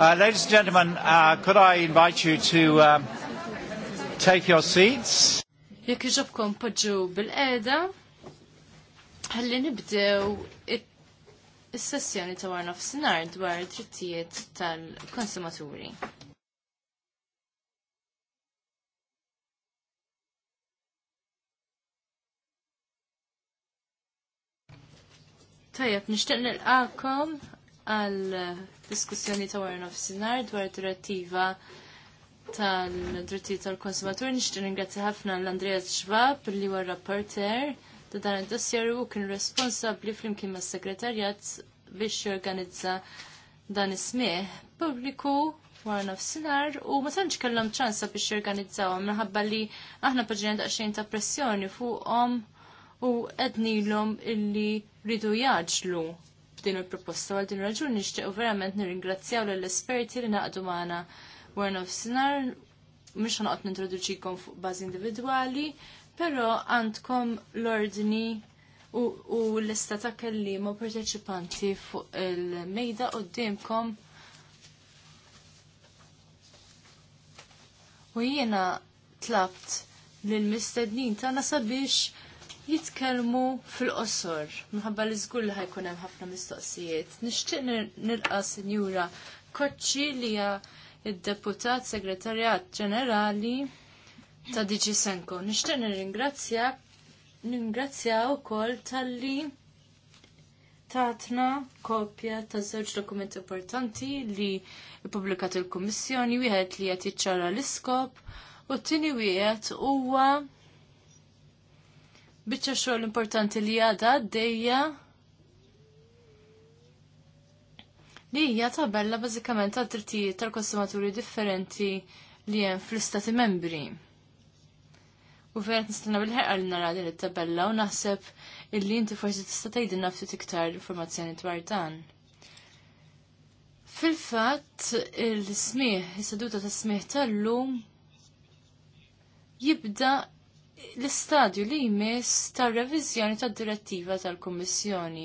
Uh, ladies and gentlemen, uh, could I invite you to um, take your seats? Jekk iġobkom poġġu bil-qeda, ħalli nibdew is-sessjoni ta' warna f-sinar dwar drittijiet tal-konsumaturi. Tajab, nishtiq nil-għakom għal diskussjoni ta' warna f-sinar dwar direttiva tal drittijiet tal-konsumatur. Nixtieq ringrazzja ħafna l-Andrea Schwab li huwa rapporter ta' dan id-dossier u kien responsabbli flimkien mas-segretarjat biex jorganizza dan ismieħ pubbliku wara nofsinhar u ma tantx kellhom ċansa biex jorganizzawhom minħabba li aħna paġina daqsxejn ta' pressjoni fuqhom u qed illi ridu jaġlu b'din il-proposta għal din raġun nixtieq verament nirringrazzjaw lill-esperti li naqdu magħna Warn of Sinar mhux ħanqod nintroduċikom fuq bażi individwali, però għandkom l-ordni u, u l-lista ta' kellima u parteċipanti fuq il-mejda qudiemkom. U jiena tlabt lill mistednin tagħna sabiex jitkellmu fil-qosor, minħabba li żgur li ħajkun hemm ħafna mistoqsijiet. Nixtieq nilqa' Sinjura Koċċi li hija id-deputat segretarjat ġenerali ta' Diġi Senko. Nixtieq nirringrazzja ningrazzja wkoll tal-li tatna kopja ta' żewġ dokumenti importanti li ppubblikat il-Kummissjoni wieħed li qed jiċċara l-iskop u t-tieni wieħed huwa biċċa xogħol importanti li għadha għaddejja li hija tabella bażikament għad drittijiet tal-konsumaturi differenti li hemm fl-istati membri. U verat nistenna bil-ħerqa li nara din it-tabella u naħseb illi inti forsi tista' tgħidilna ftit iktar informazzjoni dwar dan. Fil-fatt, il-smieħ, is-seduta ta' smieħ tal-lum jibda l-istadju li jmiss tar-reviżjoni tad-direttiva tal-Kummissjoni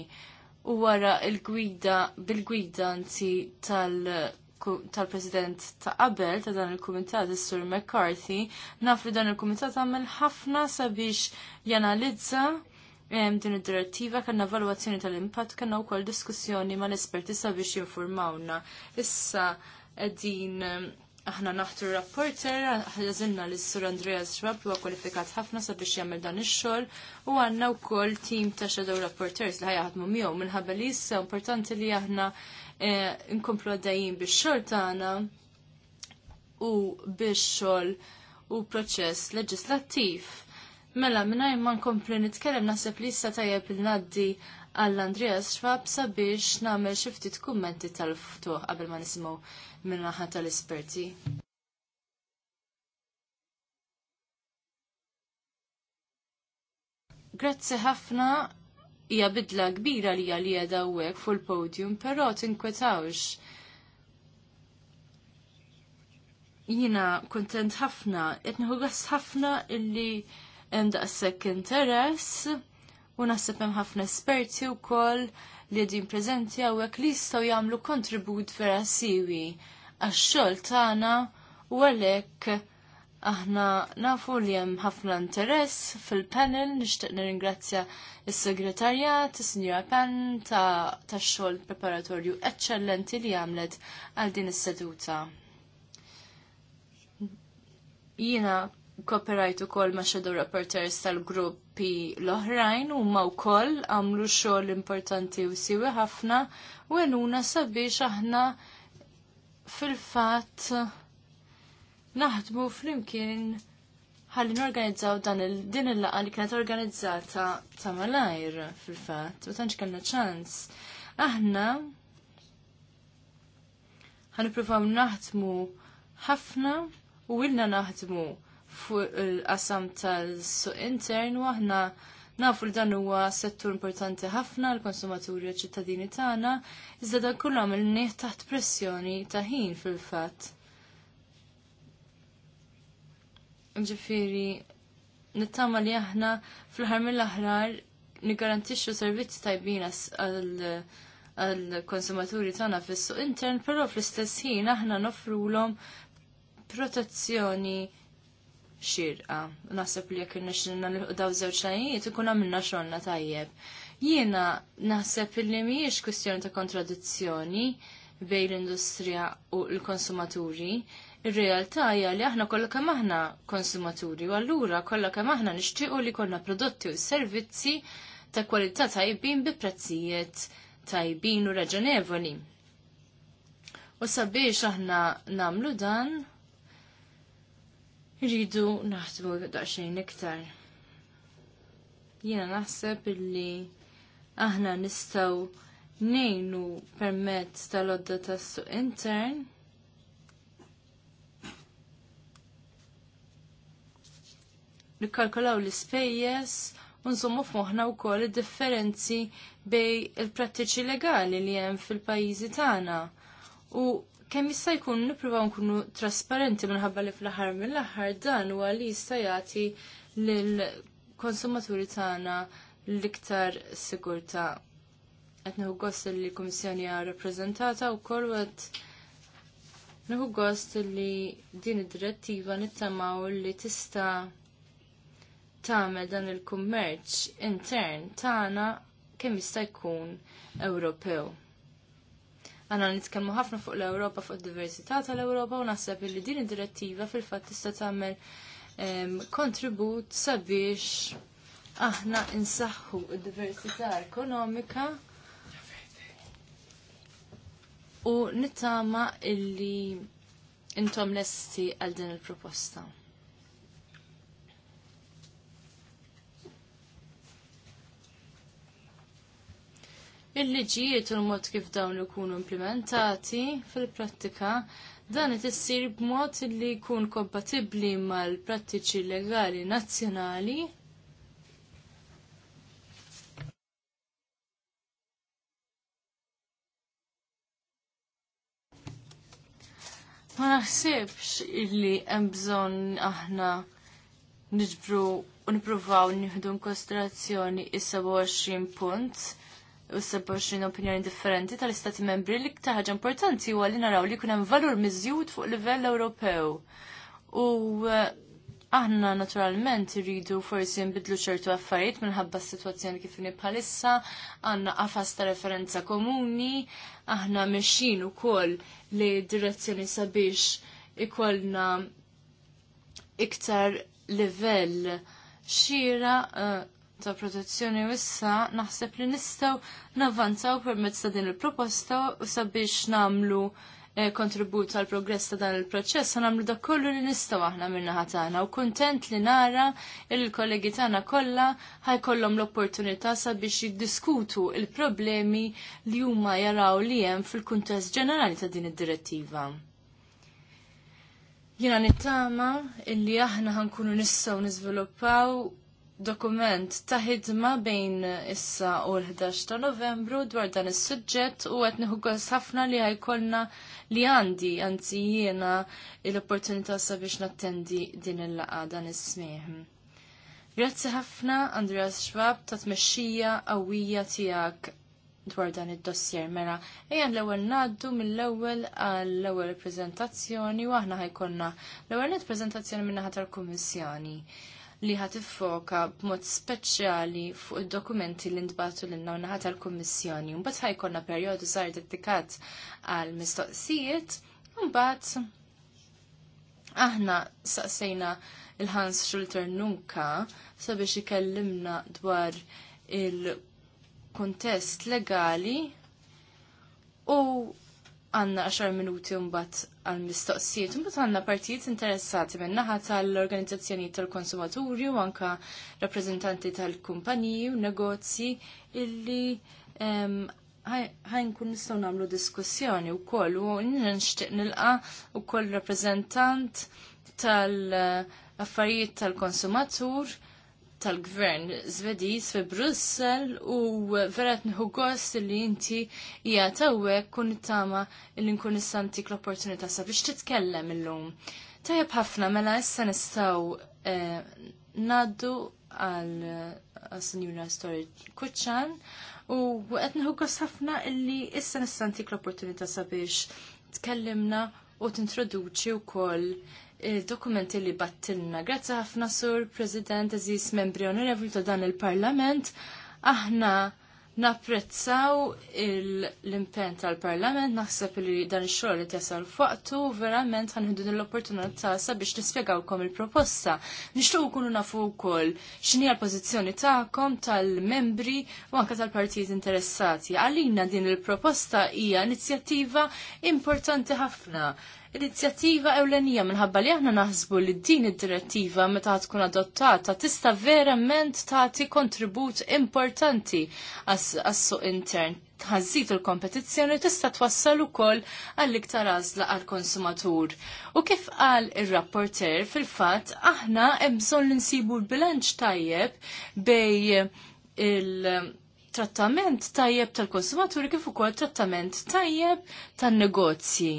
u wara il-gwida bil-gwida anzi tal-President ta' qabel ta' dan il-Kumitat is-Sur McCarthy naf li dan il-Kumitat għamel ħafna sabiex janalizza din id-direttiva kanna valwazzjoni tal-impatt kanna wkoll diskussjoni mal-esperti sabiex jinformawna. Issa din aħna naħtu rapporter, ħazilna li s-sur Andrea Schwab huwa kwalifikat ħafna sabiex jagħmel dan ix-xogħol u għandna wkoll tim ta' shadow rapporters li ħajaħdmu miegħu minħabba li issa importanti li aħna eh, nkomplu għaddejjin bix-xogħol tagħna u bix-xogħol u proċess leġislattiv. Mela, minnaj ma kompli nitkellem naħseb li issa tajjeb il-naddi għall-Andreas Schwab sabiex nagħmel xi ftit kummenti tal-ftuħ qabel ma nisimgħu min-naħa tal-esperti. Grazzi ħafna hija bidla kbira li hija li qiegħda hawnhekk fuq il-podium, però tinkwetawx. Jiena kuntent ħafna, qed nieħu ħafna illi hemm daqshekk interess u naħseb hemm ħafna esperti wkoll li din preżenti hawnhekk li jistgħu jagħmlu kontribut vera siwi għax-xogħol tagħna u għalhekk aħna nafu li hemm ħafna interess fil-panel nixtieq nirringrazzja is-segretarjat is-Sinjora Pan tax-xogħol preparatorju eċċellenti li għamlet għal din is-seduta. Jiena kooperajt u koll ma' shadow rapporteurs tal-gruppi l-oħrajn u ma' u għamlu xoll importanti u siwi ħafna u għenuna sabiex aħna fil-fat naħdmu fl-imkien ħallin organizzaw dan il din il-laqa li kienet organizzata ta' malajr fil-fat u tanċ kellna ċans. Aħna ħanipruvaw naħdmu ħafna u ilna naħdmu fuq il-qasam tal-suq intern u aħna nafu li dan huwa settur importanti ħafna l-konsumaturi u ċittadini tagħna, iżda dan kollu nieħ taħt pressjoni ta' ħin fil-fatt. Ġifieri, nittama li aħna fl-ħar mill-aħrar nigarantixxu servizz tajbin għall konsumaturi tagħna fis-suq intern, però fl-istess ħin aħna nofrulhom protezzjoni xirqa. Naħseb li jekk nixinna daw żewġ lanijiet ikun għamilna xogħolna tajjeb. Jiena naħseb li mhijiex kustjoni ta' kontradizzjoni bejn l-industrija u l-konsumaturi. Ir-realtà hija li aħna kollha kemm aħna konsumaturi u allura kollha kemm aħna nixtiequ li konna prodotti u servizzi ta' kwalità tajbin bi prezzijiet tajbin u raġonevoli. U sabiex aħna namlu dan, rridu naħsbu daqsxejn iktar. Jiena naħseb illi aħna nistaw nejnu permezz tal-odda tas-suq intern nikkalkulaw l-ispejjeż u nżommu f'moħħna wkoll id-differenzi bej il-prattiċi legali li hemm fil-pajjiżi tagħna u kemm jista' jkun nippruvaw nkunu trasparenti minħabba li fl-aħħar mill-aħħar dan huwa li jista' jagħti lill-konsumaturi tagħna l-iktar sigurtà. Qed nieħu gost li l-Kummissjoni hija rappreżentata wkoll qed nieħu gost li din id-direttiva nittamaw li tista' tagħmel dan il-kummerċ intern tagħna kemm jista' jkun Ewropew. Għanna nitkellmu ħafna fuq l-Ewropa, fuq id-diversità tal-Ewropa u naħseb li din id-direttiva fil-fatt tista' tagħmel ehm, kontribut sabiex aħna insaħħu id-diversità ekonomika u nittama illi intom lesti għal din il-proposta. il-liġijiet u l-mod kif dawn ikunu implementati fil-prattika dan qed issir b'mod li jkun kompatibbli mal-prattiċi legali nazzjonali Ma naħsibx illi hemm bżonn aħna niġbru u nippruvaw nieħdu konsiderazzjoni is-27 punt u s 27 opinjoni differenti tal-istati membri li ktaħġa importanti huwa li naraw li kunem valur miżjud fuq livell Ewropew. U eh, aħna naturalment rridu forsi nbidlu ċertu affarijiet minħabba s-sitwazzjoni kif inhi bħalissa, għandna qafas ta' referenza komuni, aħna u ukoll li direzzjoni sabiex ikollna iktar livell xira uh, ta' protezzjoni u issa naħseb li nistaw navvanzaw permezz ta' din il-proposta u sabiex namlu eh, kontribut għal progress ta' dan il-proċess, namlu da' kollu li nistaw aħna minna ħatana u kontent li nara il-kollegi tana kolla kollom l-opportunità sabiex jiddiskutu il-problemi li huma jaraw li hemm fil-kuntest ġenerali ta' din id-direttiva. Jina nittama illi aħna ħankunu nistaw nizviluppaw dokument ta' ħidma bejn issa u l-11 ta' novembru dwar dan is-suġġett u għet nieħu ħafna li ħajkollna li għandi anzi jiena l-opportunità sabiex nattendi din il-laqa dan is-smieħ. Grazzi ħafna Andreas Schwab ta' tmexxija qawwija tiegħek dwar dan id-dossier mela. Ejja l-ewwel ngħaddu mill-ewwel għall-ewwel preżentazzjoni u aħna ħajkollna l-ewwel prezentazzjoni min-naħa tal-Kummissjoni li ħat tiffoka b'mod speċjali fuq id-dokumenti li ntbatu lilna u naħat għal-Kummissjoni. Mbagħad ħajkonna perjodu żgħar dedikat għal mistoqsijiet, mbagħad aħna saqsejna il-Hans Schulter Nunka sabiex ikellimna dwar il-kontest legali u għanna 10 minuti mbagħad għal mistoqsijiet, mbagħad għandna partijiet interessati minn naħa tal-organizzazzjoni tal-konsumaturi u anka rappreżentanti tal-kumpaniji u negozji illi ħajn kun nistgħu nagħmlu diskussjoni wkoll u nixtieq nilqa' ukoll rappreżentant tal-affarijiet eh, tal-konsumatur. tal affarijiet tal konsumatur tal-gvern Zvediż fi Brussel u verat nħu gost li inti hija tawwek kun tama li nkun istantik l-opportunità sabiex titkellem illum. Tajab ħafna mela issa nistgħu eh, ngħaddu għal Sinjura Storage Kuċċan u qed nħu gost ħafna illi issa nistantik l-opportunità sabiex tkellimna u tintroduċi wkoll il-dokumenti li battilna. Grazzi ħafna sur President eżis membri onorevoli ta' dan il-Parlament. Aħna napprezzaw l-impen tal-Parlament, naħseb li dan ix-xogħol li tesal fuqtu, verament ħanħidu l-opportunità sabiex nispjegawkom il-proposta. Nixtieq ikunu nafu wkoll x'inhi l-pożizzjoni tagħkom tal-membri u anke tal-partijiet interessati. Għalina din il-proposta hija inizjattiva importanti ħafna l-inizjattiva ewlenija minħabba li aħna naħsbu li din id-direttiva meta tkun adottata tista' verament tagħti kontribut importanti għas-suq intern tħazzit il-kompetizzjoni tista' twassal ukoll għall-iktar għażla għall-konsumatur. U kif qal ir-rapporter fil-fatt aħna hemm bżonn li nsibu l-bilanċ tajjeb bej il- trattament tajjeb tal-konsumaturi kif ukoll trattament tajjeb tan-negozji.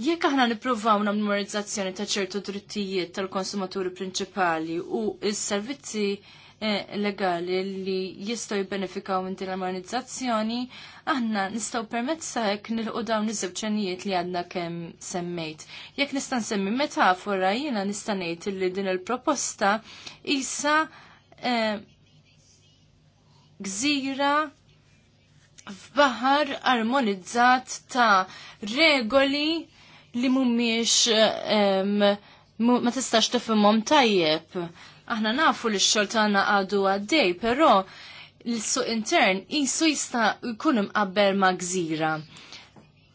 Jekk aħna nippruvaw memorizzazzjoni ta' ċertu drittijiet tal-konsumaturi prinċipali u s-servizzi eh, legali li jistgħu jibbenefikaw minn din l-armonizzazzjoni, aħna nistgħu permezz hekk nilqu dawn iż-żewġenijiet li għandna kemm semmejt. Jekk nista' nsemmi metafora jiena nista' ngħid li din il-proposta isa eh, gżira f'baħar armonizzat ta' regoli li mumiex ma tistax tifhimhom tajjeb. Aħna nafu li x-xogħol tagħna għadu għaddej, però l-suq intern jisu jista' jkun imqabbel ma' gżira.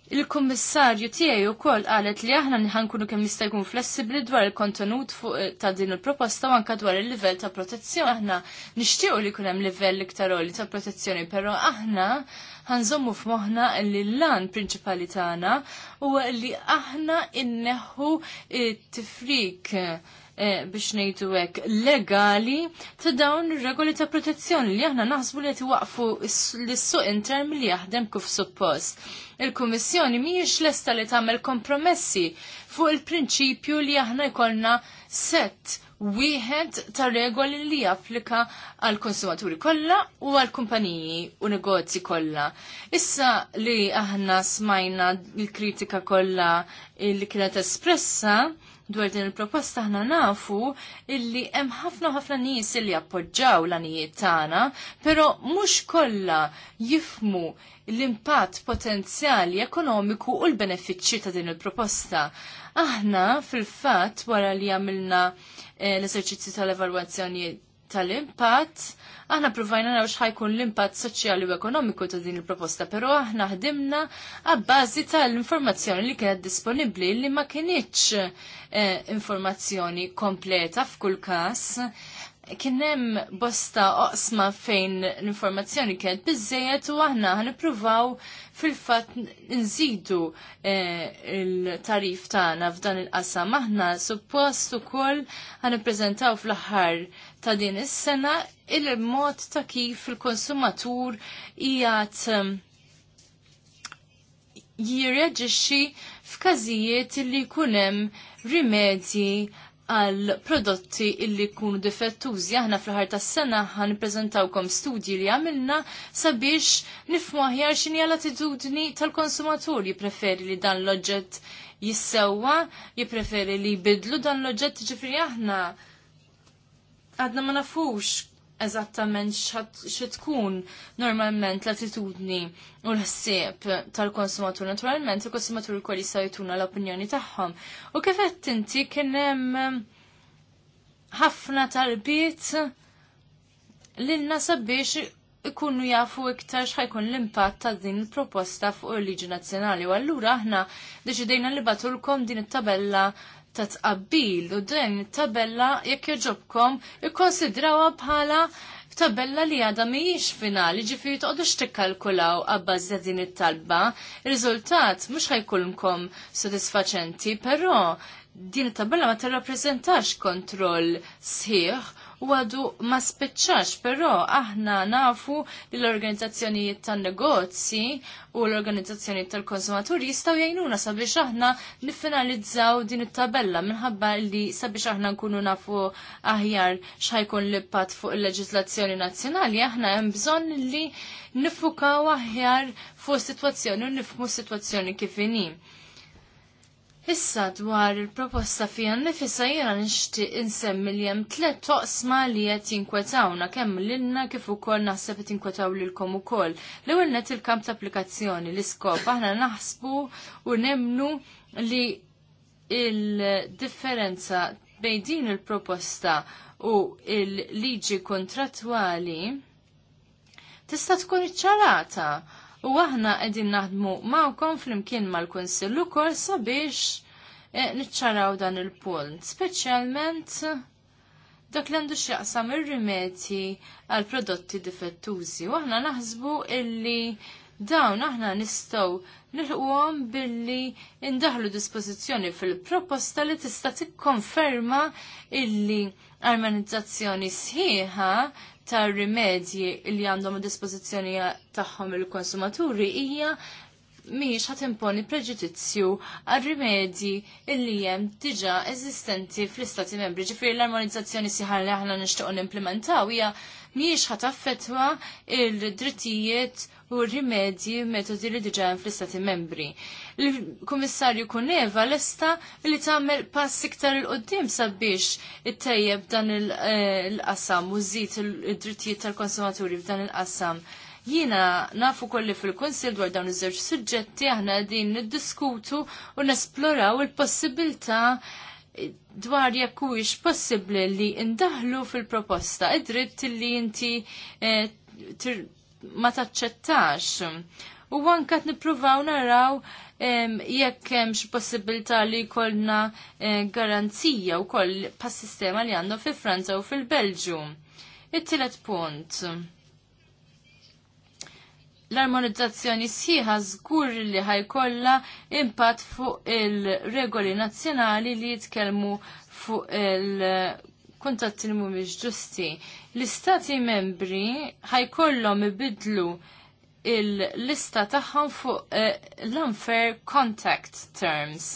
Il-kummissarju tiegħi wkoll qalet li aħna nkunu kemm jista' jkun flessibbli dwar il-kontenut fuq eh, ta' din il-proposta anke dwar il-livell ta' protezzjoni aħna nixtiequ li jkun hemm livell iktar ta' protezzjoni, però aħna ħanżommu f'moħħna li l-lan prinċipali tagħna huwa li aħna inneħħu t-tifrik eh, biex ngħidu hekk legali ta' dawn ir-regoli ta' protezzjoni li aħna naħsbu li qed iwaqfu lis-suq intern li jaħdem kif suppost. Il-Kummissjoni mhijiex lesta li tagħmel kompromessi fuq il-prinċipju li aħna jkollna set wieħed ta' regoli li japplika għal konsumaturi kollha u għal kumpaniji u negozji kollha. Issa li aħna smajna l-kritika kollha li kienet espressa dwar din il-proposta aħna nafu illi hemm ħafna ħafna nies li appoġġaw l-anijiet tagħna, però mhux kollha jifmu l-impatt potenzjali ekonomiku u l-benefiċċji ta' din il-proposta. Aħna fil-fatt wara li għamilna Eh, l-eserċizzju tal-evalwazzjoni tal-impatt, aħna provajna naraw xħajkun l-impatt soċjali u ekonomiku ta' din il-proposta, pero aħna ħdimna għabbażi tal-informazzjoni li kienet disponibli li ma kienieċ eh, informazzjoni kompleta f'kull każ kienem bosta oqsma fejn l-informazzjoni kienet bizzejet u aħna ħanipruvaw fil-fat nżidu eh, il-tarif tagħna f'dan il-qasam. Aħna suppost ukoll prezentaw fl-aħħar ta' din is-sena il-mod ta' kif il-konsumatur qiegħed eh, jirreġixxi f'każijiet li jkun hemm rimedji għal prodotti illi kunu difettużi. Aħna fl-ħar tas sena ħan prezentawkom studji li għamilna sabiex nifmu aħjar xini għal attitudni tal-konsumatur jipreferi li dan l-oġġett jissewa, jipreferi li jbidlu dan l-oġġett ġifri aħna. Għadna ma nafux eżattament xi tkun normalment l-attitudni u l-ħsieb tal-konsumatur. Naturalment il-konsumatur ukoll jista' l-opinjoni tagħhom. U kif inti inti kien hemm um, ħafna talbiet lilna sabiex ikunu jafu iktar xħajkun l-impatt ta' din il-proposta fuq il-Liġi Nazzjonali. U allura aħna deċidejna li batulkom din it-tabella ta' tqabbil u din it-tabella jekk jogħġobkom ikkonsidrawha bħala tabella li għada mhijiex finali ġifiri toqdu xtikkalkulaw għabbaż ta' din it-talba, riżultat mux ħajkulmkom sodisfaċenti, pero din it-tabella ma t kontroll sħiħ u għadu ma spiċċax, però aħna nafu li l-organizzazzjonijiet tan-negozji u l-organizzazzjonijiet tal-konsumaturi jistgħu jgħinuna sabiex aħna niffinalizzaw din it-tabella minħabba li sabiex aħna nkunu nafu aħjar x'ħajkun li pat fuq il-leġiżlazzjoni nazzjonali, aħna hemm bżonn li nifukaw aħjar fuq situazzjoni u nifmu situazzjoni kif inhi. Issa dwar il-proposta fija nifissa jena nixtieq insemmi li hemm tliet toqsma li qed jinkwetawna kemm lilna kif ukoll naħseb l-kom lilkom ukoll. L-ewwel net il-kamp ta' applikazzjoni l-iskop aħna naħsbu u nemnu li il-differenza bejn din il-proposta u il-liġi kontrattwali tista' tkun iċċarata u aħna qegħdin naħdmu magħkom flimkien mal-Kunsill ukoll sabiex e, niċċaraw dan il-punt, speċjalment dak li għandu x'jaqsam ir rimeti għal prodotti difettużi u aħna naħsbu illi dawn aħna nistgħu nilħuhom billi indaħlu dispożizzjoni fil-proposta li tista' tikkonferma illi armonizzazzjoni sħiħa tar rimedji li għandhom dispożizzjoni tagħhom il-konsumaturi hija miex ħat imponi preġudizzju għal rimedji li hemm diġa eżistenti fl-istati membri. Ġifieri l-armonizzazzjoni siħar li aħna nixtiequ nimplementaw hija miex affetwa il-drittijiet u rimedji metodi li diġa fl-istati membri. Il-Kummissarju Kuneva l-esta li tagħmel pass iktar il-qoddim sabiex it-tejjeb dan eh, il-qasam u żid id-drittijiet tal-konsumaturi f'dan il-qasam. Jina nafu kolli fil-Konsil dwar dawn iż-żewġ suġġetti aħna din niddiskutu u nesploraw il-possibilità dwar jekk huwiex possibbli li indaħlu fil-proposta id-dritt li inti eh, ma taċċettax. U anka nippruvaw naraw jekk hemm xi possibilità li jkollna eh, garanzija wkoll pas-sistema li għandhom fi Franza u fil-Belġju. It-tielet punt l-armonizzazzjoni sħiħa żgur li ħajkollha impatt fuq il-regoli nazzjonali li jitkellmu fuq il-kuntatti li mhumiex ġusti. L-istati membri ħajkollhom ibidlu il-lista tagħhom fuq eh, l-unfair contact terms.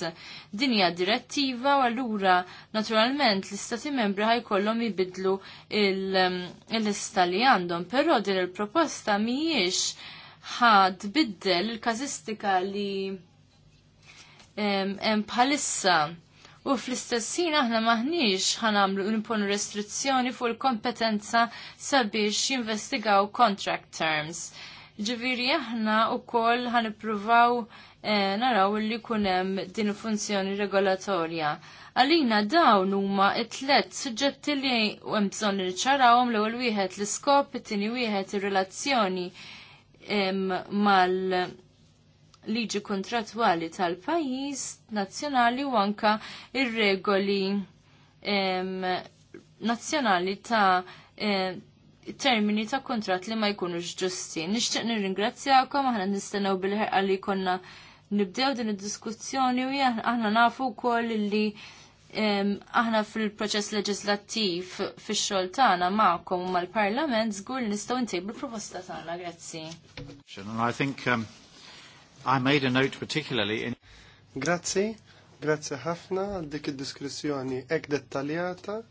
Din hija direttiva u allura naturalment l-istati membri ħajkollhom jibidlu eh, il-lista li għandhom, però din il-proposta mhijiex ħad biddel il-kazistika li hemm bħalissa u fl-istessin aħna maħniex ħanamlu imponu restrizzjoni fuq il-kompetenza sabiex jinvestigaw contract terms. Ġiviri aħna u koll ħanipruvaw eh, naraw li kunem din funzjoni regolatorja. Għalina dawn huma it-tlet suġġetti li hemm bżonn niċċarawhom l-ewwel wieħed l-iskop, it-tieni wieħed ir-relazzjoni mal- liġi kontratwali tal-pajis nazzjonali u anka ir-regoli nazzjonali ta' termini ta' kontrat li ma jkunux ġusti. Nixtieq nirringrazzjakom, aħna nistennew bil-ħerqa li konna nibdew din id-diskussjoni u aħna nafu wkoll li aħna fil-proċess leġislattiv fix-xogħol tagħna magħkom mal-Parlament żgur nistgħu ntejbu l-proposta tagħna. Grazzi. I think um, I made a note particularly in Grazzi, grazzi ħafna għal dik id-diskussjoni hekk dettaljata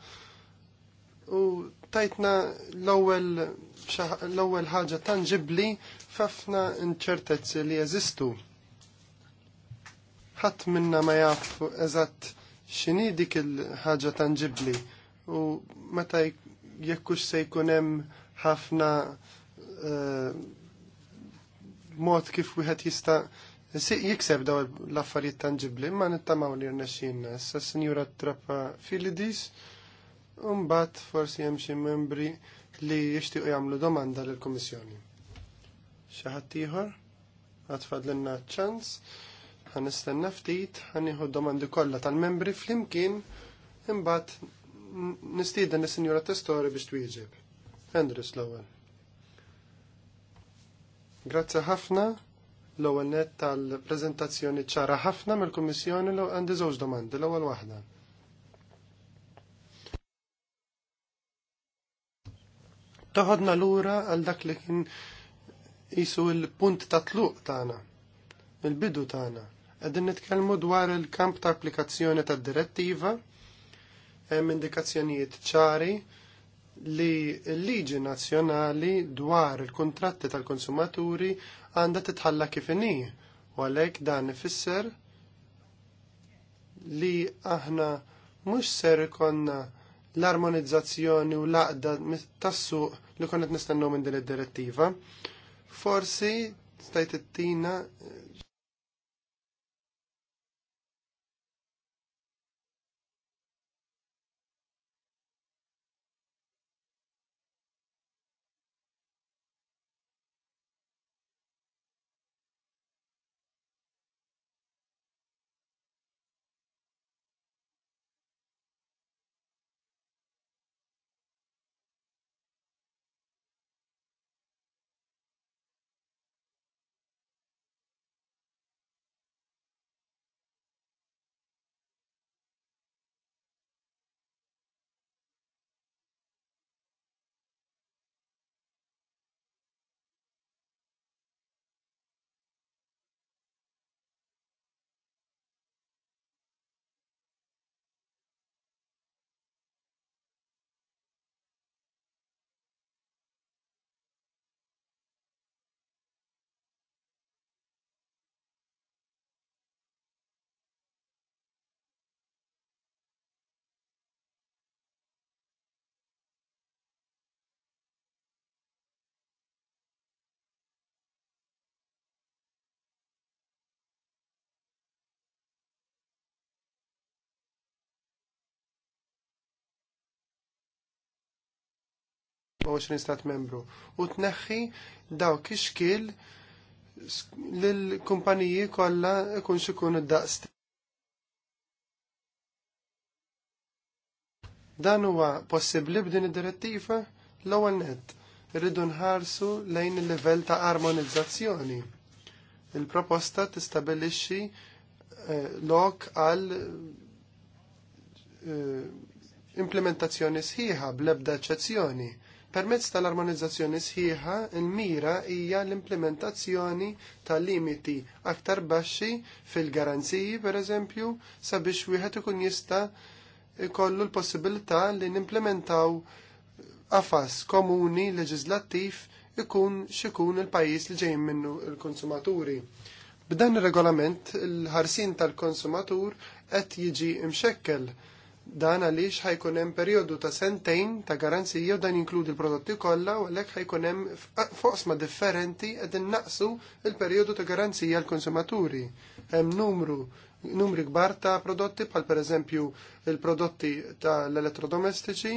u tajtna l-ewwel ħaġa tanġibli f'ħafna inċertezzi li jeżistu. Ħadd minna ma jaf eżatt x'inhi dik il-ħaġa tangibbli u meta jekkux se jkun hemm ħafna uh, mod kif wieħed jista' jikseb daw l-affarijiet tangibli ma nittamaw li rnexxinna. Issa Sinjura Trappa Filidis, u mbagħad forsi hemm xi membri li jixtiequ jagħmlu domanda lill-Kummissjoni. Xi ħadd ieħor? Għatfadlinna ċans ħan nistenna ftit, ħan nieħu domandi kollha tal-membri flimkien imbagħad nistieden is senjura Testori biex twieġeb. Andres l ewel Grazzi ħafna l ewel net tal-preżentazzjoni ċara ħafna mill-Kummissjoni l għandi żewġ domandi l-ewwel waħda. Toħodna lura għal dak li kien jisu il-punt ta' tluq tagħna, il-bidu tagħna. Qegħdin nitkellmu dwar il-kamp ta' applikazzjoni tad-direttiva, hemm indikazzjonijiet ċari li l-liġi nazzjonali dwar il-kontratti tal-konsumaturi għandha titħalla kif inhi u għalhekk dan ifisser li aħna mhux ser ikonna l-armonizzazzjoni u l-aqda tas-suq li konnet nistennu minn din id-direttiva. Forsi stajt it-tina 20 stat membru u tneħħi daw ixkil lill-kumpaniji kollha ikun xikun id-daqs. Dan huwa possibbli b'din id-direttiva l-ewwel nett irridu nħarsu lejn il-livell ta' armonizzazzjoni. Il-proposta tistabilixxi eh, lok għal eh, implementazzjoni sħiħa bl-ebda eċezzjoni Permezz tal-armonizzazzjoni sħiħa, il-mira hija l-implementazzjoni ta' limiti aktar baxxi fil-garanziji, per eżempju, sabiex wieħed ikun jista' jkollu l-possibilità li nimplementaw afas komuni leġislattiv ikun xikun il-pajjiż li ġejjin minnu l-konsumaturi. B'dan ir-regolament, il-ħarsin tal-konsumatur qed jiġi imxekkel Dan għaliex ħajkun hemm perjodu ta' sentejn ta' garanzija u dan jinkludi l-prodotti kollha u għalhekk ħajkun hemm fosma differenti qed innaqsu l-perjodu ta' garanzija l konsumaturi Hemm numru numri kbar ta' prodotti bħal pereżempju il-prodotti tal-elettrodomestiċi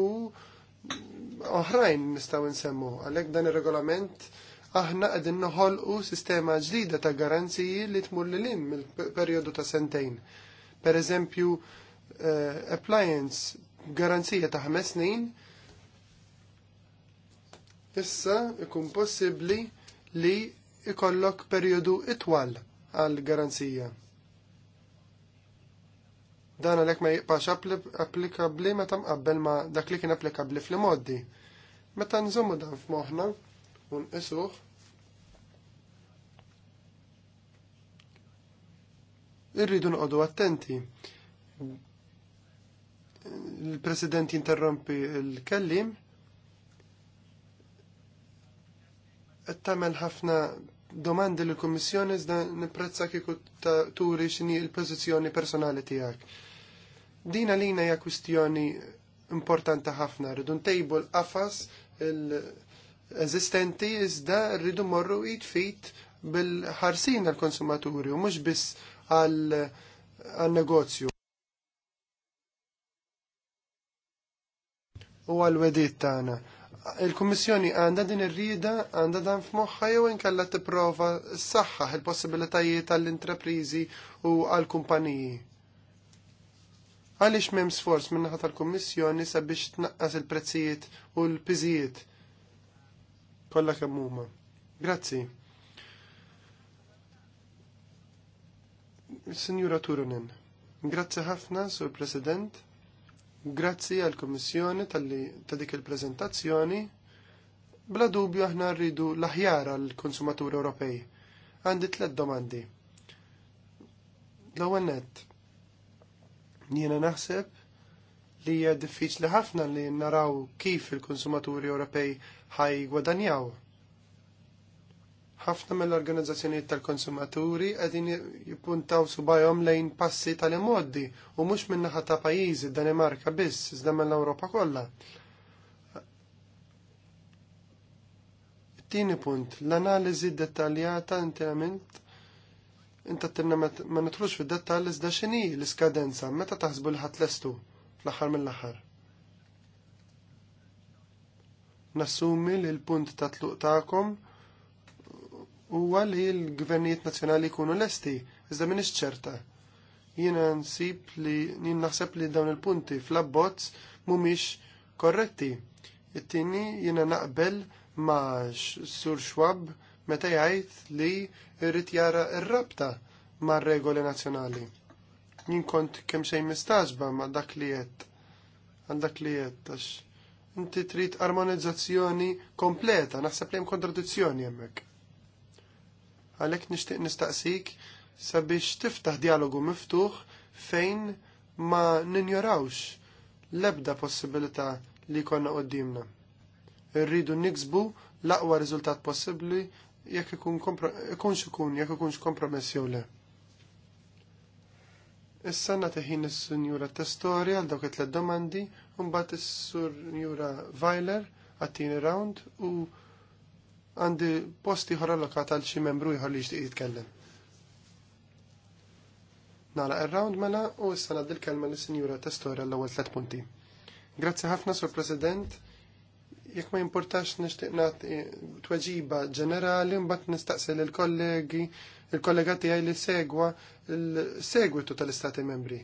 u oħrajn nistgħu nsemmu għalhekk dan ir-regolament aħna qegħdin noħolqu sistema ġdida ta' garanziji li tmur lil mill-perjodu ta' sentejn. Per eżempju, Eh, appliance garanzija ta' ħames snin issa ikun possibbli li ikollok perjodu itwal għal garanzija. Dan għalhekk ma jibqax applikabbli meta mqabbel ma dak li kien applikabbli fl-modi. Meta nżommu dan f'moħħna u nqisuh irridu noqogħdu attenti il-President jinterrompi il-kellim. Qed tagħmel ħafna domandi l kummissjoni iżda nipprezza kieku turi x'inhi l-pożizzjoni personali tiegħek. Din għalina hija kwistjoni importanti ħafna, rridu ntejbu l-qafas eżistenti iżda rridu morru id-fit bil-ħarsin għal-konsumaturi u mhux biss għal-negozju. u għal-wedit tagħna. Il-Kummissjoni għandha din ir-rieda għandha dan f'moħħa jew inkella tipprova saħħaħ il-possibilitajiet għall-intreprizi u għall-kumpaniji. Għaliex m'hemm sforz minn naħa tal-Kummissjoni sabiex tnaqqas il-prezzijiet u l-piżijiet kollha kemm huma. Grazzi. Signora Turunen, grazzi ħafna, Sur President Grazzi għall-Kummissjoni ta' dik il-preżentazzjoni. Bla dubju aħna rridu l-aħjar għall-konsumaturi Ewropej. Għandi tliet domandi. L-ewwel nett. Jiena naħseb li hija diffiċli ħafna li naraw kif il-konsumaturi Ewropej ħaj gwadanjaw ħafna mill-organizzazzjonijiet tal-konsumaturi qegħdin jippuntaw subajhom lejn passi tal-imoddi u mhux min-naħa ta' pajjiżi Danimarka biss iżda mill-Ewropa kollha. Tieni punt, l-analiżi dettaljata interament inta tinna ma nitrux fid-dettall iżda x'inhi l-iskadenza meta taħsbu li lestu fl-aħħar mill-aħħar. Nassumi li l-punt ta' tluq tagħkom huwa li l-gvernijiet nazzjonali jkunu lesti, iżda minix ċerta. Jiena nsib li jien naħseb li dawn il-punti fl-abbozz mhumiex korretti. It-tieni jiena naqbel ma' Sur Schwab meta jgħid li rrid jara r-rabta ma' regoli nazzjonali. Jien kont kemm xejn mistaġba ma' dak li qed għal dak li qed għax inti trid armonizzazzjoni kompleta, naħseb li hemm kontradizzjoni hemmhekk għalhekk nixtieq nistaqsik sabiex tiftaħ dialogu miftuħ fejn ma ninjorawx l-ebda possibilità li konna qoddimna. Irridu niksbu l-aqwa riżultat possibbli jekk ikunx ikun jekk ikunx kompromess jew le. Issa nagħtiħin is-Sinjura Testori għal dawk it-tliet domandi u mbagħad is-Sinjura Weiler għat-tieni round u għandi posti ħor allokat għal xi membru ieħor li jixtieq jitkellem. Nara ir-round mela u issa ngħaddi l-kelma lis-Sinjura Testora l-ewwel tliet punti. Grazzi ħafna sur President. Jekk ma importax nixtieq nagħti tweġiba ġenerali mbagħad nistaqsi lill kollegi il-kollega tiegħi li segwa l-segwitu tal-Istati Membri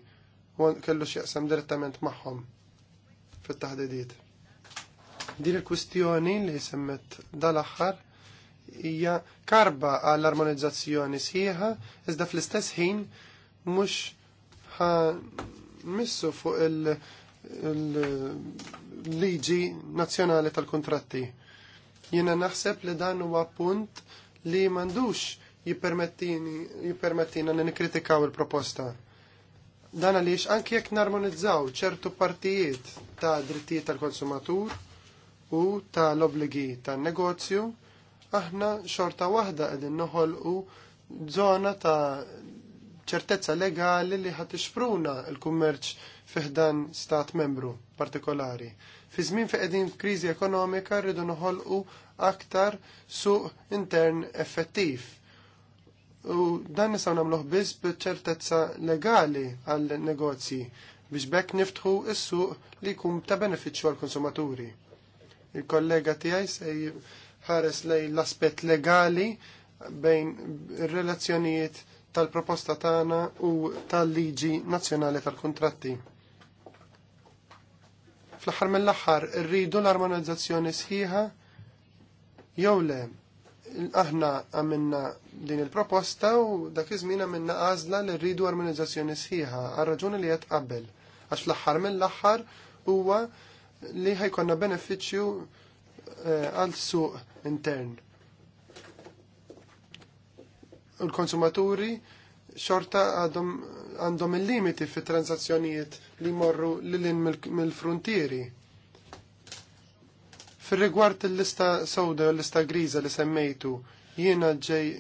u kellu x'jaqsam direttament magħhom fit-taħdidiet. Din il-kwistjoni li semmet dal-aħħar hija karba għall armonizzazzjoni sħiħa iżda fl-istess ħin mhux ħa missu fuq il-liġi nazzjonali tal-kontratti. Jiena naħseb li dan huwa punt li m'għandux jippermettina li nikkritikaw il-proposta. Dan għaliex anke jekk narmonizzaw ċertu partijiet ta' drittijiet tal-konsumatur, u tal-obligi tan-negozju, aħna xorta waħda qegħdin noħolqu żona ta' ċertezza legali li ħat ispruna l-kummerċ fiħdan stat membru partikolari. Fi żmien fi qegħdin kriżi ekonomika rridu noħolqu aktar suq intern effettiv. U dan nistgħu nagħmluh biss b'ċertezza legali għal negozji biex bekk niftħu is-suq li jkun ta' benefiċċju għall konsumaturi il-kollega tiegħi se ħares lej l-aspett legali bejn ir-relazzjonijiet tal-proposta tagħna u tal-liġi nazzjonali tal-kontratti. Fl-aħħar mill-aħħar rridu l-armonizzazzjoni sħiħa jew le aħna għamilna din il-proposta u dak iż-żmien għamilna għażla li rridu armonizzazzjoni sħiħa għar-raġuni li qed qabel. Għax fl aħħar mill-aħħar huwa li ħajkonna beneficju eh, għal suq intern. Il-konsumaturi xorta għandhom il-limiti fit transazzjonijiet li morru lilin mill-frontieri. Fil-rigward il-lista sewda u l-lista griża li semmejtu, jiena ġej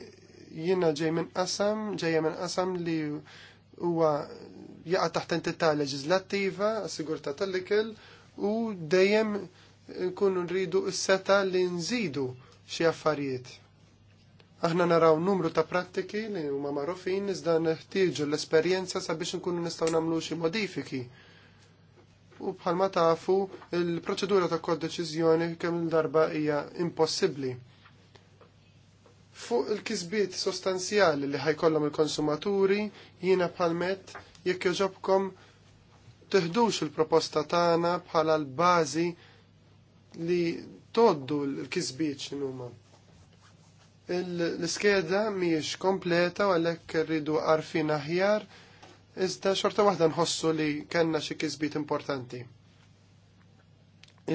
jiena ġej minn qasam, ġejja minn qasam li huwa jaqa' taħt entità leġislattiva, sigurtà tal-ikel, u dejjem nkunu nridu s-seta li nżidu xi affarijiet. Aħna naraw numru ta' prattiki li huma magħrufin iżda neħtieġu l-esperjenza sabiex nkunu nistgħu nagħmlu xi modifiki. U bħalma tafu il-proċedura ta' kod-deċiżjoni kemm darba hija impossibbli fuq il-kisbiet sostanzjali li ħajkollhom il-konsumaturi jiena bħalmet jekk joġobkom teħdux il-proposta tagħna bħala l-bażi li toddu l-kisbiet x'inhuma. L-iskeda mhijiex kompleta u għalhekk rridu għarfin aħjar iżda xorta waħda nħossu li kellna xi kisbiet importanti.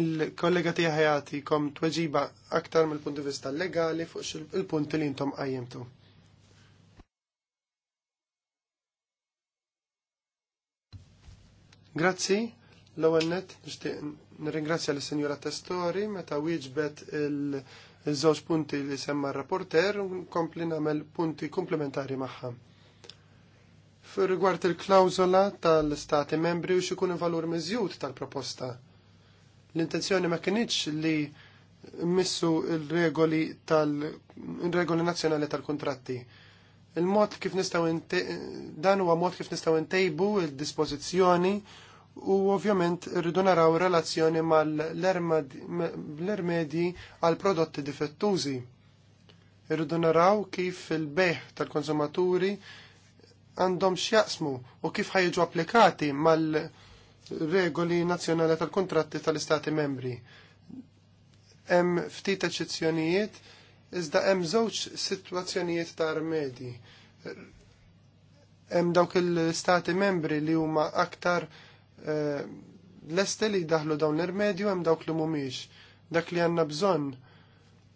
Il-kollega tiegħi jagħtikom tweġiba aktar mill-punt di vista legali fuq il-punti li intom qajjimtu. Grazzi, l-ewwel nixtieq nirringrazzja lis sinjura Testori meta wieġbet il-żewġ punti li semma r-rapporter u nkompli nagħmel punti komplementari magħha. Fur rigward il klawzola tal-Stati membri u xikun valur miżjud tal-proposta. L-intenzjoni ma kienieċ li missu il-regoli tal-regoli nazzjonali tal-kontratti. Il-mod kif nistaw dan huwa mod kif nistaw ntejbu il-dispożizzjoni u ovvjament rridu naraw relazzjoni mal-ermedi għal prodotti difettużi. Irridu naraw kif il-beħ tal-konsumaturi għandhom x'jaqsmu u kif ħajġu applikati mal-regoli nazzjonali tal-kontratti tal-Istati membri. Hemm ftit eċċezzjonijiet iżda hemm żewġ sitwazzjonijiet ta' armedi. Hemm dawk il-stati membri li huma aktar Eh, leste li daħlu dawn l-irmedju hemm dawk li mhumiex. Dak li għandna bżonn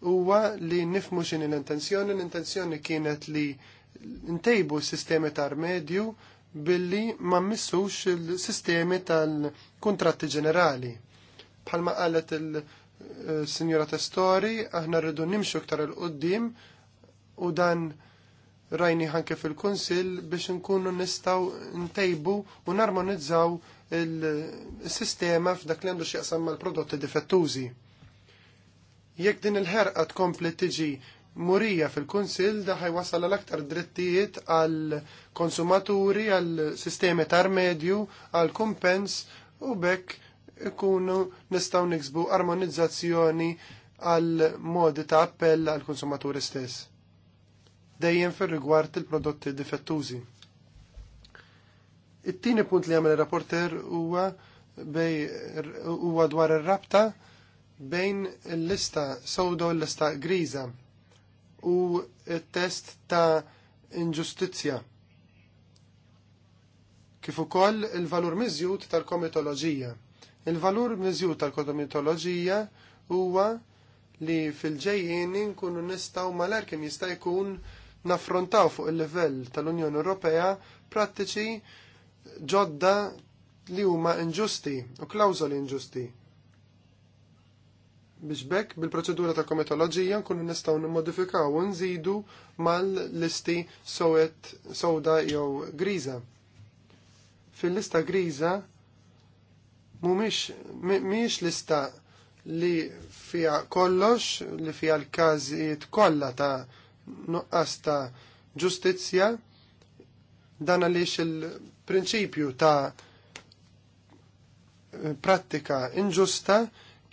huwa li nifmu x'inhi l-intenzjoni, l-intenzjoni kienet li ntejbu s-sistemi ta' medju billi ma missux il-sistemi tal-kontratti ġenerali. Bħalma qalet il-Sinjora Testori, aħna rridu nimxu ktar il-qoddim u dan rajni ħanke fil-Kunsil biex nkunu nistaw ntejbu u narmonizzaw il-sistema f'dak li għandu xieqsam mal-prodotti difettużi. Jekk din il-ħerqa tkompli tiġi murija fil-Kunsil da ħajwasal l-aktar drittijiet għal konsumaturi, għal sistemi tar medju, għal kumpens u bekk ikunu nistaw niksbu armonizzazzjoni għal modi ta' appell għal konsumaturi stess. Dejjem fil-rigward il-prodotti difettużi. It-tieni punt li għamel il-rapporter huwa bej huwa dwar ir-rabta bejn il-lista sowda u l-lista griża u t-test ta' inġustizzja kif ukoll il-valur miżjud tal-komitoloġija. Il-valur miżjud tal-komitoloġija huwa li fil-ġejjieni nkunu nistgħu malar kien jista' jkun naffrontaw fuq il-livell tal-Unjoni Ewropea prattiċi ġodda li huma inġusti u klawżoli inġusti. Biex bekk bil-proċedura ta' komitoloġija nkunu nistgħu nimmodifikaw u nżidu mal-listi sowet sowda jew griża. Fil-lista griża mhumiex mhijiex lista li fija kollox, li fija l-każijiet kollha ta' nuqqas ta' ġustizzja, dan għaliex il- prinċipju ta' prattika inġusta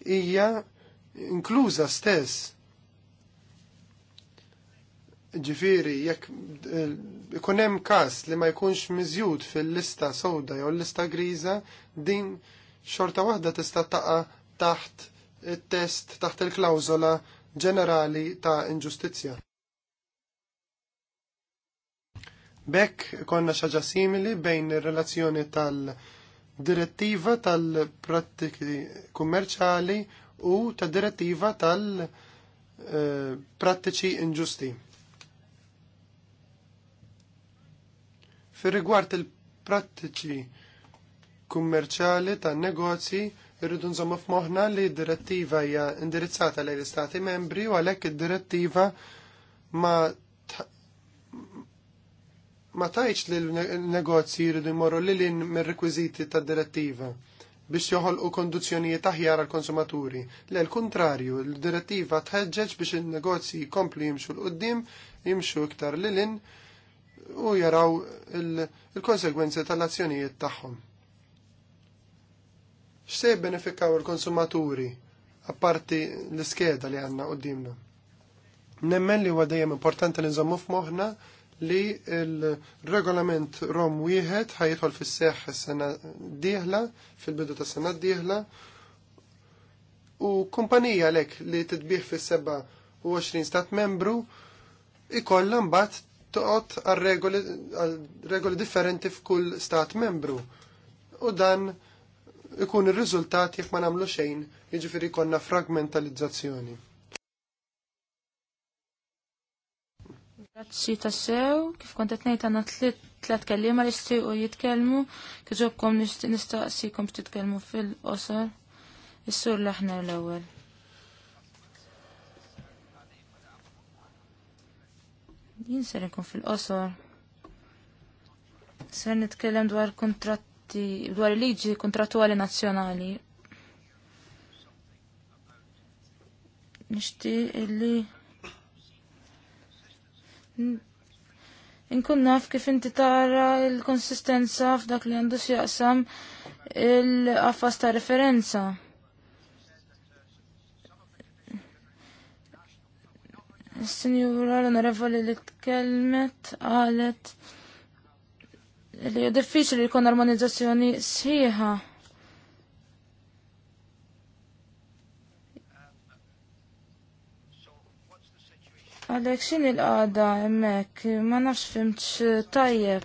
hija inkluża stess. Ġifiri, jekk eh, ikun hemm każ li ma jkunx miżjud fil-lista sowda jew lista griża, din xorta waħda tista' taqa taħt it-test taħt il-klawżola ġenerali ta' inġustizzja. Bekk konna xaġa simili bejn ir-relazzjoni tal-direttiva tal-prattiki kummerċali u tal direttiva eh, tal-prattiċi inġusti. Fir rigward il-prattiċi kummerċali tan negozji irridu nżommu f'moħħna li d-direttiva hija indirizzata lejn l-Istati membri u għalhekk id-direttiva ma' ma tajċ li l-negozji jridu jmorru li l-in mir-rekwiziti ta' direttiva biex joħolqu kondizzjonijiet aħjar għal konsumaturi. Le l-kontrarju, l-direttiva tħeġġeġ biex il-negozji jkomplu jimxu l-qoddim, jimxu iktar li in u jaraw il-konsegwenzi tal-azzjonijiet tagħhom. X'se jibbenefikaw il-konsumaturi apparti l-iskeda li għandna qoddimna? Nemmen li huwa dejjem importanti li nżommu f'moħħna li il-regolament Rom wieħed ħajidħol fis-seħħ sena d-dieħla, fil-bidu ta' sena d-dieħla, u kumpanija lek li titbih fis-27 stat membru ikollha mbagħad toqgħod għal-regoli differenti f'kull stat membru. U dan ikun ir-riżultat jekk ma nagħmlu xejn, jiġifieri konna fragmentalizzazzjoni. Grazzi tassew, kif kontet nejt għanna tlet kellima li stiqu jitkelmu, kħiġobkom nistaqsikom titkelmu fil-qosor. Is-sur l-aħna l-ewel. ser ikun fil-qosor. Ser nitkellem dwar kontratti, dwar liġi kontrattuali nazzjonali. Nishti illi Inkun naf kif inti tara l-konsistenza f'dak li għandu x'jaqsam il-qafas ta' referenza. Is-sinjura l-onorevoli li tkellmet qalet li diffiċli jkun armonizzazzjoni sħiħa. Għalek xin il-qada emmek, ma nafx fimċ tajjeb.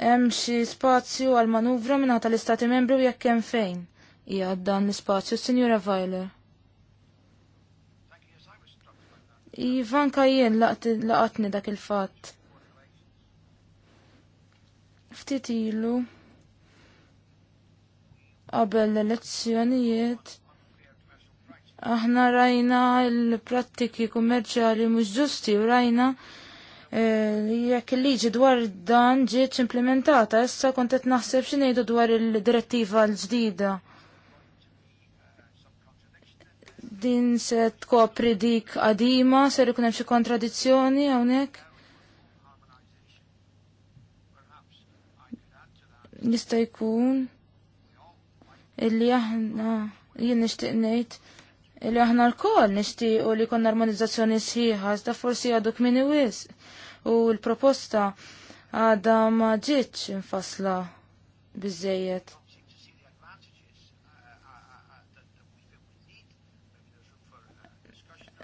Hemm xi spazju għal manuvra minn l istati membru u jekk hemm fejn. Hija dan l-ispazju, Sinjura Vajler. Ivan kajjen laqatni dak il-fatt. Ftit ilu qabel l-elezzjonijiet Aħna rajna l-prattiki kummerċali mhux ġusti u rajna eh, jekk il-liġi dwar dan ġiet implementata, issa kont qed naħseb x'ngħidu dwar il-direttiva l-ġdida. Din se tkopri dik qadima, ser ikun hemm xi kontradizzjoni hawnhekk. Jista' jkun illi aħna jien nixtieq ngħid li aħna l-kol u li kon armonizzazzjoni sħiħa, da forsi għadu minni wis. U l-proposta għada ma infasla bizzejiet.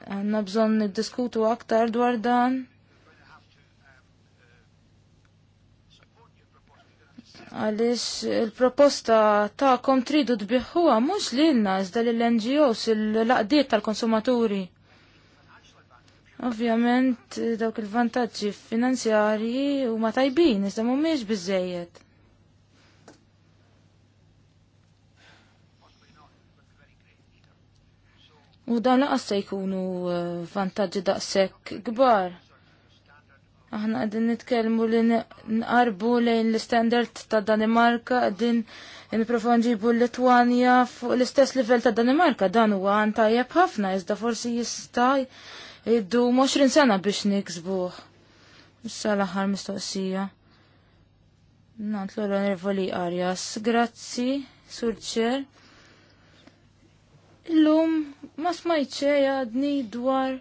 Għanna bżon diskutu aktar dwar dan Għalix il-proposta ta' kom tridu li mhux lilna iżda lill-NGOs il-laqdiet tal-konsumaturi. Ovvjament dawk il-vantaġġi u huma tajbin iżda mhumiex biżejjed. U dawn laqas se jkunu eh, vantaġġi daqshekk kbar. Aħna għadin nitkelmu li nqarbu lejn l-standard ta' Danimarka, għadin niprofaw nġibu l-Litwanja fuq l-istess livell ta' Danimarka, dan huwa għan tajjeb ħafna, iżda forsi jistaj iddu 20 sena biex niksbuħ. Issa l-aħħar mistoqsija. Nant l-għura nervoli Arias, grazzi, surċer. Illum ma smajċeja dni dwar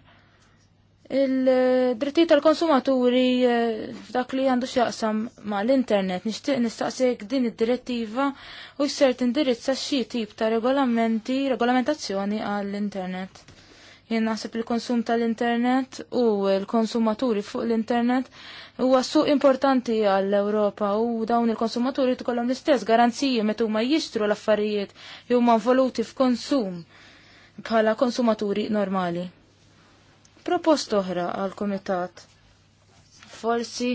Il-drittijiet tal-konsumaturi eh, f'dak li għandu x'jaqsam ma' l-internet nixtieq nistaqsik din id-direttiva u jser indirizza xi tip ta' regolamenti, regolamentazzjoni għall-internet. Jien naħseb il-konsum tal-internet u l-konsumaturi fuq l-internet huwa suq importanti għall-Ewropa u dawn il-konsumaturi tkollhom l-istess garanziji meta huma jixtru l-affarijiet jew ma' voluti f'konsum bħala konsumaturi normali propost oħra għal komitat. Forsi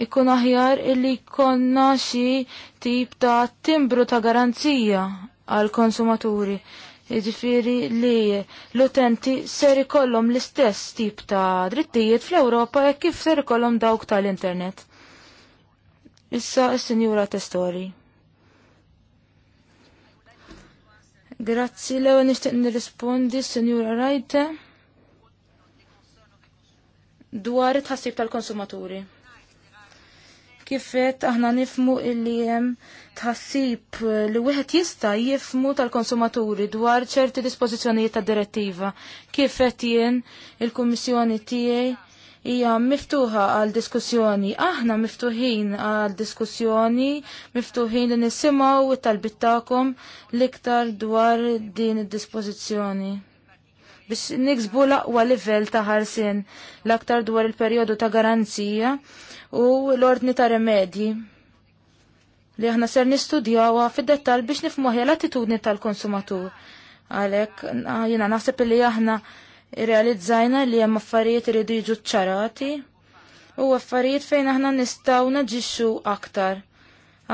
ikun aħjar illi konna xi tip ta' timbru ta' garanzija għal konsumaturi. jiġifieri li l-utenti ser ikollhom l-istess tip ta' drittijiet fl-Ewropa jekk kif ser ikollhom dawk tal-internet. Issa s-Sinjura Testori. Grazzi, l-ewwel nixtieq nirrispondi s-Sinjura Rajte dwar it-ħassib tal-konsumaturi. Kifet aħna nifmu illi hemm tħassib li wieħed jista' jifmu tal-konsumaturi dwar ċerti dispożizzjonijiet ta' direttiva. Kifet jien il-Kummissjoni tiegħi hija miftuħa għal diskussjoni. Aħna miftuħin għal diskussjoni, miftuħin li nisimgħu it-talbit tagħkom l-iktar dwar din id-dispożizzjoni biex niksbu l-aqwa livell ta' ħarsien l-aktar dwar il-perjodu ta' garanzija u l-ordni ta' remedji li aħna ser nistudjawa fid-dettal biex nifmuħja l-attitudni tal-konsumatur. Għalek, jina naħseb li aħna realizzajna li hemm affarijiet iridu jiġu ċarati u affarijiet fejn aħna nistgħu naġixxu aktar.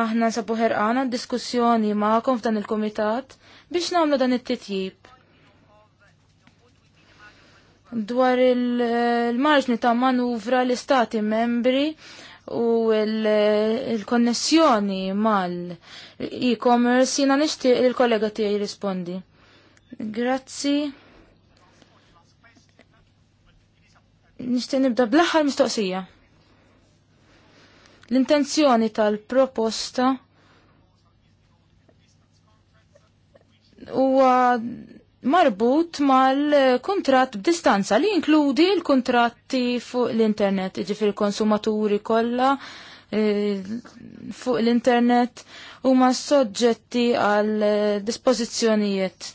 Aħna nsabu ħerqana diskussjoni magħkom f'dan il-kumitat biex nagħmlu dan it-titjib dwar il-marġni ta' manuvra l-istati membri u l-konnessjoni mal-e-commerce jina nishti il-kollega tiegħi jirrispondi. Grazzi. Nishti nibda bl-aħħar mistoqsija. L-intenzjoni tal-proposta huwa marbut mal-kontrat b'distanza li inkludi l-kontratti fuq l-internet, ġifir konsumaturi kollha eh, fuq l-internet u ma soġġetti għal dispożizzjonijiet.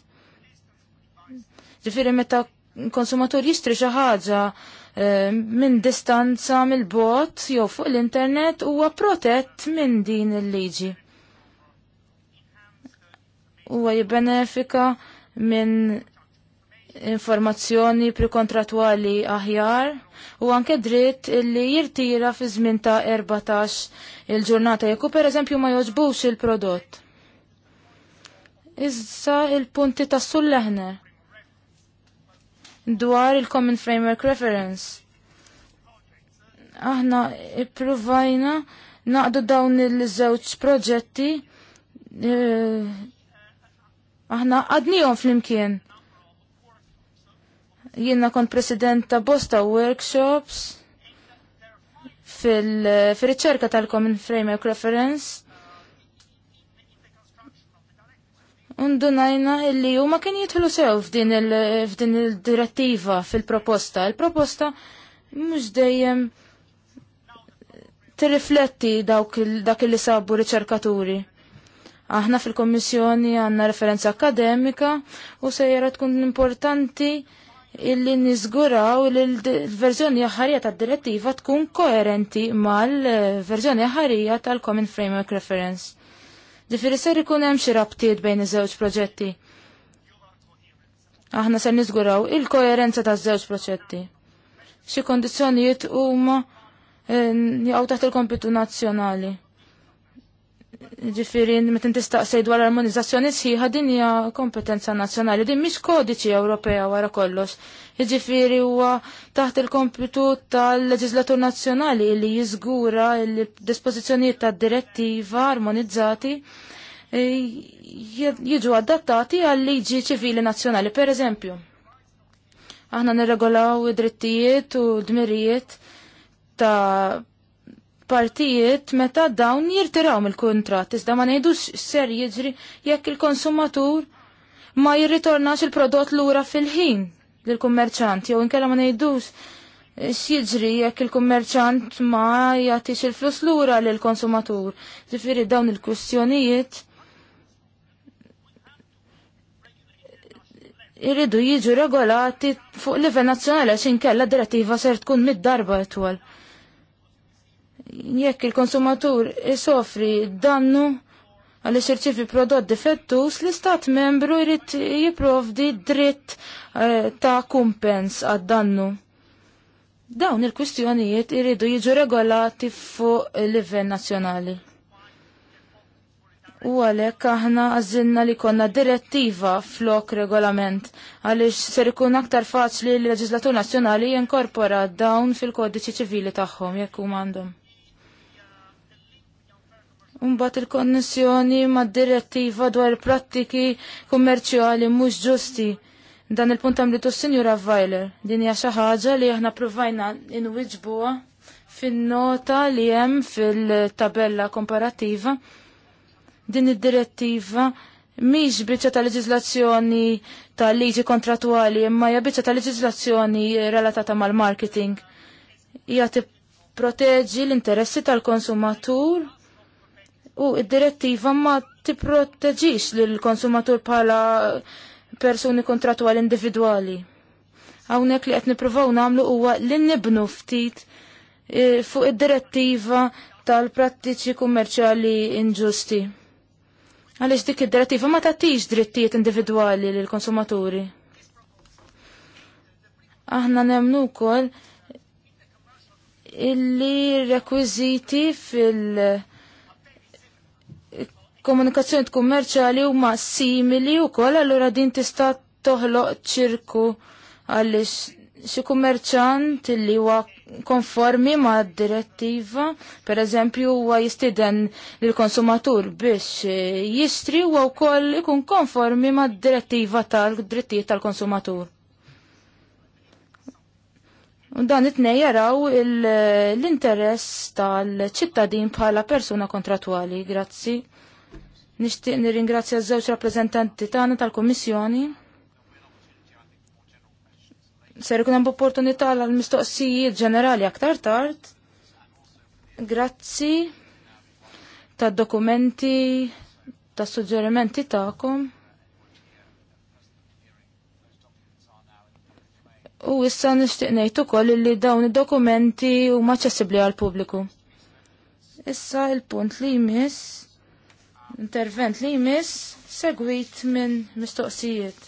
Ġifir meta konsumatur jistri xi ħaġa eh, minn distanza mill-bot jew fuq l-internet huwa protett minn din il-liġi. Huwa jibbenefika benefika minn informazzjoni prekontratwali aħjar u anke dritt illi jirtira fi żmien ta' 14 il-ġurnata jekk pereżempju ma joġbux il-prodott. Issa il-punti ta' sul-leħner dwar il-Common Framework Reference. Aħna ippruvajna naqdu dawn il-żewġ proġetti eh, Aħna għadnijom fl-imkien. Jiena kont president ta' bosta workshops fil-riċerka fil tal-Common Framework Reference. Undunajna illi u ma kien jitħlu sew f'din il-direttiva il fil-proposta. Il-proposta mux dejjem tirrifletti dawk il-li sabu riċerkaturi. Aħna fil-Kommissjoni għanna referenza akademika u sejra tkun importanti illi nizguraw li l-verżjoni ħarija tad-direttiva tkun koerenti mal-verżjoni ħarija tal-Common Framework Reference. Ġifieri ser ikun hemm xi rabtiet bejn iż-żewġ proġetti. Aħna ser niżguraw il-koerenza taż-żewġ proġetti. Xi kondizzjonijiet huma eh, jaqgħu taħt il-kompitu nazzjonali. Ġifiri, metin tistaqsej dwar armonizzazzjoni sħiħa din hija kompetenza nazzjonali, din mhix kodiċi Ewropea wara kollox. Ġifiri huwa taħt il-kompitu tal-leġislatur nazzjonali li jiżgura l-dispożizzjonijiet tad-direttiva armonizzati e, jiġu adattati għal-liġi ċivili nazzjonali, per eżempju. Aħna nirregolaw id-drittijiet u d-dmirijiet ta' partijiet meta dawn jirtiraw mill-kuntratt iżda ma ngħidux ser jiġri jekk il-konsumatur ma jirritornax il-prodott lura fil-ħin lill-kummerċant jew inkella ma ngħidux x'jiġri jekk il-kummerċant ma jagħtix il-flus lura lill konsumatur Ġifieri dawn il-kwistjonijiet irridu jiġu regolati fuq livell nazzjonali għax inkella direttiva ser tkun mid-darba etwal jekk il-konsumatur isofri dannu għal eserċifi prodott defettus, l-istat membru jrid jiprovdi dritt eh, ta' kumpens għad dannu. Dawn il-kwistjonijiet iridu jiġu regolati fuq livell nazzjonali. U għalek aħna għazzinna li konna direttiva flok regolament, għalix ser ikun aktar faċli li l-leġislatur nazzjonali jinkorpora dawn fil-kodiċi ċivili tagħhom jekk huma għandhom. Unbat il-konnessjoni ma' direttiva dwar prattiki kummerċjali mhux ġusti. Dan il-punt għamlitu s-Sinjura Vajler. Din hija xi ħaġa li aħna provajna inwiġbuha fin-nota li hemm fil-tabella komparativa. Din id-direttiva mhix biċċa ta' leġizlazzjoni ta' liġi kontratwali imma hija biċċa ta' leġiżlazzjoni relatata mal-marketing. Hija tipproteġi l-interessi tal-konsumatur U id-direttiva ma tipproteġix l konsumatur bħala persuni kontratwali individwali. Hawnhekk li qed nippruvaw nagħmlu huwa li nibnu ftit e, fuq id-direttiva tal-prattiċi kummerċjali inġusti. Għaliex dik id-direttiva ma tagħtix drittijiet individwali lil konsumaturi. Aħna nemnu wkoll illi rekwiziti fil- komunikazzjoni kummerċali huma simili wkoll allura din tista' toħloq ċirku għaliex xi kummerċant li huwa konformi ma' direttiva, per eżempju huwa jistiden lill konsumatur biex jistri u wkoll ikun konformi ma' direttiva tal-drittijiet tal-konsumatur. U dan it jaraw l-interess tal-ċittadin bħala persuna kontratwali, grazzi. Nixtieq nirringrazzja żewġ rappreżentanti tagħna tal-Kummissjoni. Ser ikun hemm opportunità għal mistoqsijiet ġenerali aktar tard. Grazzi tad-dokumenti, tas-suġġerimenti tagħkom. U issa nixtieq ngħid ukoll li dawn id-dokumenti huma aċċessibbli għall pubbliku. Issa il-punt li jmiss Intervent li jmiss segwit minn mistoqsijiet.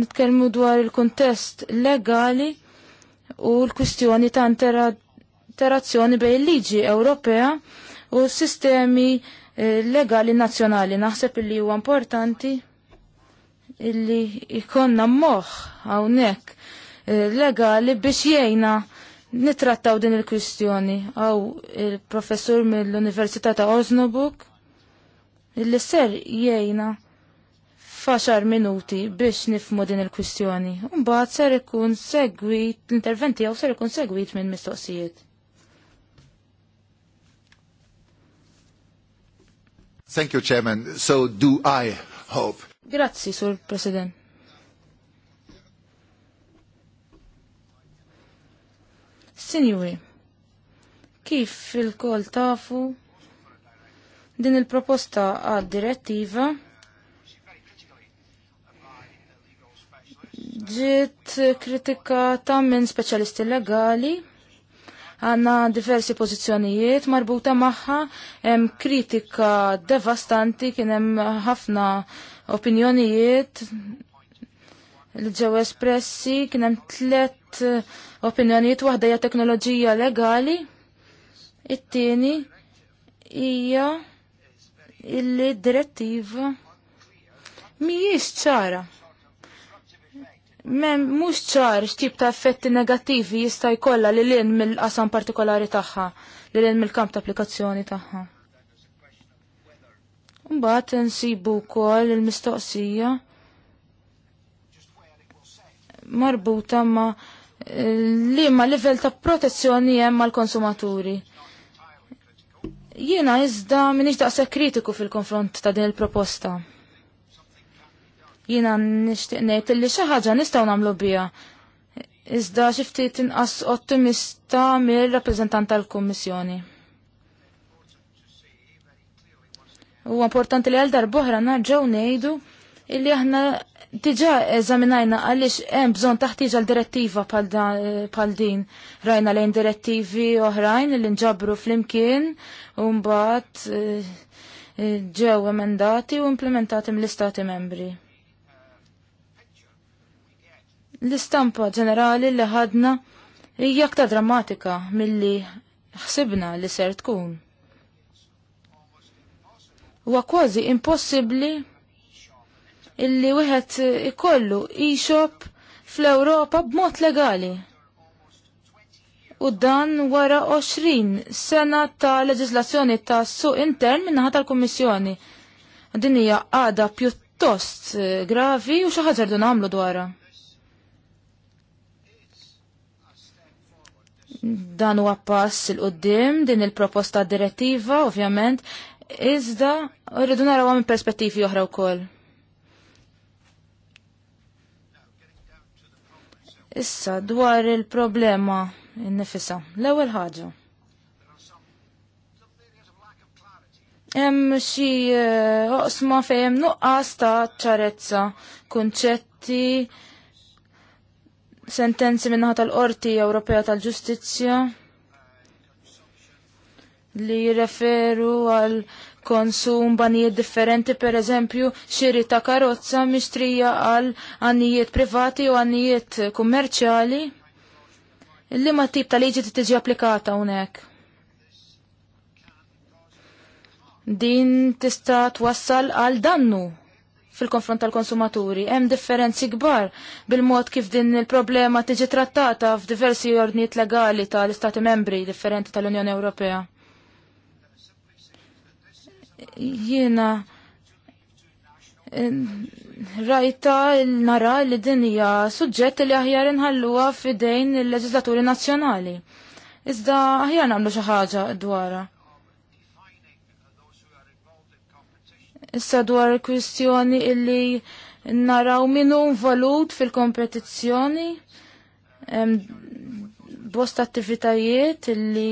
Nitkellmu dwar il-kontest legali u l-kwistjoni ta' interazzjoni bej liġi Ewropea u s-sistemi eh, legali nazzjonali. Naħseb li huwa importanti illi ikonna moħ hawnhekk eh, legali biex jgħina nitrattaw din il-kwistjoni għaw il-professur mill-Università ta' Osnobuk li ser jgħina faċar minuti biex nifmu din il-kwistjoni. Mbagħad ser ikun segwit, l-interventi għaw ser ikun segwit minn mistoqsijiet. Thank you, Chairman. So do I hope. Grazzi, Sur President. Sinjuri, kif il-kol tafu din il-proposta għad direttiva ġiet kritikata minn speċjalisti legali għanna diversi pozizjonijiet marbuta maħħa, hemm kritika devastanti, kien hemm ħafna opinjonijiet L ġew espressi kien hemm tliet eh, opinjonijiet waħda hija teknoloġija legali, it-tieni hija illi direttiva mhijiex ċara. Mem mhux ċar x'tip ta' effetti negattivi jista' jkollha li lin mill-qasam partikolari tagħha, li lin mill-kamp ta' applikazzjoni tagħha. Mbagħad insibu wkoll il-mistoqsija marbuta ma eh, li ma livell ta' protezzjoni hemm mal-konsumaturi. Jiena iżda minix se kritiku fil-konfront ta' din il-proposta. Jiena nixtieq ngħid illi xi ħaġa nistgħu nagħmlu biha. Iżda xi ftit inqas ottimista mir-rappreżentant tal-Kummissjoni. Huwa importanti li għal darbohra narġgħu ngħidu illi aħna diġa eżaminajna għaliex hemm bżonn taħtieġ għal direttiva bħal din. Rajna lejn direttivi oħrajn li nġabru flimkien u mbagħad eh, eh, ġew emendati u implementati mill-istati membri. L-istampa ġenerali li ħadna hija aktar drammatika milli ħsibna li ser tkun. Huwa kważi impossibbli illi wieħed ikollu e-shop fl-Ewropa b'mod legali. U dan wara 20 sena ta' leġislazzjoni ta' suq intern minnaħa tal-Kummissjoni. Din hija għada pjuttost eh, gravi u xi ħaġa rdu nagħmlu dwarha. dan huwa pass il qudiem din il-proposta direttiva, ovvjament, iżda rridu naraw minn perspettivi oħra wkoll. Issa dwar il-problema innifisa. L-ewwel ħaġa. Hemm xi eh, oqsma fejn hemm nuqqas ta' ċarezza, kunċetti, sentenzi minnaħa tal-Qorti Ewropea tal-Ġustizzja li jirreferu għal konsum banijiet differenti per eżempju xiri ta' karozza mistrija għal għannijiet privati u għannijiet kummerċali. Illi ma tip ta' liġi tiġi applikata unek. Din tista' twassal għal dannu fil-konfront tal-konsumaturi. Hemm differenzi kbar bil-mod kif din il-problema tiġi trattata f'diversi ordnijiet legali tal-Istati membri differenti tal-Unjoni Ewropea jiena eh, rajta nara li din hija suġġett li aħjar inħalluha f'idejn il-leġislaturi nazzjonali. Iżda aħjar nagħmlu xi ħaġa dwarha. Issa dwar kwistjoni illi naraw minnu valut fil-kompetizzjoni bost attivitajiet illi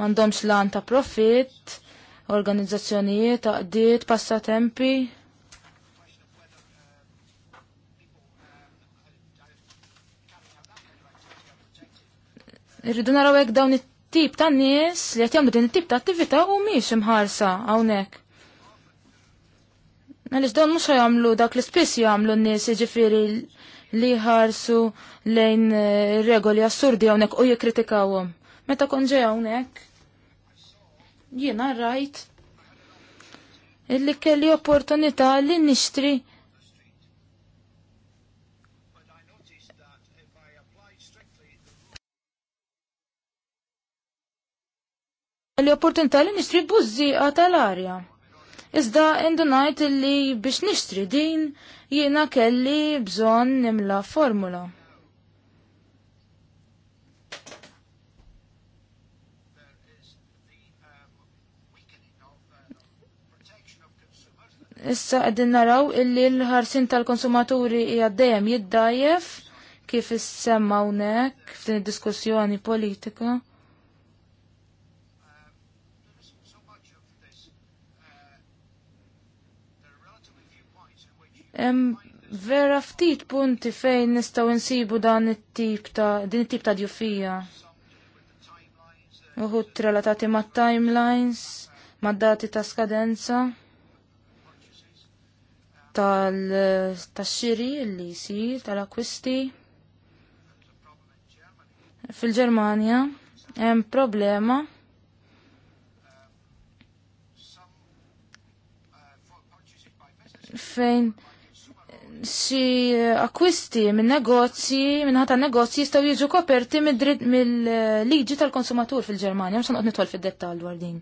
mandomx lan ta' profit organizzazzjonijiet, taqdiet, passatempi. Irridu naraw hekk dawn it-tip ta' nies li qed jagħmlu din it-tip ta' attività u mhix imħarsa hawnhekk. Għaliex dawn mhux jagħmlu dak li spiss jagħmlu n-nies jiġifieri li ħarsu lejn eh, regoli assurdi hawnhekk u jikkritikawhom. Meta konġej hawnhekk jiena rajt illi kelli opportunità li nixtri Kelli opportunità li nixtri buzzi tal-arja. Iżda indunajt illi biex nixtri din jiena kelli bżon nimla formula. Issa qegħdin naraw illi l-ħarsin tal-konsumaturi hija dejjem jiddajjef kif issemma hawnhekk f'din id-diskussjoni politika. Em, vera ftit punti fejn nistaw insibu dan it-tip ta' din it-tip ta' djufija. Uħut relatati ma' timelines, ma' dati ta' skadenza tal-xiri li jisir, tal-akwisti. Fil-Germania hemm problema fejn si akwisti minn negozji, minn ħata negozji jistgħu jiġu koperti mill-liġi tal-konsumatur fil-Ġermanja, mxan noqgħod nidħol fil dettall dwar din.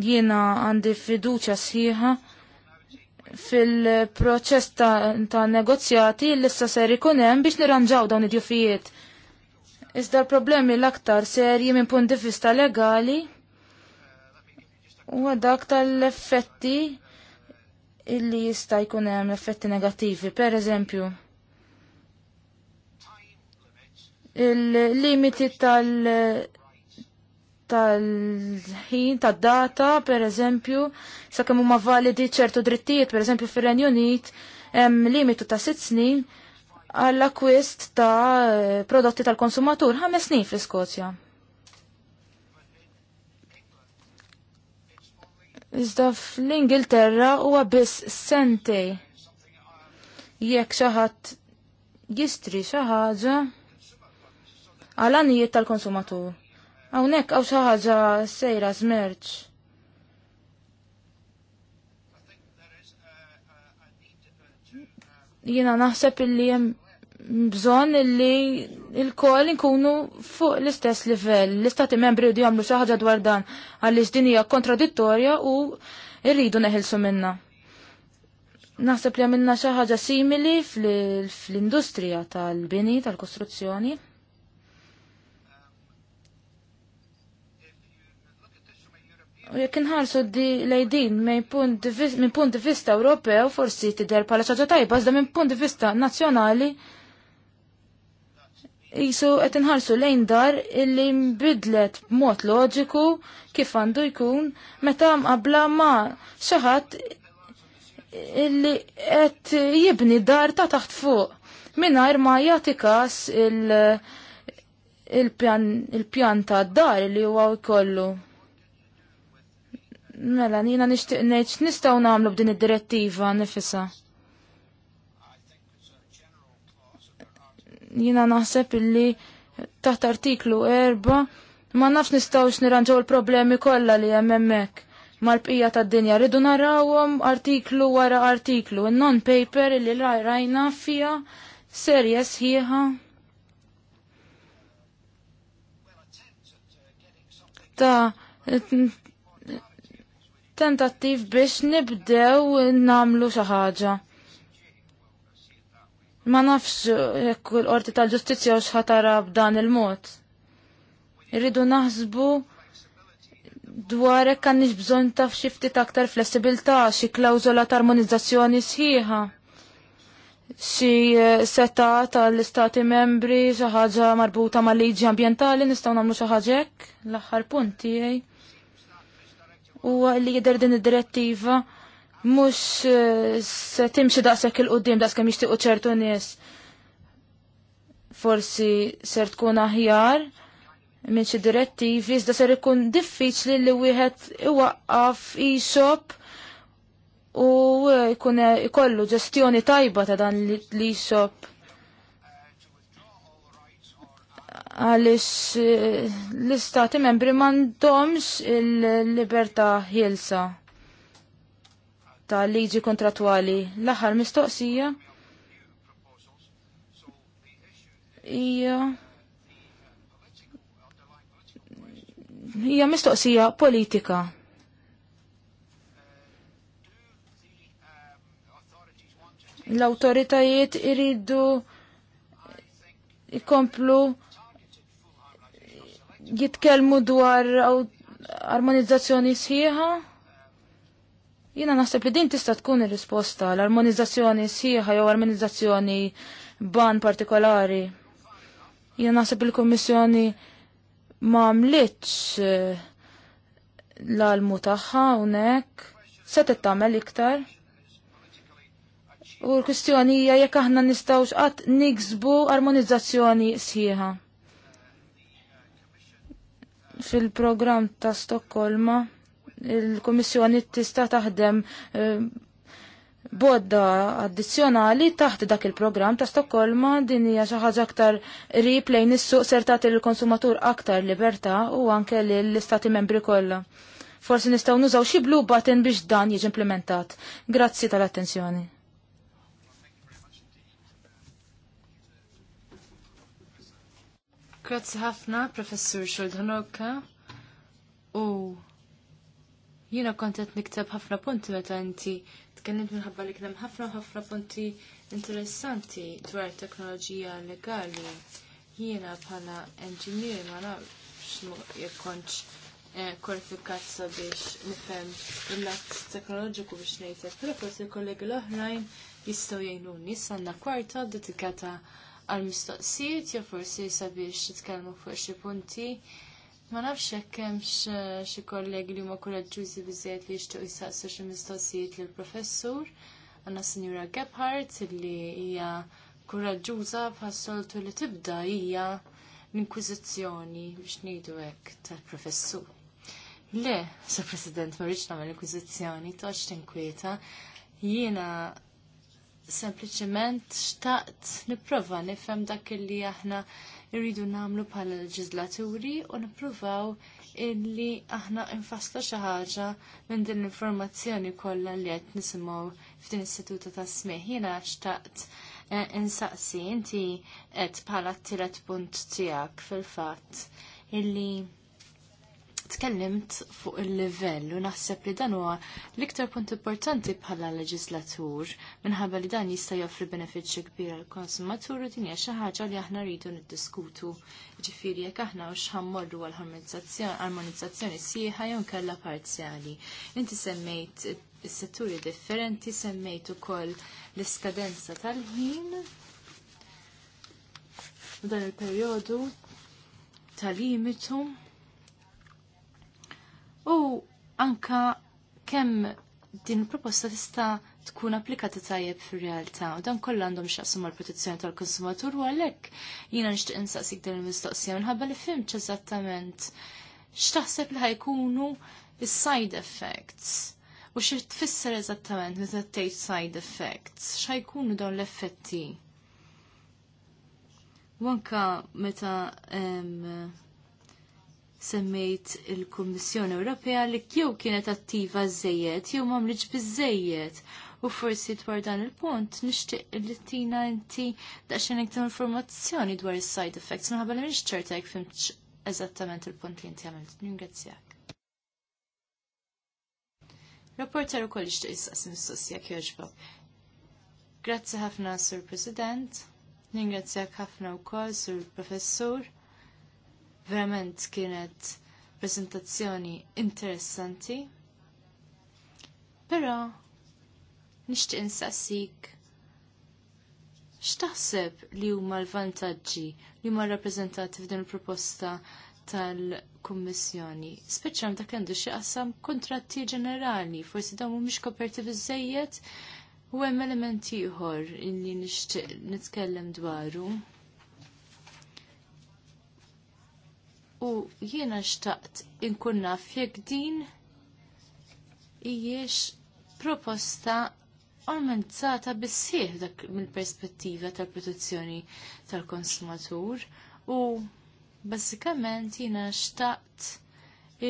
Jiena għandi fiduċa sħiħa fil-proċess ta', negozjati l-issa ser ikun hemm biex niranġaw dawn id-djufijiet. Iżda l-problemi l-aktar serji minn punt di vista legali u għadak tal-effetti illi jista' jkun hemm effetti negattivi. Per eżempju, il-limiti tal- tal-ħin, tad-data, per eżempju, sa' kemm huma validi ċertu drittijiet, per eżempju fir-Renju Unit, hemm limitu ta' sitt snin għall-akwist ta' prodotti tal-konsumatur, ħames snin fl-Iskozja. Iżda fl-Ingilterra huwa biss sentej. Jekk xi ħadd jistri xi ħaġa għal tal-konsumatur. Hawnhekk hawn xi ħaġa sejra smerċ. Jiena naħseb illi hemm bżonn illi il-koll nkunu fuq l-istess livell. L-istati membri u jagħmlu xi ħaġa dwar dan għaliex din hija kontradittorja u rridu neħilsu minna. Naħseb li għamilna xi ħaġa simili fl-industrija tal-bini tal-kostruzzjoni. U jekk inħarsu di lejdin minn punt di vista Ewropew forsi tidher bħala ċaġa tajba, iżda minn punt di vista nazzjonali jisu qed nħarsu lejn dar illi mbidlet b'mod loġiku kif għandu jkun meta mqabla ma xi ħadd illi qed jibni dar ta' taħt fuq mingħajr ma jagħti każ il-pjan il, il, ta' dar li huwa kollu. Mela, nina nishtiq nejt, nistaw namlu b'din id-direttiva nifisa. Jina naħseb illi taħt artiklu erba' ma nafx nistaw x'niranġaw il-problemi kollha li hemm hemmhekk mal-bqija tad dinja ridu narawhom artiklu wara artiklu, in-non paper li rajna fija serjes sħiħa. Ta' tentattiv biex nibdew namlu xi ħaġa. Ma nafx jekk l-qorti tal-ġustizzja u xħatara b'dan il-mod. Irridu naħsbu dwar hekk għandix bżonn taf xi ftit aktar flessibilità, xi klawżola ta' armonizzazzjoni sħiħa. Xi eh, seta tal-istati membri xi ħaġa marbuta mal-liġi ambjentali nistgħu nagħmlu xi ħaġa hekk l-aħħar punt tiegħi huwa li jidher din id-direttiva mhux eh, se timxi daqsek il-qudiem daqskemm jixtiequ ċertu nies. Forsi ser tkun aħjar minn xi direttivi iżda ser ikun diffiċli li wieħed iwaqqaf e u jkun eh, ikollu ġestjoni tajba ta' dan l ishop għalix eh, l-istati membri mandomx il-libertà jelsa ta' liġi kontratwali. L-aħħar mistoqsija hija Ija mistoqsija politika. L-autoritajiet iridu ikomplu jitkellmu dwar armonizzazzjoni sħiħa? Jina naħseb li din tista' tkun ir-risposta l-armonizzazzjoni sħiħa jew armonizzazzjoni ban partikolari. Jina naħseb il-Kummissjoni ma mlitx eh, l-almu tagħha hawnhekk se tagħmel iktar. U l-kwistjoni hija jekk aħna nistgħux qatt niksbu armonizzazzjoni sħiħa fil-programm ta' Stokkolma il-Komissjoni tista' taħdem eh, bodda addizzjonali taħt dak il-programm ta' Stokkolma din hija xi ħaġa aktar qrib lejn is-suq ser tagħti lill-konsumatur aktar libertà u anke lill-istati membri kollha. Forsi nistgħu nużaw xi blue button biex dan jiġi implementat. Grazzi tal-attenzjoni. Grazzi ħafna, Professur Xuldanoka. U jina kontet niktab ħafna punti meta inti tkellimt minħabba li kienem ħafna ħafna punti interessanti dwar teknoloġija legali. Jiena bħala engineer ma nafx jekk konċ eh, kwalifikat sabiex nifhem il-lat teknoloġiku biex ngħidlek, però forsi kollegi l-oħrajn jistgħu jgħinuni sanna kwarta dedikata għal-mistoqsijiet jew forsi sabiex titkellmu fuq xi punti. Ma nafx hekk hemm eh, xi kollegi li huma kuraġġużi biżejjed li jixtiequ jistaqsu xi mistoqsijiet lill professur għandna Sinjura Gebhardt li hija kuraġġuża bħas-soltu li tibda hija l-inkwiżizzjoni biex ngħidu hekk tal-professur. Le, sa President, ma rridx nagħmel inkwiżizzjoni, tox tinkwieta. Jiena sempliċement xtaqt nipprova nifhem dak illi aħna namlu nagħmlu l leġislaturi u nippruvaw illi aħna infasla xi ħaġa minn din l-informazzjoni kollha li qed nisimgħu f'din istituta ta' smih. xtaqt eh, insaqsi inti qed bħala t-tielet punt tiegħek fil-fatt illi tkellimt fuq il-livell u naħseb li dan huwa l-iktar punt importanti bħala leġislatur minħabba li dan jista' joffri benefiċċji kbir għall konsumatur u din hija xi ħaġa li aħna rridu niddiskutu. Ġifieri jekk aħna u ħammorru għal armonizzazzjoni sieħa jew kellha parzjali. Inti semmejt is-setturi differenti, semmejt ukoll l-iskadenza tal-ħin u dan il-perjodu tal-limitu u anka kemm din proposta tista' tkun applikati tajjeb fir-realtà u dan kollha għandhom x'jaqsmu l-protezzjoni tal-konsumatur u għalhekk jiena nixtieq insaqsik din il-mistoqsija minħabba li fimt eżattament x'taħseb li ħajkunu is-side effects u xi tfisser eżattament meta tgħid side effects x'ħajkunu dawn l-effetti. U anka meta semmejt il-Kummissjoni Ewropea li jew kienet attiva żejjed jew mamliġ biżejjed. U forsi dwar dan il-punt nixtieq li tina inti daqsxejn iktar informazzjoni dwar is-side effects minħabba li mhix ċerta jekk fimx eżattament il-punt li inti għamilt. Ningrazzjak. Rapporter ukoll ixtieq jistaqs mistoqsija jogħġbok. Grazzi ħafna Sur President, ningrazzjak ħafna wkoll Sur Professur. Verament kienet prezentazzjoni interessanti. Però nixtieq insaqsik x'taħseb li huma l-vantaġġi li huma rappreżentati f'din il-proposta tal-Kummissjoni, speċjalment dak għandu xi qasam kontratti ġenerali, forsi dawn mhumiex koperti biżejjed u hemm elementi ieħor li nixtieq nitkellem dwaru. u jiena xtaqt inkun naf jekk din hijiex proposta ormentizzata bissieħ dak mill-perspettiva tal-protezzjoni tal-konsumatur u bażikament jiena xtaqt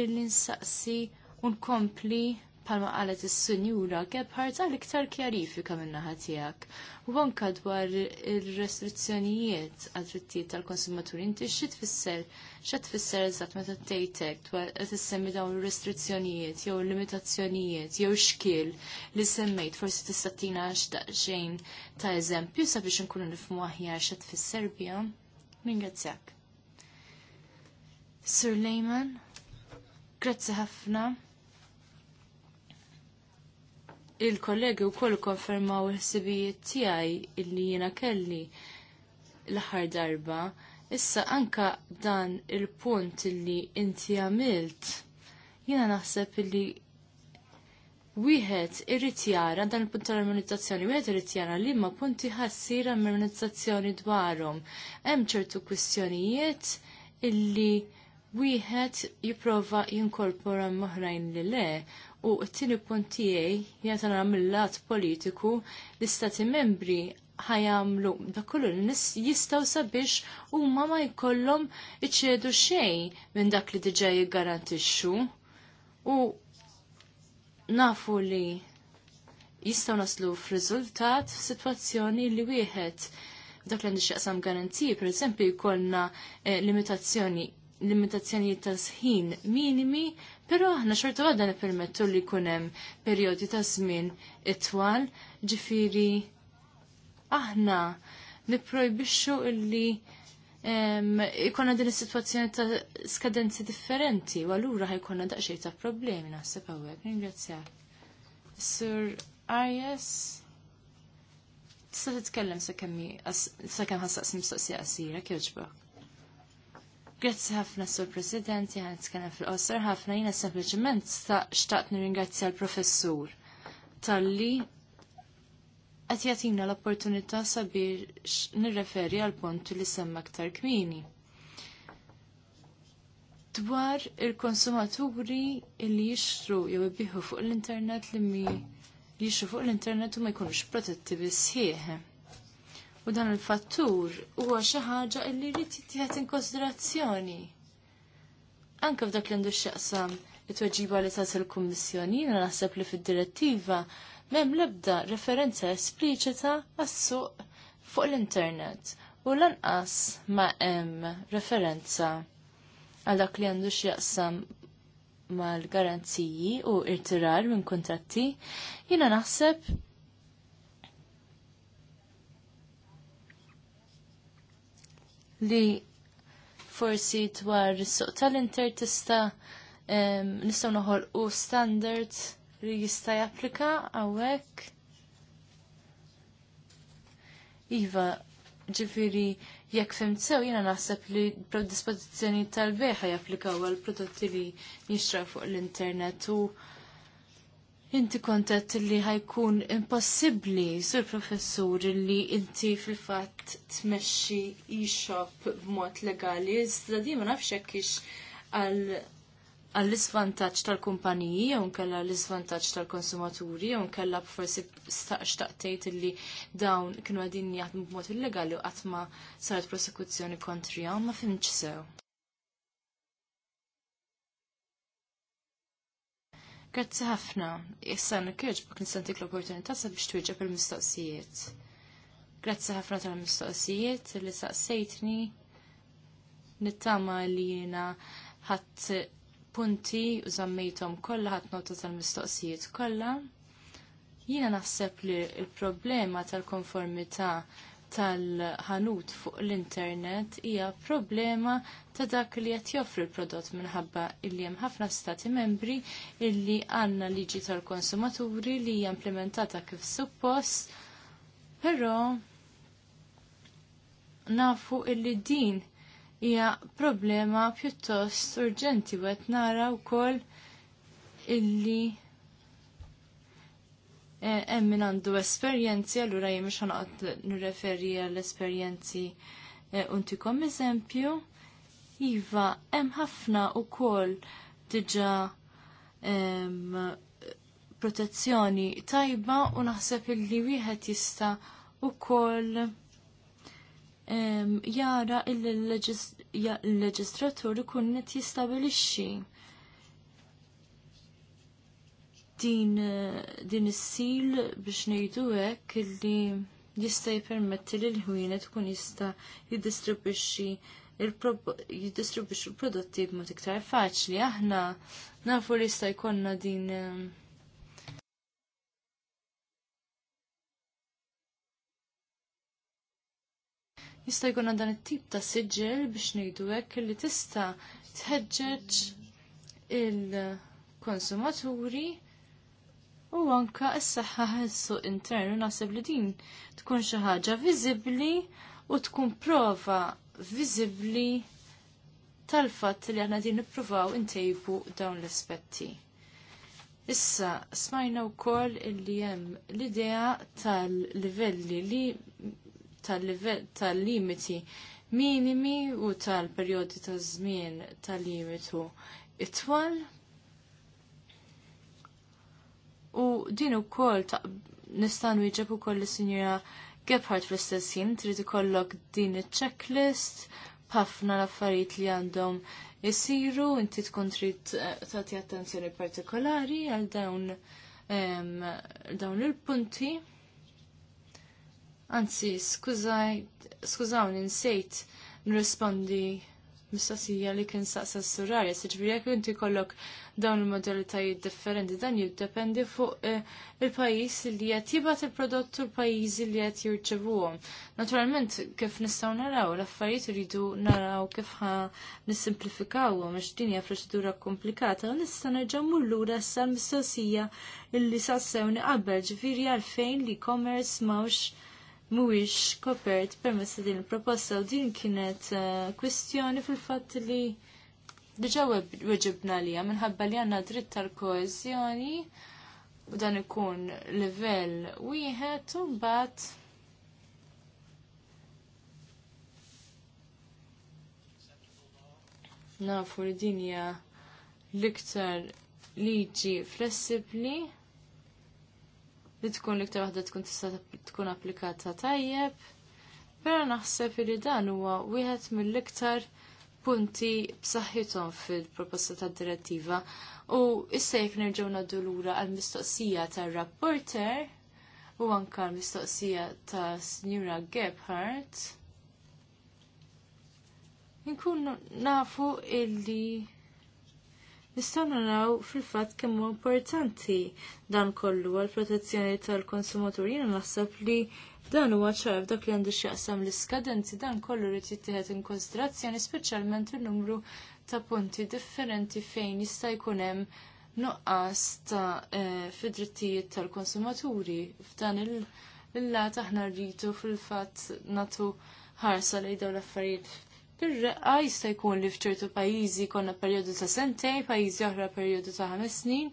il-insaqsi u nkompli palma qalet is-Sinjura Gebhardt għal iktar kjarifika minna naħa tiegħek. U anka dwar ir-restrizzjonijiet għal drittijiet tal-konsumaturi inti xi tfisser xi fisser eżatt meta t-tejtek dwar qed semmi dawn ir-restrizzjonijiet jew limitazzjonijiet jew xkiel li semmejt forsi tista' tina xejn ta' eżempju sabiex inkunu nifhmu aħjar xi tfisser biha. Ringrazzjak. Sir Lejman, grazzi ħafna il-kollegi wkoll konfermaw il-ħsibijiet tiegħi illi jiena kelli l-aħħar darba. Issa anka dan il-punt illi inti għamilt jiena naħseb illi wieħed irrid jara dan il-punt tal-armonizzazzjoni, wieħed irid jara li ma punti ħassir armonizzazzjoni dwarhom. Hemm ċertu kwistjonijiet illi wieħed jipprova jinkorpora moħrajn li le U t-tini punt tiegħi jgħid nara lat politiku l-istati membri ħajamlu da kollu jistaw sabiex u ma ma jkollhom iċedu xejn minn dak li diġà jiggarantixxu. U nafu li jistaw naslu f'riżultat f'sitwazzjoni li wieħed dak li għandix jaqsam garanziji, per eżempju, jkollna eh, limitazzjoni limitazzjonijiet ta' sħin minimi, però aħna xorta għadda nipermettu li kunem periodi ta' żmien itwal, ġifiri aħna niprojbixxu illi ikonna din is-sitwazzjoni ta' skadenzi differenti, u allura ħajkonna daqsxejn ta' problemi naħseb hawnhekk. Ringrazzjak. Sur Arias, tista' titkellem sakemm sakemm ħassaqs mistoqsija qasira, kieġbok. Grazzi ħafna sur President, jgħan t-kena fil qosser ħafna jina sempliciment xtaqt nir-ingrazzja l-professur tal-li għatjatina l-opportunità sabiex nirreferi għal punt li semma ktar kmini. Dwar il-konsumaturi li jixtru jew ibiħu fuq l-internet li mi jixtru fuq l-internet u ma jkunux protetti bisħieħ. U dan il-fattur huwa xi ħaġa li jrid jittieħed inkonsiderazzjoni. Anke f'dak li għandu x'jaqsam it-tweġiba li tas il-Kummissjoni jiena naħseb li fid-direttiva m'hemm l-ebda referenza espliċita għas-suq fuq l-internet u lanqas ma hemm referenza għal dak li għandu x'jaqsam mal-garanziji u irtirar minn kontratti, jina naħseb li forsi dwar is-suq tal-inter tista' nistgħu noħolqu standard li jista' japplika hawnhekk. Iva, ġifiri, jekk fim sew jiena naħseb li dispożizzjoni tal-beħa japplikaw għal prodotti li jixtraw fuq l-internet u inti kontet li ħajkun impossibli, sur professur, li inti fil-fat tmexxi e-shop b'mod legali, iżda di ma nafx hekk għall-isvantaġġ tal-kumpaniji jew nkella l-isvantaġġ tal-konsumaturi jew nkella forsi xtaqtejt li dawn kienu għadin b b'mod illegali u qatt ma saret prosekuzzjoni kontrihom ma fimx sew. Grazzi ħafna. Issa nikirġbok nistantik l-opportunità sabiex twieġeb il-mistoqsijiet. Grazzi ħafna tal-mistoqsijiet li saqsejtni nittama li jena ħadd punti u żammejthom kollha ħadd nota tal-mistoqsijiet kollha. Jiena naħseb li l-problema tal-konformità tal-ħanut fuq l-internet hija problema ta' dak li qed joffri l-prodott minħabba illi hemm ħafna stati membri illi għandna liġi tal-konsumaturi li hija implementata kif suppost, però nafu illi din hija problema pjuttost urġenti u qed nara wkoll illi hemm min għandu esperjenzi, allura jien mhux ħanqgħod nirreferi għall-esperjenzi e, untikom eżempju. Iva, hemm ħafna ukoll diġà protezzjoni tajba u naħseb illi wieħed jista' ukoll jara il-leġistratur ikun qed jistabilixxi din din is-sil biex ngħidu hekk illi jista' jippermetti li l-ħwienet tkun jista' jiddistribwixxi jiddistribwixxi l-prodotti b'mod iktar faċli. Aħna nafu li jista' jkollna din jista' jkollna dan it-tip ta' siġġel biex ngħidu hekk li tista' tħeġġeġ il-konsumaturi u anka s saxħa ħessu suq internu naħseb li din tkun xi ħaġa u tkun prova viżibbli tal-fatt li għana din nippruvaw intejbu dawn l-aspetti. Issa smajna wkoll li hemm l-idea tal-livelli li tal-limiti minimi u tal-perjodi ta' żmien tal-limitu itwal U din ukoll nista' nwieġeb kol is-Sinjura Gebhardt fl-istess jien trid ikollok din il checklist ħafna l-affarijiet li għandhom isiru, inti tkun trid eh, tagħti attenzjoni partikolari għal dawn dawn il-punti. Anzi, skużaj, skużawni nsejt nrespondi mistoqsija li kien saqsa s-surarja, s-ġbiri jek inti kollok dawn il-modalitajiet differenti, dan jiddependi fuq eh, il-pajis li jgħat jibat il-prodott u l pajis li jgħat jirċevuhom. Naturalment, kif nistaw naraw, l-affarijiet rridu naraw kif ħa nisimplifikawhom, għax dinja hija proċedura komplikata, nista' nerġa' mullura s-sal mistoqsija illi sassew qabel ġviri għalfejn li commerce mawx mhuwiex kopert permezz din il-proposta u din kienet eh, kwistjoni fil-fatt li diġà weġibna għalija minħabba li għandna dritt tal-koeżjoni u dan ikun livell wieħed u mbagħad nafu li dinja l-iktar liġi flessibbli li tkun liktar waħda tkun tista' tkun applikata tajjeb, però naħseb li dan huwa wieħed mill-iktar punti b'saħħithom fil-proposta tad direttiva u issa jekk nerġgħu ngħaddu lura għall-mistoqsija tar-rapporter u anke għall mistoqsija ta' Sinjura Gebhardt. Nkun nafu illi nistgħu naraw fil-fatt kemm huwa importanti dan kollu għall protezzjoni tal-konsumatur. Jiena naħseb li dan huwa ċar dak li għandu x'jaqsam l-iskadenzi dan kollu li jittieħed in konsiderazzjoni speċjalment in-numru ta' punti differenti fejn jista' jkun hemm nuqqas ta' eh, fid-drittijiet tal-konsumaturi f'dan il-lat aħna rridu fil-fatt natu ħarsa lejn dawn l-affarijiet Ir-reqqa jista' jkun li fċertu pajjiżi konna perjodu ta' sentej, pajjiżi oħra perjodu ta' ħames snin,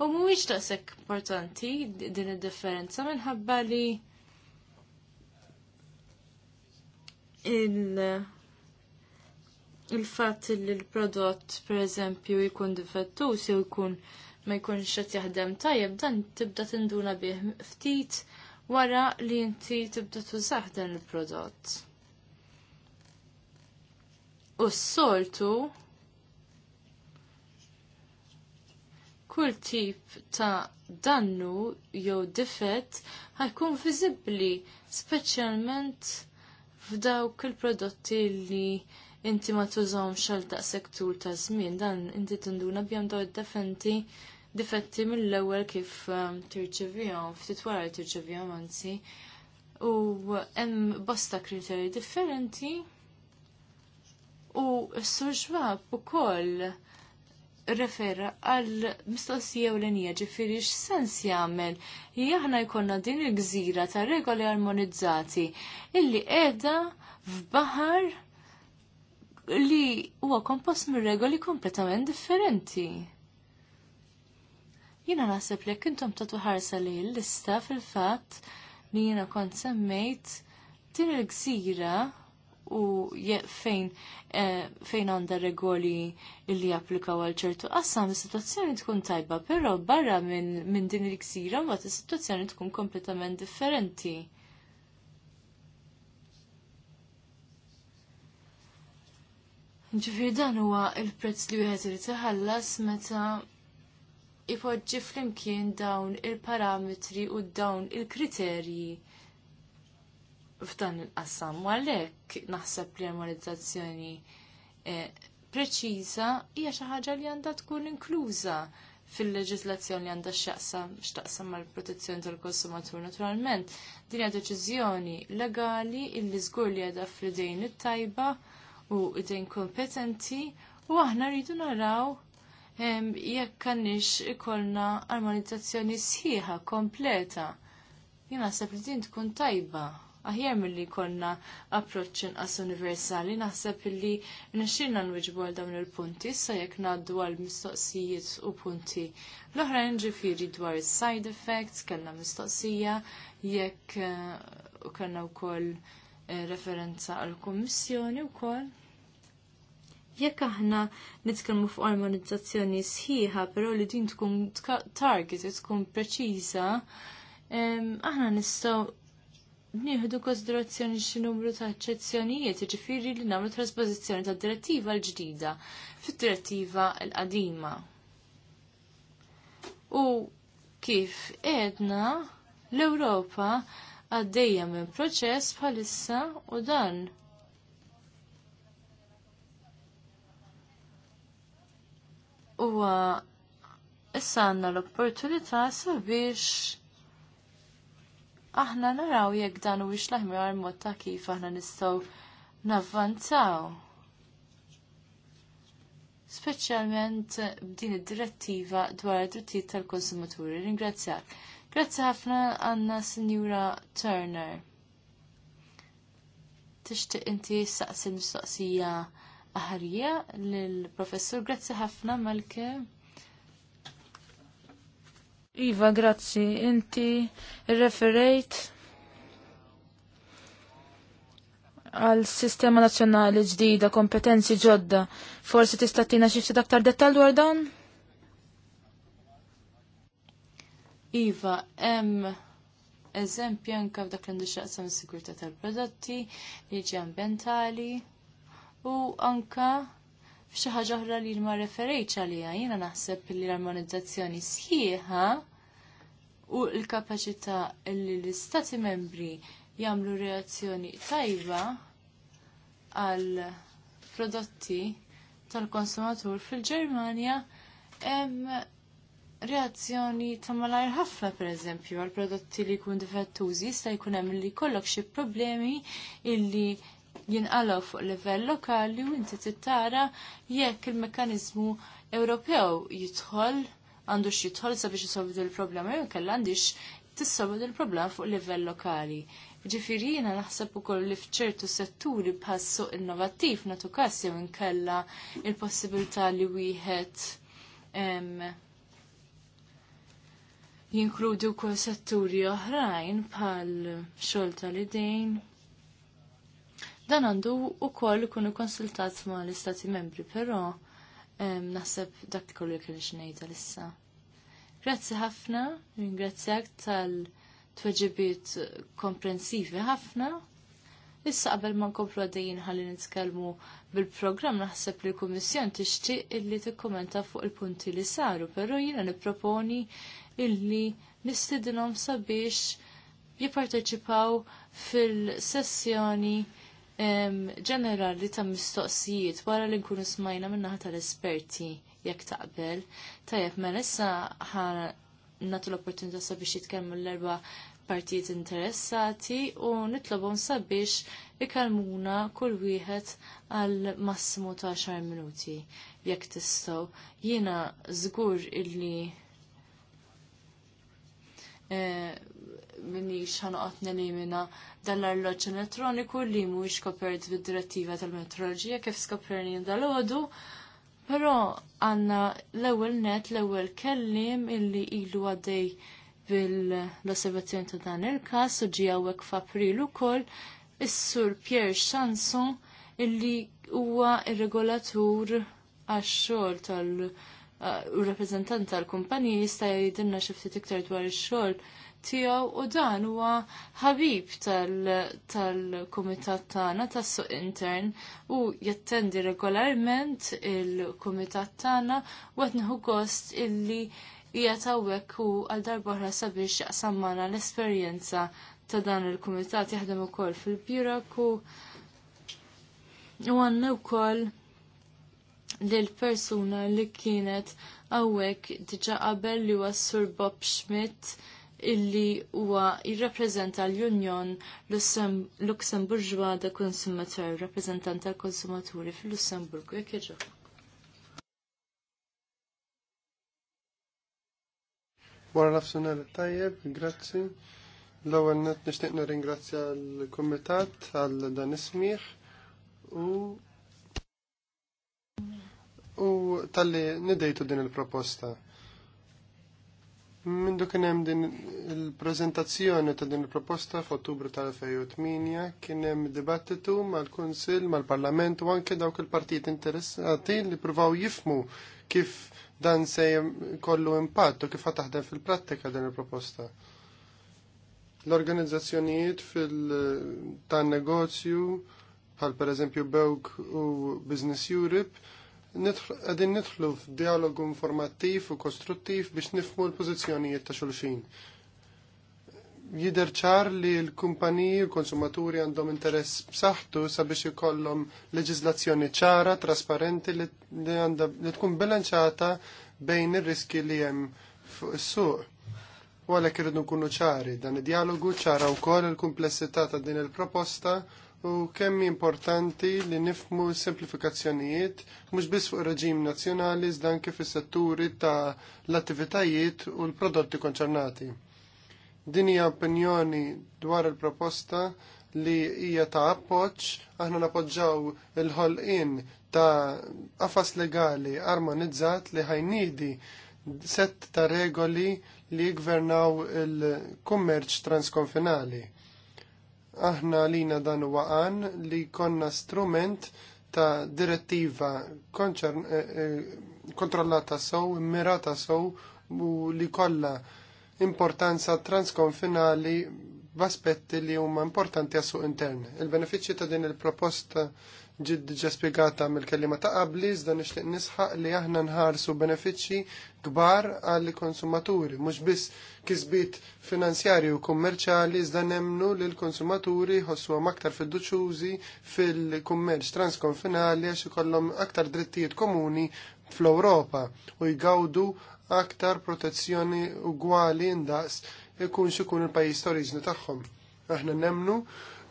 u mhuwiex daqshekk importanti din id-differenza minħabba li il fatt li l-prodott pereżempju jkun difettus jew jkun ma jkunx qed jaħdem tajjeb dan tibda tinduna bih ftit wara li inti tibda tużaħ dan il-prodott. U s-soltu kull tip ta' dannu jew difett ħajkun viżibbli speċjalment f'dawk il-prodotti li inti ma tużawmx xal ta' sektur ta' żmien dan inti tinduna bjam daw id difetti mill-ewwel kif um, tirċevihom, ftit wara tirċevihom anzi. U hemm um, bosta kriterji differenti U s-sur ġwab u koll refera għal mistoqsija u l-enija ġifiri x-sens jgħamil li jahna jkonna din il-gżira ta' regoli armonizzati illi edha f'bahar li huwa kompost minn regoli kompletament differenti. Jina naħseb li kintom ta' tuħarsa li l-lista fil-fat li jina kont semmejt din il-gżira u fejn eh, fejn għanda regoli li japplikaw għal ċertu qassam is-sitwazzjoni tkun tajba, però barra minn min din il-ksira mbagħad is-sitwazzjoni tkun kompletament differenti. Ġifir dan huwa il-prezz li wieħed irid iħallas meta ipoġġi flimkien dawn il-parametri u dawn il-kriterji f'dan il-qassam. U għalhekk naħseb li armonizzazzjoni e, preċiża hija xi ħaġa li għandha tkun inkluża fil-leġislazzjoni li għandha x'taqsam x'taqsam mal-protezzjoni tal-konsumatur. Naturalment, din hija deċiżjoni legali illi żgur li għadha f'idejn it-tajba u idejn kompetenti u aħna rridu naraw jekk għandix ikollna armonizzazzjoni sħiħa, kompleta. Jien naħseb li din tkun tajba aħjar milli konna approċċ inqas universali naħseb li nixxilna nwiġbu għal dawn il-punti issa jekk ngħaddu għal mistoqsijiet u punti l-oħrajn ġifieri dwar is-side effects, kellna mistoqsija jekk eh, u kellna wkoll eh, referenza għal kummissjoni wkoll. Jekk aħna nitkellmu fuq armonizzazzjoni sħiħa, però li din tkun target tkun preċiża, aħna nistgħu nieħdu konsiderazzjoni xi numru ta' eċċezzjonijiet, jiġifieri li nagħmlu trasposizzjoni tad direttiva l-ġdida fid-direttiva l-qadima. U kif edna l-Ewropa għaddejja minn proċess bħalissa u dan huwa issa għandna l-opportunità sabiex aħna naraw jekk dan u l-aħjar mod ta' kif aħna nistgħu navvantaw. Speċjalment b'din id-direttiva dwar id-drittijiet tal-konsumaturi. Ringrazzjak. Grazzi ħafna għanna Sinjura Turner. Tixtieq inti saqsi mistoqsija aħarija lill-professur. Grazzi ħafna Malke. Iva, grazzi, inti referejt għal sistema nazzjonali ġdida, kompetenzi ġodda. Forsi tista' tina xi ftit aktar dwar dan? Iva, hemm eżempju anke f'dak li ndixxaqsam is-sigurtà tal-prodotti, liġi ambjentali u anke f'xi ħaġa oħra li ma referejtx għaliha jiena naħseb li l-armonizzazzjoni sħiħa u l-kapaċità li l-istati membri jagħmlu reazzjoni tajba għal prodotti tal-konsumatur fil-Ġermanja hemm reazzjoni ta' malajr ħafna pereżempju għal prodotti li jkun difettużi jista' jkun hemm li jkollok xi problemi illi jinqalaw fuq livell lokali u inti tittara jekk il-mekkanizmu Ewropew jidħol għandu jidħol sabiex jisolvi il-problema jew kellha għandix tissolvi il-problema fuq livell lokali. Ġifiri jiena naħseb ukoll li f'ċertu setturi bħal suq innovattiv natu każ jew inkella il-possibilità li wieħed jinkludi wkoll setturi oħrajn bħal xogħol tal-idejn, Dan għandu u koll ikunu konsultat ma l-istati membri, pero naħseb dak kollu li kellix ngħidha issa. Grazzi ħafna, ringrazzjak tal-tweġibiet komprensivi ħafna. Issa qabel ma nkomplu għaddejjin ħalli nitkellmu bil-programm naħseb li l-Kummissjon tixtieq illi tikkumenta fuq il-punti li saru, però jiena nipproponi illi nistidilhom sabiex jipparteċipaw fil-sessjoni ġenerali ta' mistoqsijiet wara li nkunu smajna minnaħa tal-esperti jekk taqbel. Tajjeb, ma' mela issa natu l-opportunità sabiex jitkellmu l-erba' partijiet interessati u nitlobhom sabiex ikalmuna kull wieħed għal massimu ta' 10 minuti jekk tistgħu. Jiena żgur illi Eh, minix ħanoqat nelimina dan l-arloġġ elettroniku li mhuwiex kopert bid-direttiva tal-metroloġija kif skoperni dal ħodu Però għanna l-ewwel net l-ewwel kellim illi ilu għaddej bil-osservazzjoni ta' dan il-każ u għawek hawnhekk f'April ukoll il sur Pierre Chanson illi huwa il regolatur għax-xogħol tal- u rappresentant tal-kumpaniji jista' jgħidilna xi ftit iktar dwar ix-xogħol tiegħu u dan huwa ħabib tal-kumitat tagħna tas-suq intern u jattendi regolarment il-kumitat tagħna u qed nieħu gost illi hija tawwek u għal darba oħra sabiex jaqsam magħna l-esperjenza ta' dan il-kumitat jaħdem ukoll fil bjuraku u għandna wkoll lill-persuna li kienet għawek diġa qabel li huwa Sur Bob Schmidt illi huwa jirrappreżenta l-Union Luxemburġwa da Konsumatur, rappreżentant tal-konsumaturi fil-Lussemburgu, jekk jiġu. Wara nafsunar tajjeb, grazzi. L-ewwel net nixtieq nirringrazzja l-Kumitat għal dan ismiħ u u tal-li nidejtu din il-proposta. Mindu kien hemm din il-preżentazzjoni ta' din il-proposta f'Ottubru tal-2008 kien dibattitu mal-Kunsill, mal-Parlament u anke dawk il-partijiet interessati li provaw jifmu kif dan se kollu impatt u kif taħdem fil-prattika din il-proposta. L-organizzazzjonijiet fil-tan negozju bħal per eżempju Bewk u Business Europe għedin nidħlu dialogu informattiv u kostruttiv biex nifmu l-pozizjonijiet ta' xulxin. Jider ċar li l-kumpaniji u konsumaturi għandhom interess b'saħħtu sabiex ikollhom leġiżlazzjoni ċara, trasparenti li, tkun bilanċata bejn ir-riski li hemm fuq is-suq. U għalhekk irridu nkunu ċari, dan id-dialogu ċara wkoll il-kumplessità ta' din il-proposta il proposta u kemm importanti li nifmu simplifikazzjonijiet mhux biss fuq reġim nazzjonali iżda anke fis-setturi ta' l-attivitajiet u l-prodotti konċernati. Din hija opinjoni dwar il-proposta li hija ta' appoġġ aħna napoġġaw il-ħolqien ta' qafas legali armonizzat li ħajnidi set ta' regoli li jgvernaw il-kummerċ transkonfinali aħna lina dan waqan għan li konna strument ta' direttiva eh, eh, kontrollata sow, mirata sow u li kolla importanza transkonfinali b'aspetti li huma importanti għas-suq intern. Il-benefiċċji ta' din il-proposta ġid diġa spiegata mill-kellima ta' qabli, iżda nixtieq nisħaq li aħna nħarsu benefiċċji kbar għall konsumaturi mhux biss kisbit finanzjarji u kummerċali iżda nemnu li l-konsumaturi ħossuhom aktar fiduċjużi fil-kummerċ transkonfinali għax ikollhom aktar drittijiet komuni fl-Ewropa u jgawdu aktar protezzjoni ugwali indaqs ikun xikun il pajjiż ta' oriġni tagħhom. Aħna nemnu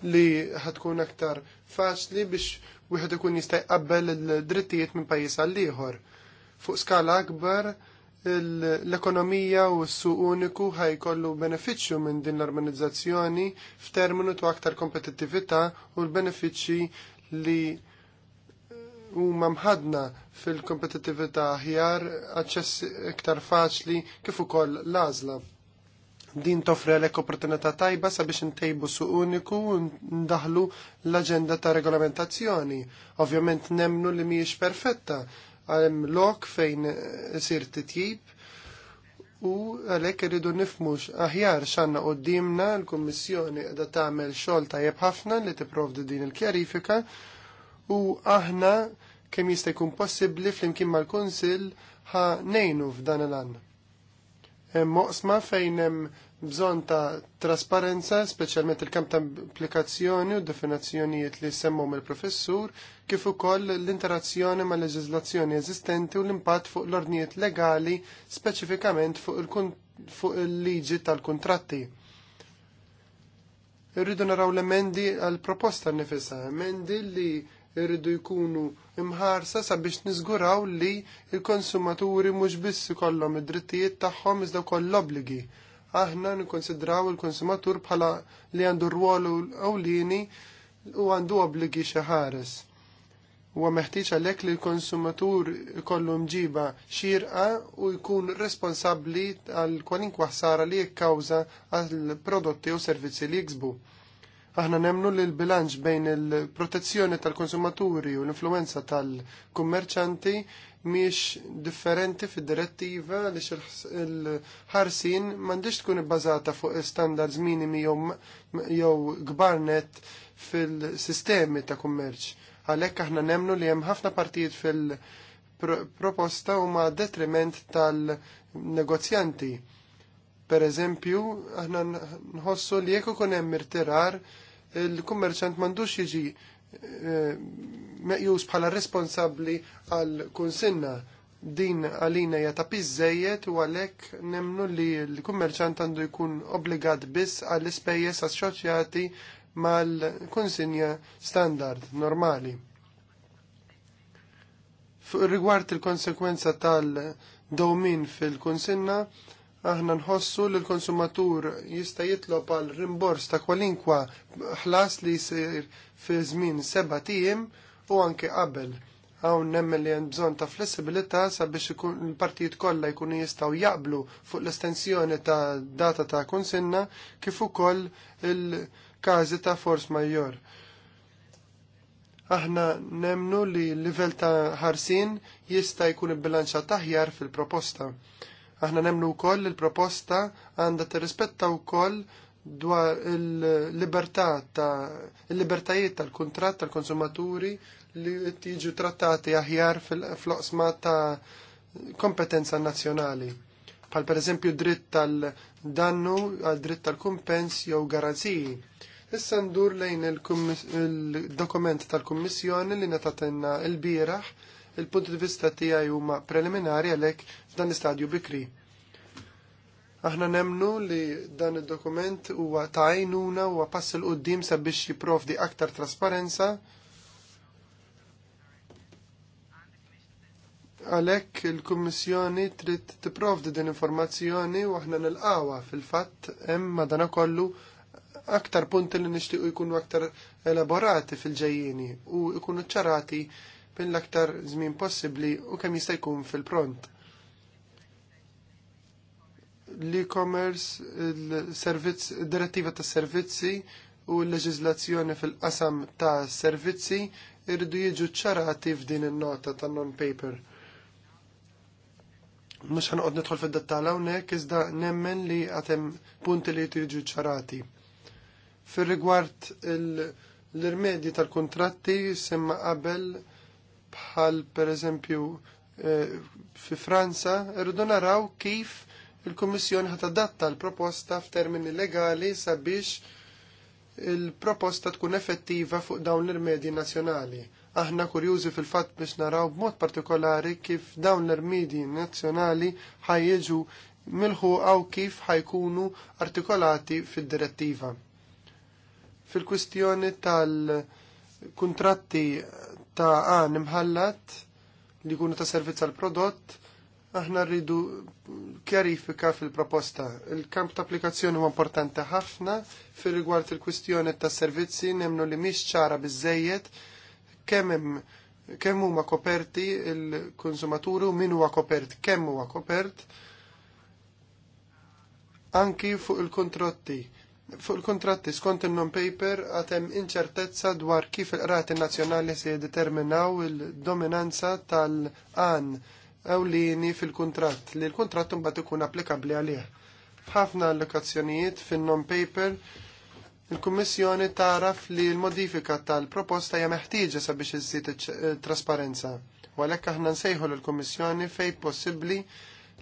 li ħatkun aktar faċli biex wieħed ikun jista' jqabbel id drittijiet minn pajjiż għal ieħor. Fuq skala akbar l-ekonomija u s-suq uniku ħajkollu benefiċċju minn din l-armonizzazzjoni f'terminu ta' aktar kompetittività u l-benefiċċji li huma mħadna fil-kompetittività ħjar aċċess iktar faċli kif ukoll l-għażla din toffri għalek opportunità tajba sabiex intejbu su uniku ndaħlu l-agenda ta' regolamentazzjoni. Ovvjament nemnu li miex perfetta, għalem lok fejn sir titjib u għalek rridu nifmux aħjar xanna u dimna l-Kommissjoni da tagħmel xogħol tajjeb ħafna li tipprovdi din il-kjarifika u aħna kemm jista' jkun possibbli flimkien mal-Kunsill ħa nejnu f'dan il-għanna hemm moqsma fejn hemm bżonn ta' trasparenza, speċjalment il-kamp ta' applikazzjoni u definizzjonijiet li semmu mill-professur, kif ukoll l-interazzjoni mal leġiżlazzjoni eżistenti u l-impatt fuq l-ordnijiet legali, speċifikament fuq il-liġi tal-kuntratti. Irridu naraw l-emendi għal proposta nifisa, emendi li irridu jkunu imħarsa sabiex niżguraw li il-konsumaturi mhux biss ikollhom id-drittijiet tagħhom iżda wkoll l-obbligi. Aħna nikkonsidraw il-konsumatur bħala li għandu rwol ewlieni u għandu obbligi xi ħares. Huwa meħtieġ għalhekk li l-konsumatur ikollu mġiba xirqa u jkun responsabbli għal kwalinkwa ħsara li jikkawża għall prodotti u servizzi li jiksbu Aħna nemnu li l-bilanċ bejn il-protezzjoni tal-konsumaturi u l-influenza tal-kummerċanti miex differenti fid-direttiva li xil ħarsin mandiġ tkun ibbażata fuq standards minimi jew gbarnet fil-sistemi ta' kummerċ. Għalhekk aħna nemnu li hemm ħafna partijiet fil-proposta huma detriment tal-negozjanti. Per eżempju, aħna nħossu li jekk ikun hemm irtirar il-kummerċant mandux jiġi eh, meqjus bħala responsabli għal kunsinna din għalina hija ta' piżejjed u għalhekk nemnu li l-kummerċant għandu jkun obbligat biss għall ispejjeż assoċjati mal-kunsinja standard normali. Fuq rigward il-konsekwenza tal- domin fil-konsenna, aħna nħossu li l-konsumatur jista' jitlob għal rimbors ta' kwalinkwa ħlas li jsir fi żmien seba' tiem u anke qabel. Hawn nemmen li hemm bżonn ta' flessibilità sabiex il-partijiet kollha jkunu jistgħu jaqblu fuq l-estensjoni ta' data ta' konsenna kif ukoll il-każi ta' force major aħna nemnu li l-livell ta' ħarsin jista' jkun il-bilanċa taħjar fil-proposta. Aħna nemmnu wkoll il-proposta għandha tirrispetta wkoll dwar il-libertà ta' il-libertajiet tal-kuntratt tal-konsumaturi li tiġu trattati aħjar fil-floqsma ta' kompetenza nazzjonali. Pal per eżempju dritt tal-dannu għal dritt tal-kumpens jew garanziji. Issa ndur lejn il-dokument tal-Kummissjoni li natatenna il-bieraħ il il bieraħ il-punti di vista tiegħi huma preliminari għalhekk f'dan istadju bikri. Aħna nemnu li dan id-dokument huwa ta' għajnuna huwa pass il qudiem sabiex jipprovdi aktar trasparenza għalhekk il-Kummissjoni trid tipprovdi din informazzjoni u aħna nilqawha fil-fatt hemm kollu aktar punti li nixtiequ jkunu aktar elaborati fil-ġejjini u jkunu ċarati l aktar żmien possibbli u kemm jista' jkun fil-pront. L-e-commerce, il-servizz, direttiva tas servizzi u l-leġiżlazzjoni fil-qasam ta' servizzi irridu jiġu ċarati f'din in-nota ta' non-paper. Mhux ħanqod nidħol fid-dettall hawnhekk iżda nemmen li għatem punti li jiġu ċarati. fil rigward l-irmedji tal-kontratti semma qabel bħal per eżempju eh, fi Franza, rridu naraw kif il-Kummissjoni ħat adatta l-proposta f'termini legali sabiex il-proposta tkun effettiva fuq dawn l-irmedji nazzjonali. Aħna kurjużi fil-fatt biex naraw b'mod partikolari kif dawn l-irmedji nazzjonali ħajjeġu milħu għaw kif ħajkunu artikolati fil-direttiva. Fil-kwistjoni tal-kontratti ta' għan imħallat li kunu ta' servizz għal prodott aħna rridu kjarifika fil-proposta. Il-kamp ta' applikazzjoni huwa importanti ħafna fil rigward il-kwistjoni ta' servizzi nemnu li mhix ċara biżejjed kemm kemm huma koperti il-konsumaturi u min huwa kopert, kemm huwa kopert anki fuq il-kontrotti Fuq il-kontratti skont il-non paper għatem inċertezza dwar kif il-qrati nazjonali se determinaw il-dominanza tal-għan ewlini fil kontrat li l-kontratt mbagħad ikun applikabli għalih. Ħafna allokazzjonijiet fin-non paper il-Kummissjoni taraf li l-modifika tal-proposta hija meħtieġa sabiex iżid eh, trasparenza. U għalhekk aħna nsejħu lill-Kummissjoni fejn possibbli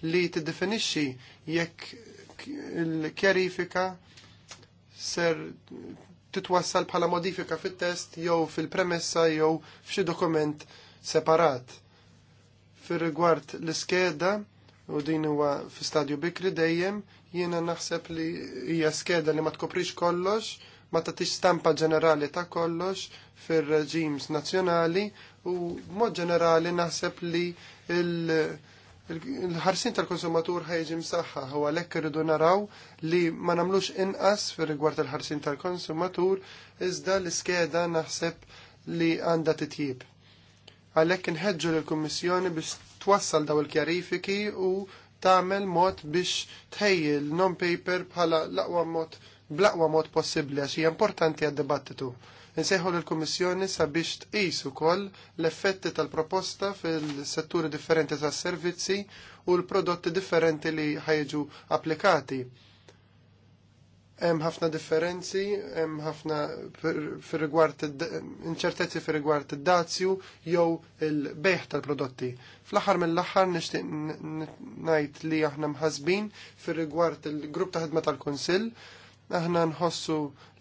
li tiddefinixxi jekk il-kjarifika ser titwassal bħala modifika fit-test jew fil-premessa jew f'xi dokument separat. Fir-rigward l-iskeda, u din huwa fi stadju bikri dejjem, jiena naħseb li hija skeda li ma tkoprix kollox, ma tagħtix stampa ġenerali ta' kollox fir-reġims nazzjonali u mod ġenerali naħseb li il- il-ħarsin tal-konsumatur ħajġim msaħħa u għalhekk irridu naraw li ma nagħmlux inqas fir rigward il-ħarsin tal-konsumatur iżda l-iskeda naħseb li għandha titjib. Għalhekk inħeġġu lill-Kummissjoni biex twassal daw il-kjarifiki u tagħmel mod biex tħejjil non-paper bħala l-aqwa mod bl mod possibbli għax hija importanti għad-dibattitu Nseħħu l-Kummissjoni sabiex tqis ukoll l-effetti tal-proposta fil-setturi differenti tas-servizzi u l-prodotti differenti li ħajġu applikati. Hemm ħafna differenzi, hemm ħafna fir-rigward inċertezzi fir-rigward id-dazju jew il-bejħ tal-prodotti. Fl-aħħar mill-aħħar nixtieq ngħid li aħna mħasbin fir-rigward il-grupp ta' ħidma tal-Kunsill aħna nħossu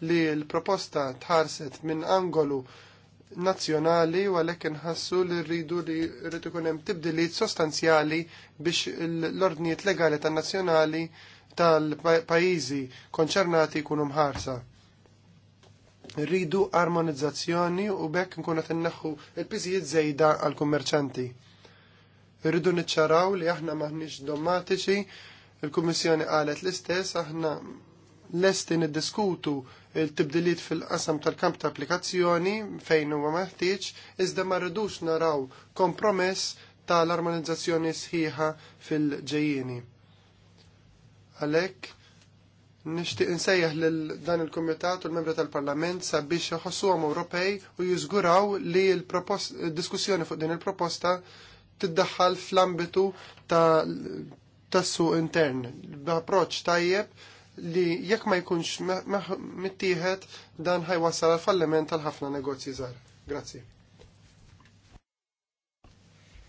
li l-proposta tħarset minn angolu nazzjonali u għalhekk inħassu li rridu li rridu jkun hemm tibdiliet sostanzjali biex l-ordnijiet legali tan-nazzjonali tal-pajjiżi konċernati jkunu mħarsa. Rridu armonizzazzjoni u bekk nkunu qed inneħħu l-piżijiet żejda għall-kummerċanti. Rridu niċċaraw li aħna maħniex dommatiċi, il-Kummissjoni qalet l-istess, aħna lesti niddiskutu il-tibdiliet fil-qasam tal-kamp ta' applikazzjoni fejn huwa meħtieġ, iżda ma rridux naraw kompromess tal-armonizzazzjoni sħiħa fil-ġejjieni. Għalhekk nixtieq insejjaħ lil dan il-Kumitat u l-Membri tal-Parlament sabiex iħossuhom Ewropej u jiżguraw li l-diskussjoni fuq din il-proposta tiddaħħal fl-ambitu ta' tassu intern. B'approċċ tajjeb li jekk ma jkunx mittieħed dan ħajwassal għal falliment tal ħafna negozji żgħar. Grazzi.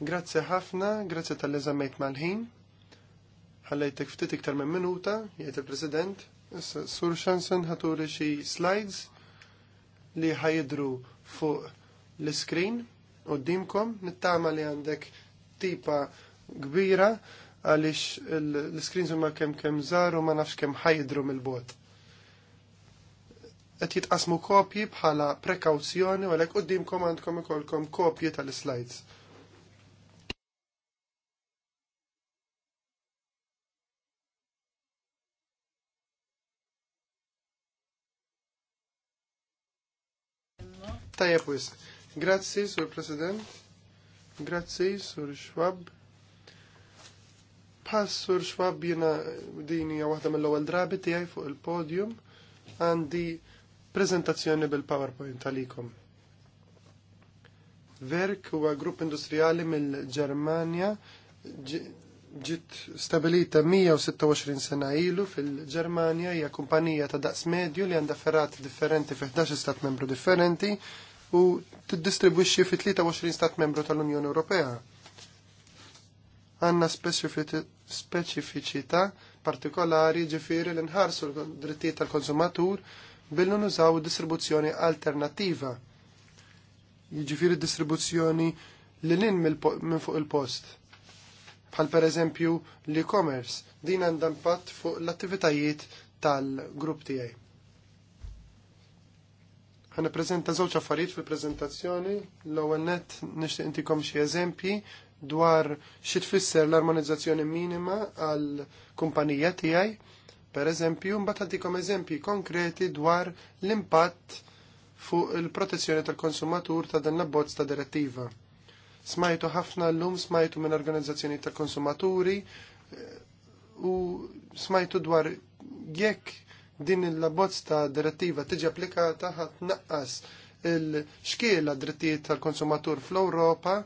Grazzi ħafna, grazzi tal-eżamejt mal-ħin. Ħallejtek ftit iktar minn minuta, jgħid il-President. Sur Xansen ħaturi xi slides li ħajidru fuq l-screen u d-dimkom, nittama li għandek tipa kbira għaliex l-screens huma kemm kemm żaru ma nafx kemm ħajdru mill-bot. Qed jitqasmu kopji bħala prekawzjoni u għalhekk qudiemkom għandkom ikolkom kopji tal-slides. Tajja wis. Grazzi, Sur President. Grazzi, Sur Schwab. Passur xwab jina dini waħda mill-ewwel drabi tiegħi fuq il-podium għandi prezentazzjoni bil-PowerPoint għalikom. Verk huwa grupp industrijali mill-Ġermanja ġiet stabilita 126 sena ilu fil-Ġermanja hija kumpanija ta' daqs medju li għandha ferrat differenti fi 11 stat membru differenti u tiddistribwixxi fi 23 stat membru tal-Unjoni Ewropea għanna speċifiċità partikolari ġifiri l nħarsu l-drittijiet tal-konsumatur billu nużaw distribuzzjoni alternativa. Ġifiri distribuzzjoni li lin minn fuq il-post. Bħal per eżempju l-e-commerce, din għandha impatt fuq l-attivitajiet tal-grupp tiegħi. Ħana prezenta żewġ affarijiet fil-preżentazzjoni, l-ewwel nett nixtieq intikom xi eżempji dwar xi tfisser l-armonizzazzjoni minima għal kumpanija tiegħi, per eżempju, mbagħad għandikom eżempji konkreti dwar l-impatt fuq il-protezzjoni tal-konsumatur ta' dan l-abbozz ta' direttiva. Smajtu ħafna llum smajtu minn organizzazzjoni tal-konsumaturi eh, u smajtu dwar jekk din l-abbozz ta' direttiva tiġi applikata ħadd naqqas il-xkiela drittijiet tal-konsumatur fl-Ewropa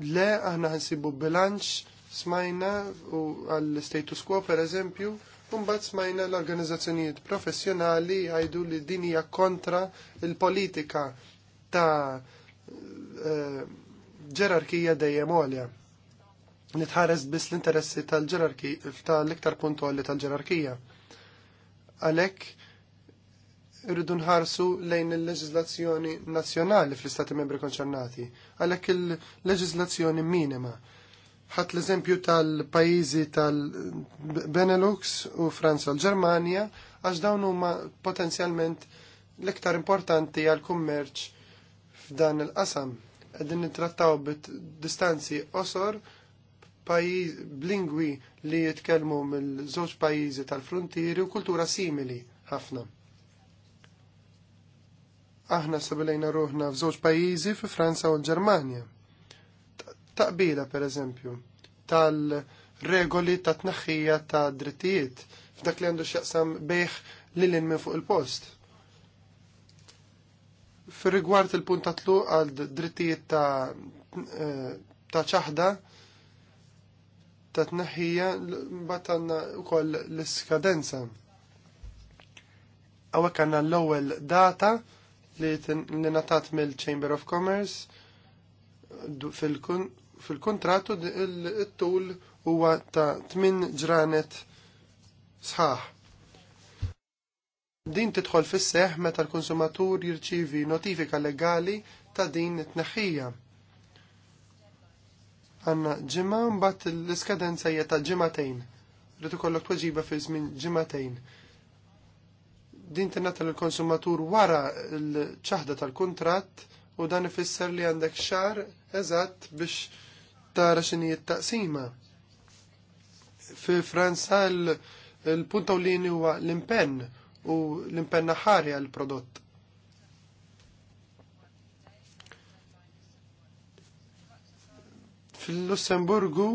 le aħna ħansibu bilanċ smajna u għall-status quo per eżempju, Mbagħad smajna l-organizzazzjonijiet professjonali jgħidu li din hija kontra il-politika ta' eh, ġerarkija dejjem għolja. Nitħares biss l-interessi tal-ġerarkija tal-iktar punt għolli tal-ġerarkija. Għalhekk irridu nħarsu lejn il-leġizlazzjoni nazzjonali fl-istati membri konċernati, għalhekk il-leġizlazzjoni minima. Ħadd l-eżempju tal-pajjiżi tal-Benelux u Franza u l-Ġermanja għax dawn huma potenzjalment l-iktar importanti għal kummerċ f'dan il-qasam. Qegħdin nittrattaw bit distanzi osor b'lingwi li jitkellmu mill-żewġ pajjiżi tal-frontieri u kultura simili ħafna Aħna sabilejna ruħna f'żewġ pajjiżi fi Franza u l-Ġermanja. Taqbila per eżempju tal-regoli ta' tnaħħija ta' drittijiet f'dak li għandu x'jaqsam bejħ lil minn fuq il-post. Fir-rigward il-punt ta' tluq għal drittijiet ta' eh, ta' ċaħda ta' tnaħħija mbagħad għandna wkoll l-iskadenza. Hawnhekk għandna l-ewwel data li ninatat mill-Chamber of Commerce fil-kontrattu il-tul huwa ta' 8 ġranet sħaħ. Din tidħol fis seħħ meta l-konsumatur jirċivi notifika legali ta' din it-tneħħija. Għanna ġimgħa mbagħad l-iskadenza hija ta' ġimagħtejn. Rid ikollok tweġiba fi żmien ġimagħtejn din tinata l-konsumatur wara l ċahda tal-kontrat u dan ifisser li għandek xar eżatt biex tara xini taqsima. Fi Franza l-punta u lini huwa l-impenn u l-impenn ħari għal prodott. Fil-Lussemburgu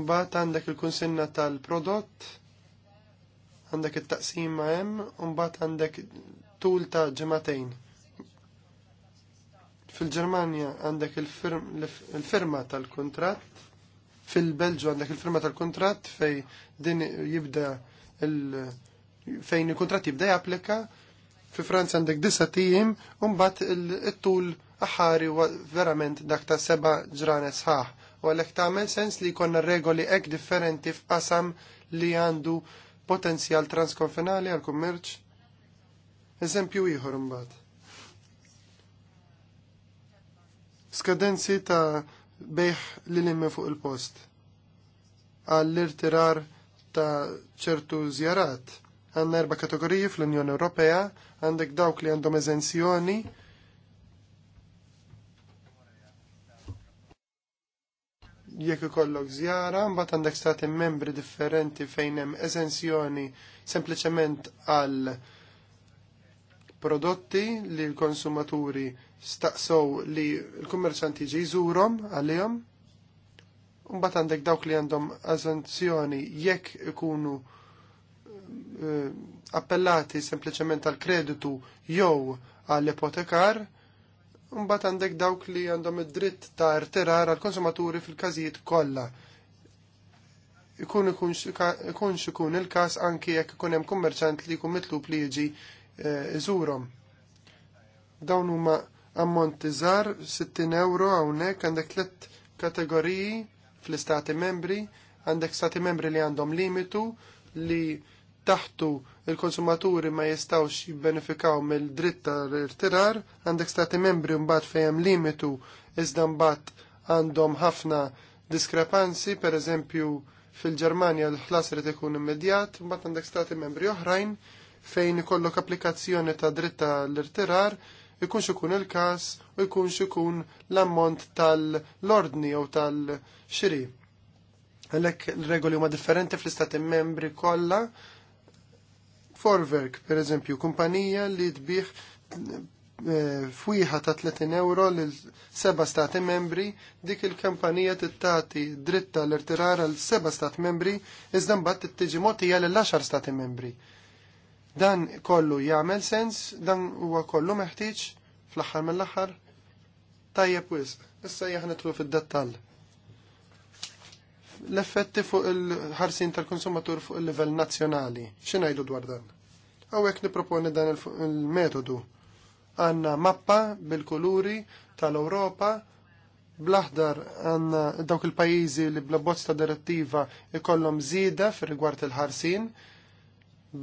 mbagħad għandek il-kunsinna tal-prodott għandek it-taqsim ma' hemm u mbagħad għandek tul ta' ġematejn. Fil-Ġermanja għandek il-firma tal kontrat fil-Belġu għandek il-firma tal kontrat fej din jibda fejn il kontrat jibda japplika, fi Franza għandek disa tijim, un-bat il-tul aħari verament dak ta' seba ġrane sħaħ. U għalek ta' sens li konna regoli ek differenti f'qasam li għandu potenzjal transkonfenali għal kummerċ. Eżempju ieħor imbagħad. Skadenzi ta' bejħ li limme fuq il-post għall-irtirar ta' ċertu zjarat. Għanna erba kategoriji fl-Unjoni Ewropea, għandek dawk li għandhom eżenzjoni jekk ikollok żjara, mbagħad għandek stati membri differenti fejn hemm esenzjoni sempliċement għal prodotti li l-konsumaturi staqsow li l-kummerċanti jiġi jżurhom għalihom. Mbagħad għandek dawk li għandhom eżenzjoni jekk ikunu eh, appellati sempliċement għal kreditu jew għall ipotekar Mbagħad għandek dawk li għandhom id-dritt ta' irtirar għall konsumaturi fil-każijiet kollha. Ikun ikunx ikun il-każ anki jekk ikun hemm kummerċant li jkun mitlub li jiġi eh, iżurhom. Dawn huma ammonti żgħar 60 euro hawnhekk għandek tliet kategoriji fl-istati membri, għandek stati membri li għandhom limitu li taħtu il-konsumaturi ma jistawx jibbenefikaw mill-dritt tal-irtirar, għandek stati membri mbagħad fejn limitu iżda mbagħad għandhom ħafna diskrepanzi, per eżempju fil-Ġermanja l-ħlas irid ikun immedjat, mbagħad għandek stati membri oħrajn fejn ikollok applikazzjoni ta' dritt tal-irtirar ikunx ikun il-kas u ikun ikun l-ammont tal-ordni jew tal-xiri. Għalek regoli huma differenti fl-istati membri kollha Forwerk, per eżempju, kumpanija li tbiħ eh, fwiħa ta' 30 euro l seba stati membri, dik il-kampanija tittati dritta l-irtirar għal seba stati membri, iżda mbagħad moti għal l-10 stati membri. Dan kollu jagħmel sens, dan huwa kollu meħtieġ fl-aħħar mill-aħħar. Tajjeb wisq, issa jaħna tlu fid-dettall l-effetti fuq il-ħarsin tal-konsumatur fuq il-level nazzjonali. ċinajdu dwar dan? Għawek niproponi dan il-metodu. Għanna mappa bil-kuluri tal-Europa blaħdar għanna dawk il-pajizi li bla bozz ta' direttiva ikollhom zida fir rigward il-ħarsin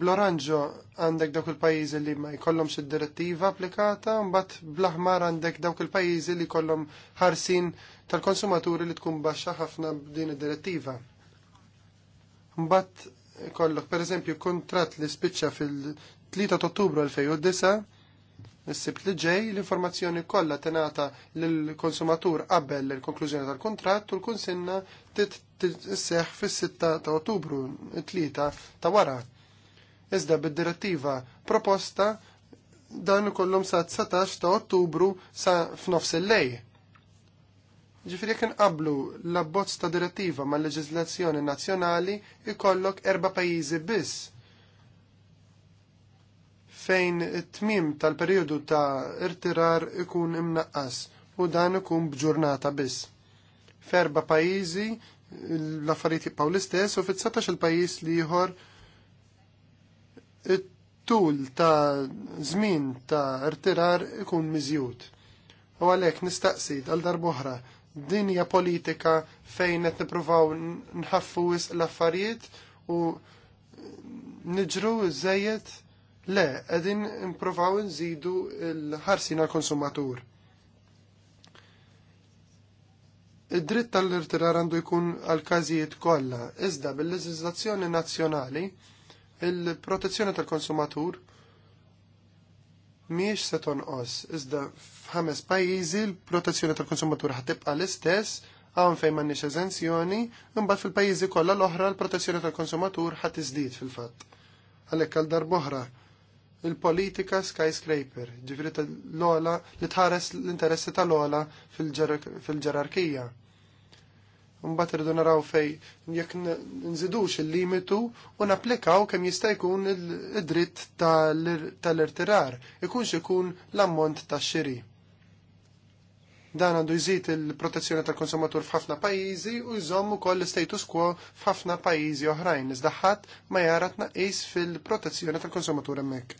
Bl-oranġo għandek dawk il-pajjiżi li ma jkollhomx id-direttiva applikata, mbagħad bl-aħmar għandek dawk il-pajjiżi li jkollhom ħarsin tal-konsumaturi li tkun baxxa ħafna b'din id-direttiva. Mbagħad kollok pereżempju kontratt li spiċċa fil-3 Ottubru 2009 Is-sibt li ġej l-informazzjoni kollha tingħata lill-konsumatur qabel il-konklużjoni tal-kuntratt u l-kunsinna tisseħ fis-6 ta' Ottubru, it-tlieta ta' wara Iżda bid-direttiva proposta dan ikollhom sa 19 ta' Ottubru sa f'nofs il-lej. Ġifri jek nqablu l-abbozz ta' direttiva mal leġizlazzjoni nazzjonali ikollok erba' pajjiżi biss fejn it-tmim tal-perjodu ta' irtirar ikun imnaqqas u dan ikun bġurnata biss. F'erba' pajjiżi l-affarijiet jibqgħu l-istess u fit satax il-pajjiż li ieħor it-tul ta' żmien ta' irtirar ikun miżjud. U għalhekk nistaqsi għal darbohra din hija politika fejn qed nippruvaw nħaffu wisq l-affarijiet u niġru żejjed le qegħdin nippruvaw nżidu l-ħarsin għall-konsumatur. Id-dritt tal-irtirar għandu jkun għal każijiet kollha, iżda bil-leġiżlazzjoni nazzjonali il-protezzjoni tal-konsumatur miex se tonqos, iżda f'ħames pajjiżi l-protezzjoni tal-konsumatur ħatibqa l-istess, għan fejn m'għandniex eżenzjoni, imbagħad fil-pajjiżi kollha l-oħra l-protezzjoni tal-konsumatur ħadd iżdied fil-fatt. Għalhekk għal darb'oħra il-politika skyscraper, ġifri l-ola li tħares l-interessi tal-ola fil-ġerarkija. Mbagħad irridu naraw fej jekk nżidux il-limitu u napplikaw kemm jista' jkun id-dritt tal-irtirar, ikunx ikun l-ammont tax-xiri. Dan għandu jżid il-protezzjoni tal-konsumatur f'ħafna pajjiżi u jżomm ukoll l-status quo f'ħafna pajjiżi oħrajn iżda ħadd ma jara tnaqqis fil-protezzjoni tal-konsumatur hemmhekk.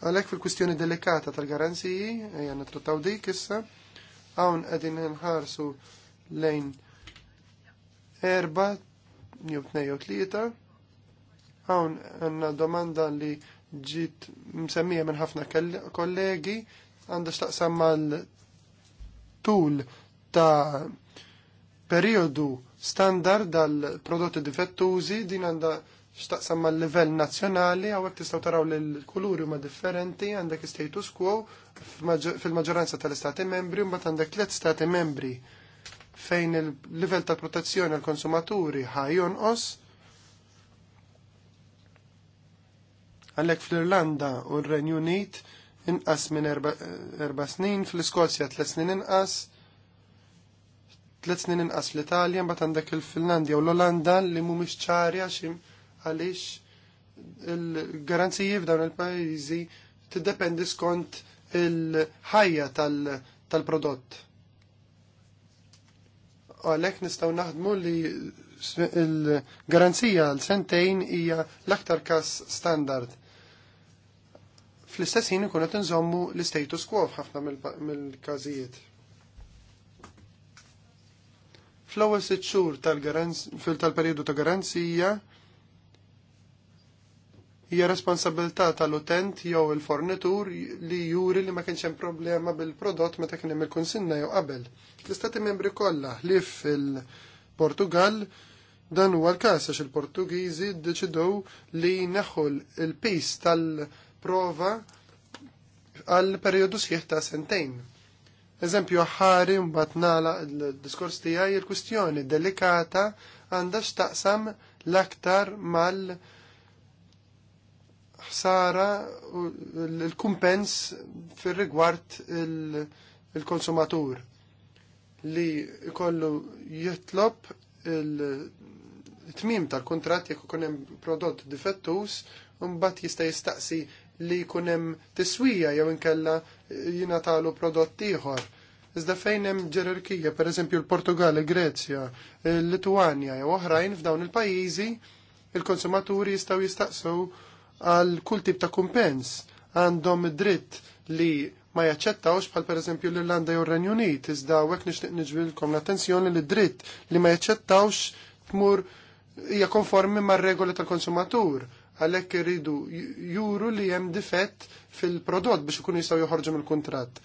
Għalhekk fil-kwistjoni delikata tal-garanziji, ejja nitrattaw dik issa, hawn qegħdin nħarsu lejn erba jew u tlieta. Hawn għandna domanda li ġiet msemmija minn ħafna kollegi għandha x'taqsam mal-tul ta' periodu standard għal prodotti difettużi din għandha x'taqsam mal-livell nazzjonali hawnhekk tistaw taraw li l-kuluri huma differenti għandek status quo fil-maġġoranza tal-istati membri u għandek tliet stati membri fejn il-livell ta' protezzjoni għal konsumaturi ħajjon os għallek fl-Irlanda u l-Renju Unit inqas minn erba snin, fl-Iskozja tlet snin inqas, tlet snin inqas fl-Italja, mbagħad għandek il-Finlandja u l-Olanda li mhumiex ċari xim għaliex il-garanziji f'dawn il-pajjiżi tiddependi skont il-ħajja tal-prodott għalhekk nistgħu naħdmu li il-garanzija l sentejn hija l-aktar kas standard. Fl-istess ħin ikun qed nżommu l-status quo f'ħafna mill-każijiet. Fl-ewwel sitt xhur tal-perjodu ta' garanzija hija responsabilità tal-utent jew il-fornitur li juri li ma kienx hemm problema bil-prodott meta kien hemm il-kunsinna jew qabel. L-istati membri kollha ħlief fil-Portugal dan huwa l-każ għax il-Portugiżi ddeċidew li neħu l-pis tal-prova għal perjodu sħiħ ta' sentejn. Eżempju ħari mbagħad nagħlaq il-diskors tiegħi il-kwistjoni delikata għandha x'taqsam l-aktar mal- ħsara l-kumpens fir rigward il-konsumatur li kollu jitlob il-tmim tal-kontrat jekk ikun hemm prodott difettus mbagħad jista' jistaqsi li jkun hemm tiswija jew inkella jingħatalu prodott ieħor. Iżda fejn hemm ġerarkija, pereżempju l-Portugal, il-Greċja, il-Litwanja jew oħrajn f'dawn il-pajjiżi, il-konsumaturi jistgħu jistaqsu għal kull tip ta' kumpens għandhom dritt li ma jaċċettawx bħal pereżempju l-Irlanda jew r-Renju Unit, iżda hekk nixtieq niġbilkom l-attenzjoni li dritt li ma jaċċettawx tmur hija konformi mar-regoli tal-konsumatur għalhekk iridu juru li hemm difett fil-prodott biex ikunu jistgħu joħorġu mill-kuntratt.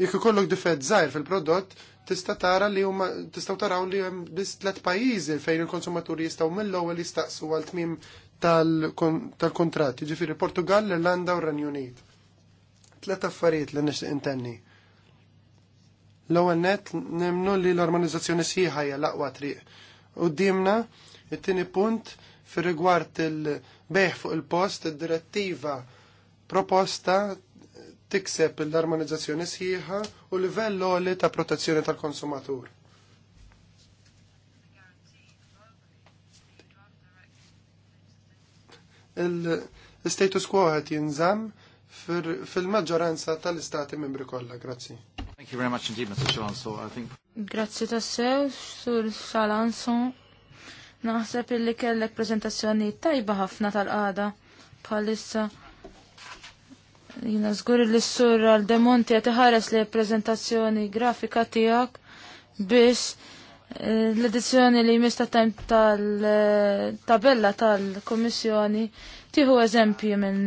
Jekk ikollok difett żgħir fil-prodott, tista' tara li huma tistgħu taraw li hemm biss tliet pajjiżi fejn il-konsumaturi jistgħu mill-ewwel jistaqsu għal tmiem tal tal ġifiri Portugal, l-Irlanda u renju Unit. Tlet affarijiet li nixtieq intenni. L-ewwel net nemnu li l-armonizzazzjoni sħiħa hija l-aqwa triq. Qudiemna it-tieni punt fir-rigward il-beħ fuq il-post, id-direttiva proposta tikseb l-armonizzazzjoni sħiħa u livell li ta' protezzjoni tal-konsumatur. il status quo għet jinżam fil-maġġoranza tal-istati membri kollha. Grazzi. Thank you very much indeed, Mr. Chalanso. I think. Grazzi tassew, Sur Chalanso. Naħseb illi kellek prezentazzjoni tajba ħafna tal-qada bħalissa. Jina żgur li s-sur għal-demonti għet ħares li prezentazzjoni grafika tijak biex l-edizzjoni li jmista tajm tal-tabella tal-Komissjoni tiħu eżempju minn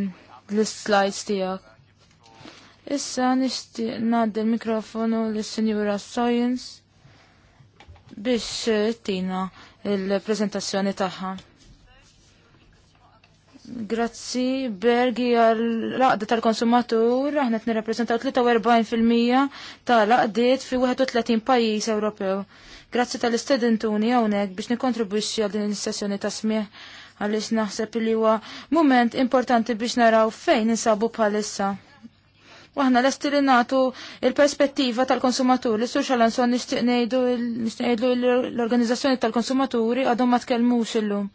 l-slides tijak. Issa nishti naddi l-mikrofonu l-Sinjura Science biex tina il-prezentazzjoni taħħa. Grazzi, Bergi għal-laqda tal-konsumatur, aħna t-nirrepresentaw 43% tal-laqdiet fi 31 pajis Ewropew. Grazzi tal-istedentuni għonek biex nikontribwixxi għal din is-sessjoni ta' smieħ għalix naħseb li huwa moment importanti biex naraw fejn insabu bħalissa. Waħna l li natu il-perspettiva tal-konsumatur. L-istur xalanson nishtiq nishtiqnejdu l-organizzazzjoni tal-konsumaturi għadhom ma tkellmux illum.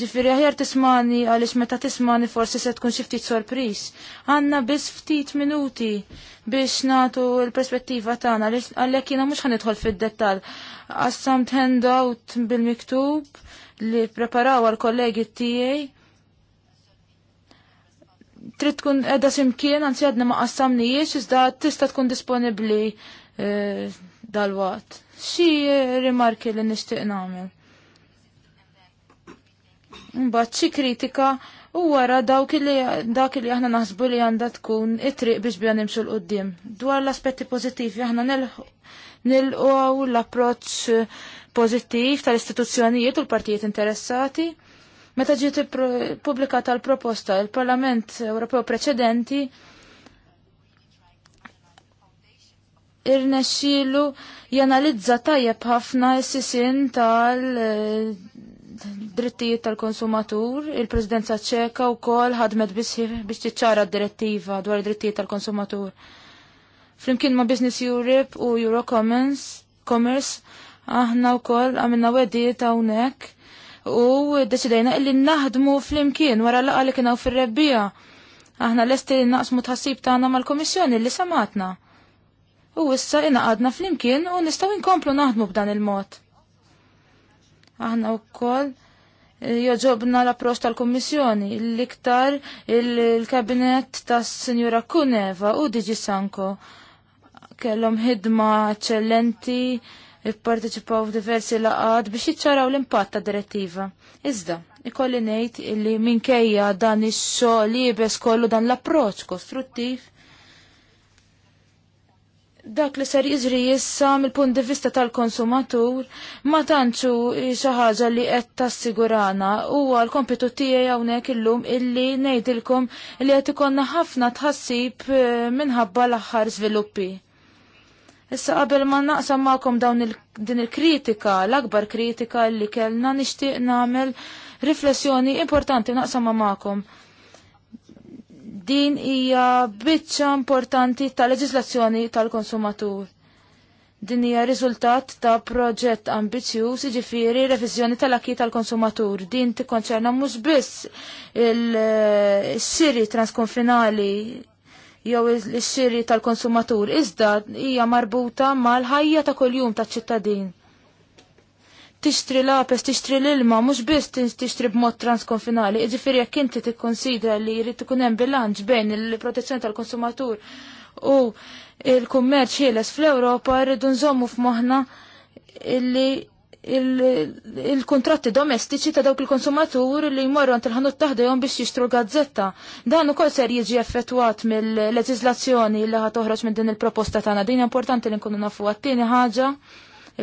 Ġifiri, ħjar tismani, għalix meta tismani forsi se tkun ftit sorpris. Għanna biss ftit minuti biex natu l-perspettiva tagħna għalhekk jiena mhux ħanidħol fid-dettall. Qassamt handout bil-miktub li preparaw għal-kollegi tiegħi. Trid tkun qiegħda simkien, anzi għadna ma qassamnijiex, iżda tista' tkun disponibbli eh, dal-waqt. Xi rimarki li nixtieq nagħmel Mbagħad xi kritika u wara dawk li dak li aħna naħsbu li għandha tkun it-triq biex bija nimxu l qudiem Dwar l-aspetti pożittivi aħna nilqgħu l-approċċ pożittiv tal-istituzzjonijiet u l-partijiet interessati. Meta ġiet pubblikata l-proposta il-Parlament Ewropew preċedenti irnexxielu janalizza tajjeb ħafna s-sisin tal drittijiet tal-konsumatur, il-Presidenza ċeka u kol ħadmet biex tiċċara d-direttiva dwar drittijiet tal-konsumatur. Flimkien ma' Business Europe u Eurocommons, Commerce, aħna u kol għamilna weddiet hawnhekk u deċidejna illi naħdmu flimkien wara laqa li kienaw fir-rebbija. Aħna lesti naqsmu tħassib tagħna mal-Komissjoni li samatna. U issa inaqadna flimkien u nistgħu inkomplu naħdmu b'dan il-mod. Aħna wkoll eh, joġobna l-approċ tal-Kommissjoni, l-iktar il-kabinet tas sinjura Kuneva u Diġi Sanko. Kellhom ħidma eccellenti, ipparteċipaw f'diversi laqad biex jiċċaraw l-impatt ta' direttiva. Iżda, ikolli ngħid illi minkejja dan ix-xogħol jibes kollu dan l-approċ kostruttiv dak li ser jiġri jissa mill-punt di vista tal-konsumatur ma tantxu xi ħaġa li qed tassigurana huwa l-kompitu tiegħi hawnhekk illum illi ngħidilkom li qed ikonna ħafna tħassib eh, minħabba l-aħħar żviluppi. Issa qabel ma naqsam magħkom dawn il din il-kritika, l-akbar kritika li kellna nixtieq nagħmel riflessjoni importanti naqsam magħkom. Ma Din hija biċċa importanti tal-leġislazzjoni tal-konsumatur. Din hija riżultat ta' proġett ambizjuż, jiġifieri reviżjoni tal-akki tal-konsumatur. Din tikkonċerna mhux biss il-xiri transkonfinali jew il-xiri tal-konsumatur, iżda hija marbuta mal-ħajja ta' kuljum taċ-ċittadin tixtri lapes, tixtri l-ilma, mux biss tixtri b'mod transkonfinali. Iġifiri jekk inti tikkonsidra li jrid ikun hemm bilanċ bejn il-protezzjoni tal-konsumatur u il-kummerċ jeles fl-Ewropa rridu nżommu f'moħħna illi il-kontratti domestiċi ta' dawk il-konsumatur li jmorru għant il-ħanut taħdejhom biex jixtru gazzetta. Dan ukoll ser jiġi effettwat mill-leġiżlazzjoni li ħat toħroġ minn din il-proposta tagħna. Din importanti li nkunu nafu għat-tieni ħaġa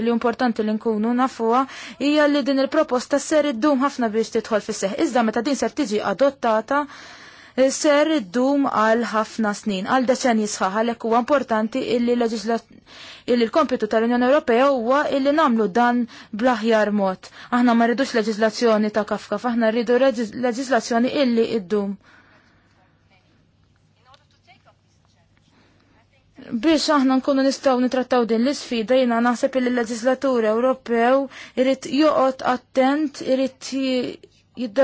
li importanti li nkunu nafuha hija li din il-proposta ser iddum ħafna biex tidħol fis seħ Iżda meta din ser tiġi adottata eh, ser iddum għal ħafna snin, għal deċenji sħaħ, għalhekk huwa importanti illi illi l-kompitu tal-Unjoni Ewropea huwa illi namlu dan blaħjar mod. Aħna ma rridux leġislazzjoni ta' kafkaf, aħna rridu leġislazzjoni illi iddum. Biex aħna nkunu nistgħu nitrattaw din l-isfida jiena naħseb li l-leġislatur Ewropew irid joqgħod attent, irid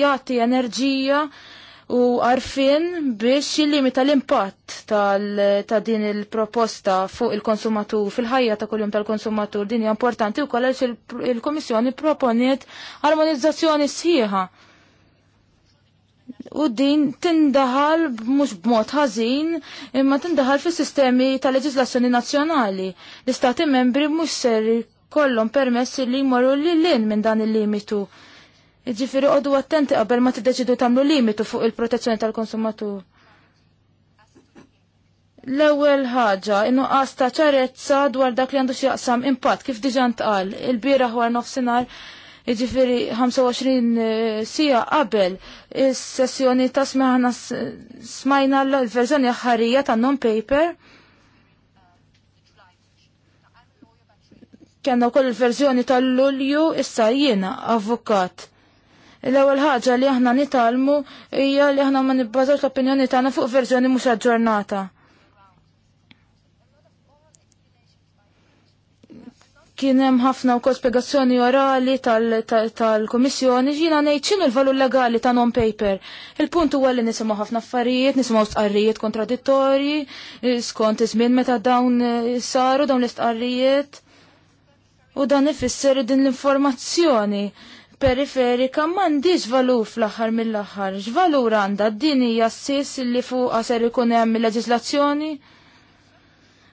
jagħti enerġija u għarfien biex jillimita l-impatt ta' din il-proposta fuq il-konsumatur fil-ħajja ta' kuljum tal-konsumatur din hija importanti wkoll għaliex il-Kummissjoni proponiet armonizzazzjoni sħiħa u din tindaħal mhux b'mod ħażin imma tindaħal fis-sistemi tal leġislazzjoni nazzjonali. L-istati membri mhux ser kollom permess li jmorru lil lin minn dan il-limitu. Ġifieri qogħdu attenti qabel ma t-deċidu tagħmlu limitu fuq il-protezzjoni tal-konsumatur. L-ewwel ħaġa innuqqas ta' ċarezza dwar dak li għandu xieqsam impatt kif diġà tqal: il-bieraħ war nofsinhar Iġifiri 25 eh, sija qabel is-sessjoni ta' smaħna smajna l-verżjoni ħarija ta' non-paper. Kenna wkoll il-verżjoni l lulju issa jiena avukat. L-ewwel ħaġa li aħna nitalmu hija li aħna ma nibbażawx l-opinjoni tagħna fuq verżjoni mhux aġġornata. Kien hemm ħafna wkoll spjegazzjoni orali tal-Kummissjoni ġina ngħid x'inhu l-valur legali ta' non paper. Il-punt huwa li nisimgħu ħafna affarijiet, nisimgħu stqarrijiet kontradittorji, eh, skont iż-żmien meta dawn eh, saru dawn l-istqarrijiet. U dan ifisser din l-informazzjoni periferika m'għandix valur fl-aħħar mill-aħħar. X'valur għandha din hija s-sis li fuqha ser ikun hemm il-leġiżlazzjoni?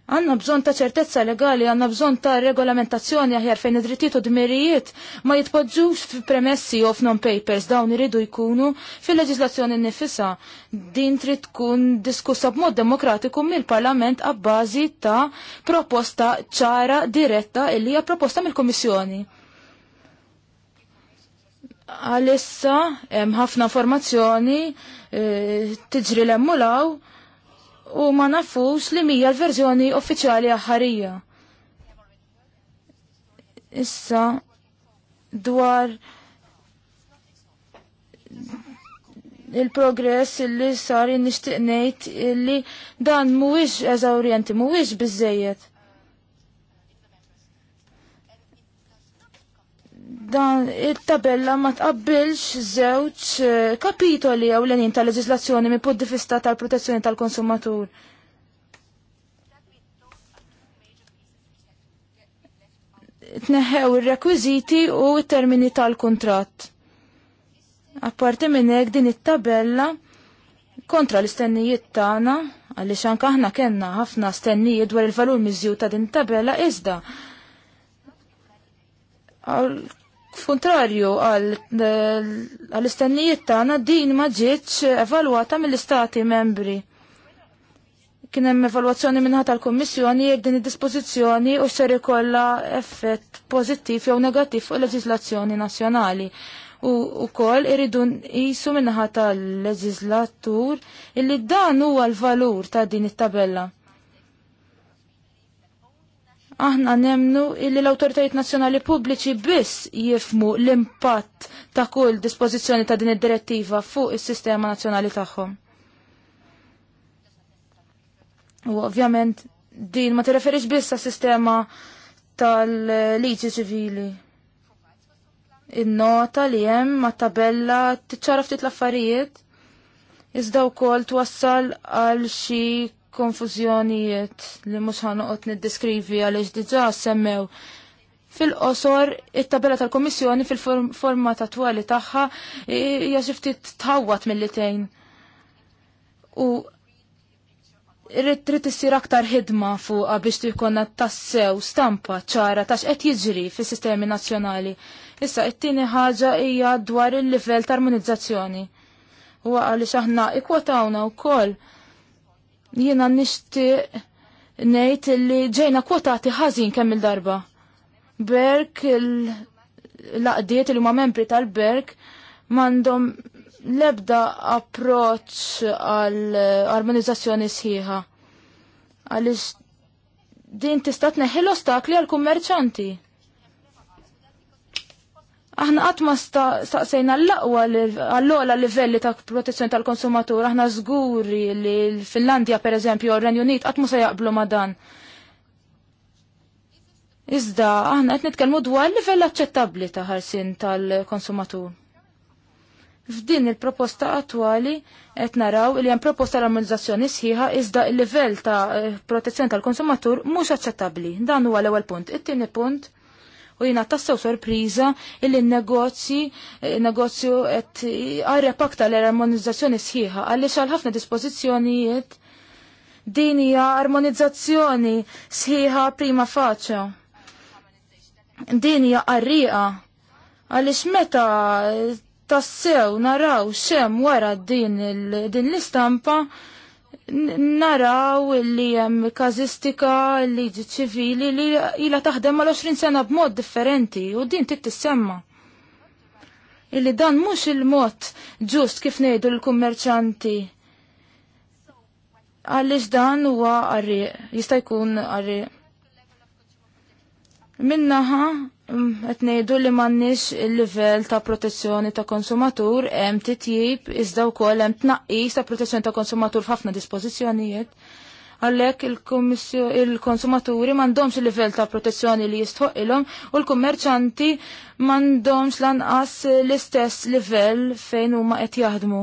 Għanna bżon ta' ċertezza legali, għanna bżon ta' regolamentazzjoni aħjar fejn id-drittijiet u dmirijiet ma jitpoġġux f'premessi u non papers dawn iridu jkunu fil-leġislazzjoni nifisa. Din trid tkun diskussa b'mod demokratiku mill-Parlament għabbażi ta' proposta ċara diretta illi hija proposta mill-Kummissjoni. Għalissa hemm ħafna informazzjoni eh, tiġri l-emmulaw u ma nafux li mija l-verżjoni uffiċjali aħħarija. Issa dwar il-progress illi sari nixtieq ngħid illi dan mhuwiex eżawrjenti, mhuwiex biżejjed. dan it-tabella ma tqabbilx żewġ eh, kapitoli jew l tal-leġislazzjoni mi punt fista tal-protezzjoni tal-konsumatur. Tneħew ir-rekwiżiti u t-termini tal-kuntratt. Apparti minn hekk din it-tabella kontra l-istennijiet tagħna għaliex anke aħna kellna ħafna stennijiet dwar il-valur miżju ta' din it-tabella iżda kontrarju għall-istennijiet eh, tagħna din ma ġietx evalwata mill-istati membri. Kien hemm evalwazzjoni minnħa tal-Kummissjoni jekk din id-dispożizzjoni u ser ikollha effett pożittiv jew negattiv fuq il-leġiżlazzjoni nazzjonali. U wkoll iridu nqisu minnaħa tal-leġiżlatur illi dan huwa l-valur ta' din it-tabella. Aħna nemnu illi l-autoritajiet nazzjonali pubbliċi biss jifmu l-impatt ta' kull dispożizzjoni ta' din id-direttiva fuq is-sistema nazzjonali tagħhom. U ovvjament din ma tirreferix biss għas sistema tal-liġi ċivili. In-nota li hemm ma tabella tiċċara ftit l-affarijiet iżda wkoll twassal għal xi konfużjonijiet li mhux ħanoqgħod niddiskrivi għaliex diġà semmew fil-qosor it-tabella tal-Komissjoni fil-forma twali tagħha hija xi ftit tħawwat mill-litejn. U irrid trid issir aktar ħidma fuqha biex tikonna tassew stampa ċara tax qed jiġri fis-sistemi nazzjonali. Issa it-tieni ħaġa hija dwar il-livell tal armonizzazzjoni. Huwa għaliex aħna ikwotawna wkoll koll Jiena nixtieq ngħid li ġejna kwotati ħażin kemm il-darba. Berk l-laqdiet il huma membri tal-Berk m'għandhom lebda approċ għal armonizzazzjoni sħiħa. Għaliex din tista' tneħħi l-ostakli għal kummerċanti. Aħna qatt ma staqsejna l-aqwa għall-ogħla livelli ta' protezzjoni tal-konsumatur, aħna żguri li l-Finlandja pereżempju u r-Renju Unit qatt ma se jaqblu ma' dan. Iżda aħna qed nitkellmu dwar livell aċċettabbli ta' ħarsin tal-konsumatur. F'din il-proposta attwali qed naraw li hemm proposta l-armonizzazzjoni sħiħa iżda l-livell ta' eh, protezzjoni tal-konsumatur mhux aċċettabbli. Dan huwa l-ewwel punt. It-tieni punt u jina tassaw sorpriza illi n-negozji, eh, negozju et għarja aktar l-armonizzazzjoni sħiħa għaliex għal ħafna dispożizzjonijiet din hija armonizzazzjoni sħiħa prima faċa. Din hija għalli għaliex meta tassew naraw xem wara din l-istampa din l istampa naraw li hemm kazistika liġi ċivili li jila taħdem mal 20 sena b'mod differenti u din trid tissemma. Illi dan mhux il-mod ġust kif ngħidu l-kummerċanti. Għaliex dan huwa għarri, jista' jkun għarri. Minnaħa Mm, qed ngħidu li m'għandniex il-livell ta' protezzjoni ta' konsumatur hemm titjib iżda wkoll hemm tnaqqis ta' protezzjoni ta' konsumatur f'ħafna dispożizzjonijiet. Għalhekk il-konsumaturi m'għandhomx il-livell ta' protezzjoni li jistħoqilhom u l-kummerċanti m'għandhomx lanqas l-istess livell fejn huma qed jaħdmu.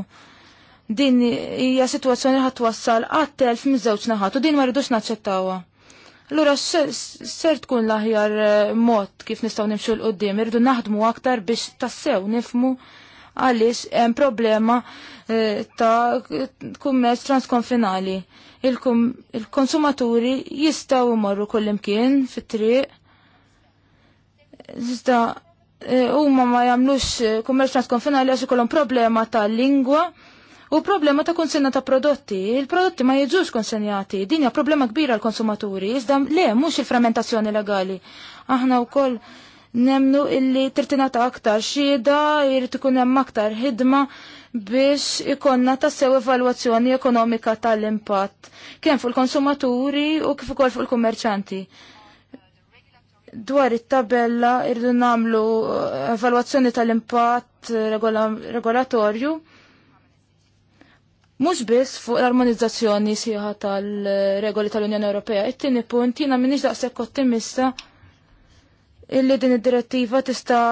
Din hija sitwazzjoni ħadd wassal għat-telf miż żewġ naħat u din ma rridux naċċettawha. Allura ser tkun l-aħjar eh, mod kif nistgħu nimxu l qoddim irridu naħdmu aktar biex tassew nifmu għaliex hemm problema eh, ta' kummerċ transkonfinali. Il-konsumaturi jistgħu jmorru kullimkien fit-triq. Iżda eh, huma ma jagħmlux kummerċ transkonfinali għax ikollhom problema ta' lingwa U problema ta' konsenna ta' prodotti, il-prodotti ma jiġux konsenjati, din hija problema kbira għal konsumaturi iżda le mhux il-fermentazzjoni legali. Aħna wkoll nemnu illi tirtinata aktar xieda, jrid ikun hemm aktar ħidma biex ikonna tassew evalwazzjoni ekonomika tal-impatt, kemm fuq il-konsumaturi u kif ukoll fuq il-kummerċanti. Dwar it-tabella irridu nagħmlu eh, evalwazzjoni tal-impatt regolatorju. Regola Mhux biss fuq l-armonizzazzjoni sieħa tal-regoli tal-Unjoni Ewropea. It-tieni punt jiena m'iniex daqshekk ottimista illi din id-direttiva tista'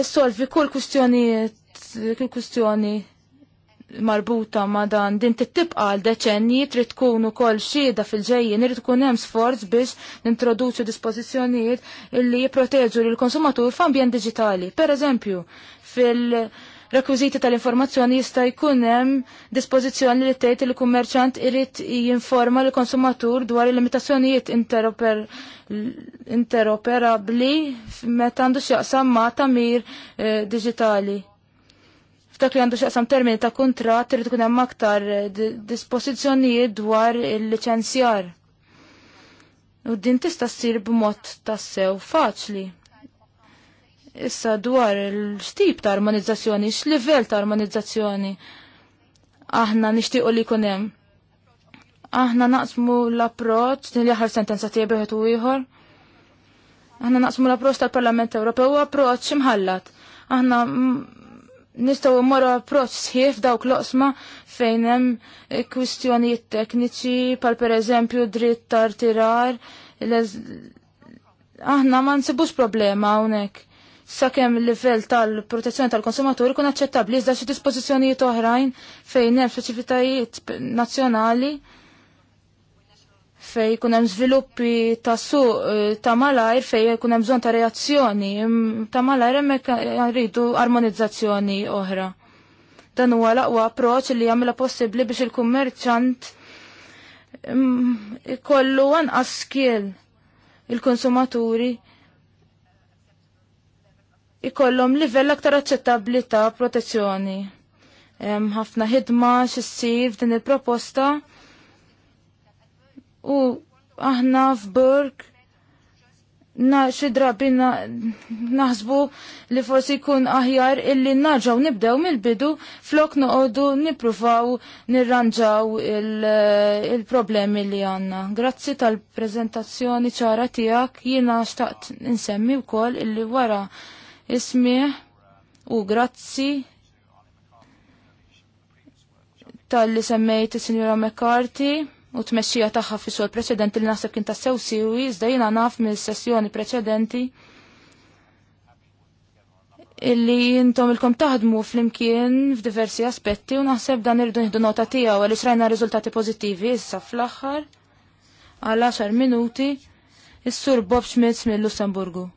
issolvi kull kwistjonijiet kull kwistjoni marbuta ma dan din tittibqa għal deċenji trid tkun ukoll xhieda fil-ġejjin irid tkun hemm sforz biex nintroduċu dispożizzjonijiet illi jipproteġu lill konsumatur f'ambjent diġitali. Per eżempju, fil- rekwiżiti tal-informazzjoni jista' jkun hemm dispożizzjoni li tgħid il kummerċant irid jinforma l konsumatur dwar il-limitazzjonijiet interoper interoperabbli meta għandu x'jaqsam ma' tagħmir eh, diġitali. F'dak li għandu x'jaqsam termini ta' kuntratt irid ikun hemm aktar eh, dispożizzjonijiet dwar il-liċenzjar. U din tista' ssir b'mod tassew faċli. Issa dwar il-stip ta' armonizzazzjoni, x level ta' armonizzazzjoni aħna nixtiequ li jkun hemm. Aħna naqsmu l-approċ, din l-aħħar sentenza tiegħi u ieħor. Aħna naqsmu l-approċ tal-Parlament Ewropew u approċ imħallat. Aħna nistaw morru approċ sħif dawk l fejn hemm kwistjonijiet tekniċi pal pereżempju dritt tar tirar aħna ma nsibux problema hawnhekk sakemm livell tal-protezzjoni tal-konsumatur ikun aċċettabbli iżda xi dispożizzjonijiet oħrajn fejn hemm speċifitajiet nazzjonali fej kun hemm żviluppi ta' suq eh, ta' malajr fej kun hemm bżonn ta' reazzjoni ta' malajr hemmhekk rridu armonizzazzjoni oħra. Dan huwa l-aqwa approċċ li jagħmilha possibbli biex il-kummerċant mm, kollu għan skiel il-konsumaturi ikollhom livell aktar aċċettabbli ta' protezzjoni. Hemm ħafna ħidma x'issir f'din il-proposta u aħna f'Burg na xi drabi naħsbu li forsi jkun aħjar illi naġaw nibdew mill-bidu flok noqogħdu nippruvaw nirranġaw il-problemi il li għandna. Grazzi tal-preżentazzjoni ċara tiegħek jiena xtaqt insemmi wkoll illi wara ismieħ u grazzi tal-li semmejt il-Sinjora McCarthy u tmexxija tagħha fi sol preċedenti li naħseb kien tassew siwi, iżda jiena naf mill-sessjoni preċedenti illi jintom ilkom taħdmu fl-imkien f'diversi aspetti u naħseb dan irdu nieħdu nota tiegħu għaliex rajna rizultati pożittivi issa fl-aħħar għal 10 minuti is-sur Bob Schmitz mill-Lussemburgu.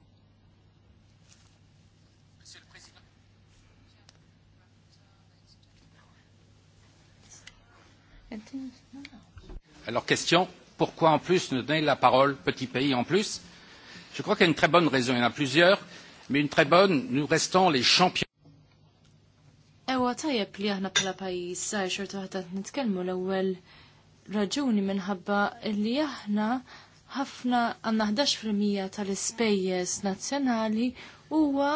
Alors question, pourquoi en plus nous donner la parole, petit pays en plus Je crois qu'il y a une très bonne raison, il y en a plusieurs, mais une très bonne, nous restons les champions. Ewa tajjeb li aħna bħala pajjiż sar xorta waħda nitkellmu l-ewwel raġuni minħabba li aħna ħafna għandna 11% tal-ispejjeż nazzjonali huwa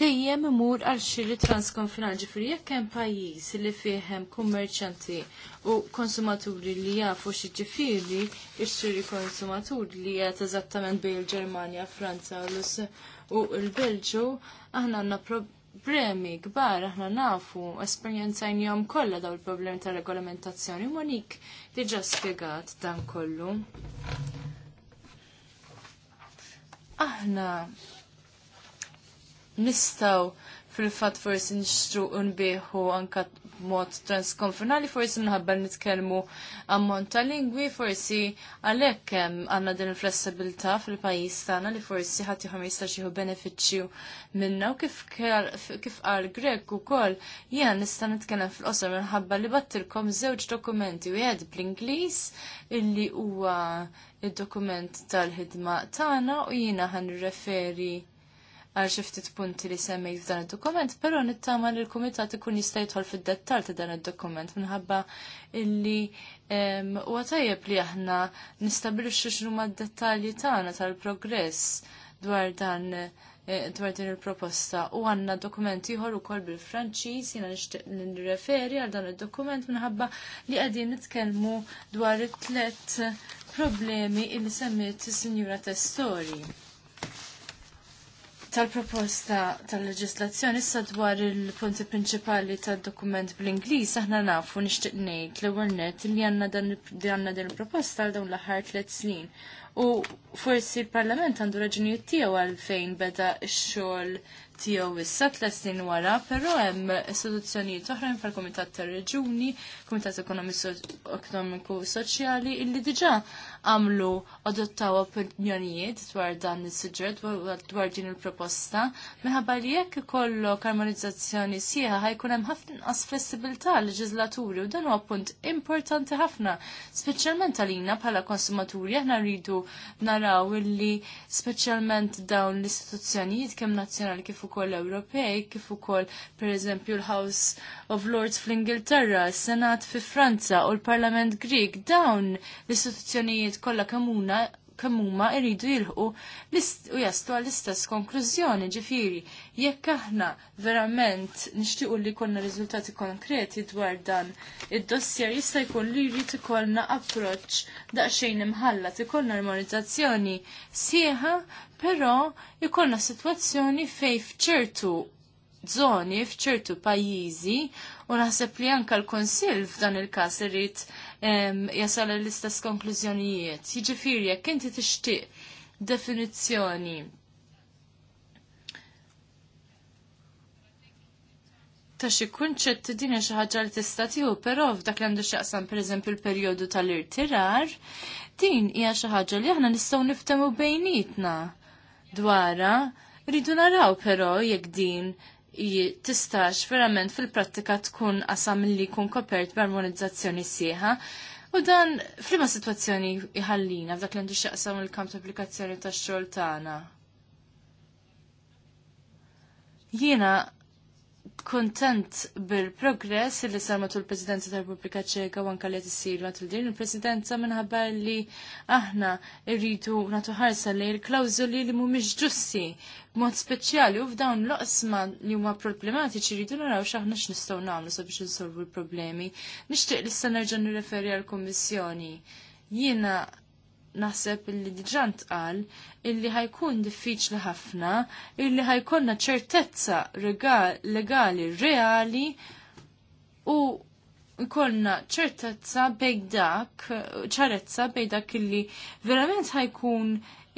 dejjem imur għal xiri transkonfinal ġifri jekk hemm pajjiż li fihem kummerċanti u konsumaturi li jafu xi ġifieri x-xiri konsumaturi li qed eżattament bejn il-Ġermanja, Franza u l-Belġu, aħna għandna problemi kbar aħna nafu esperjenzajnihom kollha daw il-problemi ta' regolamentazzjoni. Monik diġà spjegat dan kollu. Aħna nistaw fil-fat forsi nixtru unbiħu anka mod transkonfinali forsi minħabba nitkellmu ammont ta' lingwi forsi għalhekk hemm għandna din il-flessibilità fil-pajjiż tagħna li forsi ħadd jieħu jista' benefiċċju minna u kif qal Grek kol jiena nista' nitkellem fil-qosor minħabba li battilkom żewġ dokumenti wieħed bl-Ingliż illi huwa il dokument tal-ħidma tagħna u jiena ħan referi għal xi ftit punti li semmejt f'dan id-dokument, però nittama li l-kumitat ikun jista' jidħol fid-dettall ta' dan id-dokument minħabba illi huwa tajjeb li aħna nistabilixxu x'huma d-dettalji tagħna tal-progress dwar dan eh, dwar din il-proposta u għanna dokument ieħor ukoll bil-Franċiż jiena nixtieq nirreferi għal dan id-dokument minħabba li qegħdin nitkellmu dwar it-tlet problemi illi semmiet is-Sinjura Testori tal-proposta tal-leġislazzjoni issa dwar il-punti prinċipali tad-dokument bl-Ingliż aħna nafu nixtieq ngħid l-ewwel li għandna dan għandna din il-proposta għal dawn l-aħħar tliet snin. U forsi il-Parlament għandu raġunijiet tiegħu għalfejn beda x-xogħol tiegħu issa tliet snin wara, però hemm istituzzjonijiet oħrajn bħal-Kumitat tar-Reġuni, Kumitat Ekonomiku Soċjali illi diġà għamlu adottaw opinjonijiet dwar dan is-suġġett dwar din il-proposta, minħabba li jekk ikollok armonizzazzjoni sieħa ħajkun hemm ħafna inqas flessibilità leġislaturi u dan huwa punt importanti ħafna, speċjalment għalina bħala konsumaturi aħna rridu naraw illi speċjalment dawn l-istituzzjonijiet kemm nazzjonali kif ukoll Ewropej, kif ukoll pereżempju l-House of Lords fl-Ingilterra, s-Senat fi Franza u l-Parlament Grieg, dawn l-istituzzjonijiet l kollha kemmuna kemmuma irridu jilħu u jaslu għall-istess konklużjoni ġifiri. Jekk aħna verament nixtiequ li konna riżultati konkreti dwar dan, id-dossier jista' jkun li jrid ikollna approċċ daqsxejn imħallat, ikollna armonizzazzjoni sieħa, però ikollna sitwazzjoni fejn fċertu zoni fċertu pajjiżi u naħseb li anka l-Konsil f'dan il-każ irid jasal l-istess konklużjonijiet. Jiġifieri jekk inti tixtieq definizzjoni ta' xi kunċett din hija xi ħaġa li tista' tiegħu, però f'dak li għandu x'jaqsam pereżempju l-perjodu tal-irtirar, din hija xi ħaġa li aħna nistgħu niftemu bejnietna dwarha. Rridu naraw però jekk din tistax verament fil-prattika tkun qasam li jkun kopert b'armonizzazzjoni sieħa. U dan flima situazzjoni iħallina f'dak li għandu xaqsam il-kamp ta' applikazzjoni tax xogħol tagħna. Jiena kontent bil-progress li sar matul il-Presidenza ta' Repubblika Ċeka u anka li s issir matul din il-Presidenza minħabba li aħna rridu nagħtu ħarsa li l klawzuli li mhumiex ġussi b'mod speċjali u f'dawn l osma li huma problematiċi rridu naraw x'aħna x'nistgħu nagħmlu sabiex insolvu l-problemi. Nixtieq li issa nerġa' nirreferi għall-Kummissjoni. Jiena naħseb illi diġant qal illi ħajkun diffiċli ħafna illi ħajkonna ċertezza legali reali u konna ċertezza bejn dak, ċarezza bejn dak illi verament ħajkun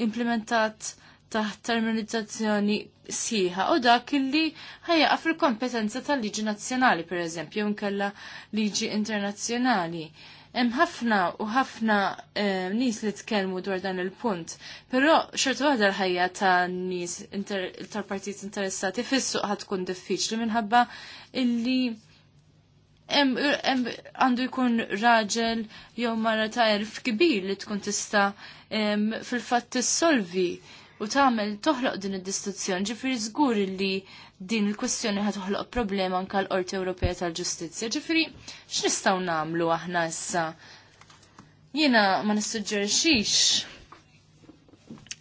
implementat taħt terminizzazzjoni siħa u dak illi ħajja fil kompetenza tal-liġi nazzjonali per eżempju, nkella liġi internazzjonali. Hemm ħafna u ħafna eh, nies li tkellmu dwar dan il-punt, però xorta waħda l-ħajja ta' nies tal partit interessati fis-suq ħad tkun diffiċli minħabba illi għandu jkun raġel jew mara ta' erf kbir li tkun tista' fil-fatt tissolvi u tagħmel toħloq din id-distruzzjoni, ġifieri żgur li din il-kwestjoni ħat toħloq problema anka l-Qorti Ewropea tal-Ġustizzja. Ġifieri x'nistgħu nagħmlu aħna issa? Jiena ma nissuġġerixx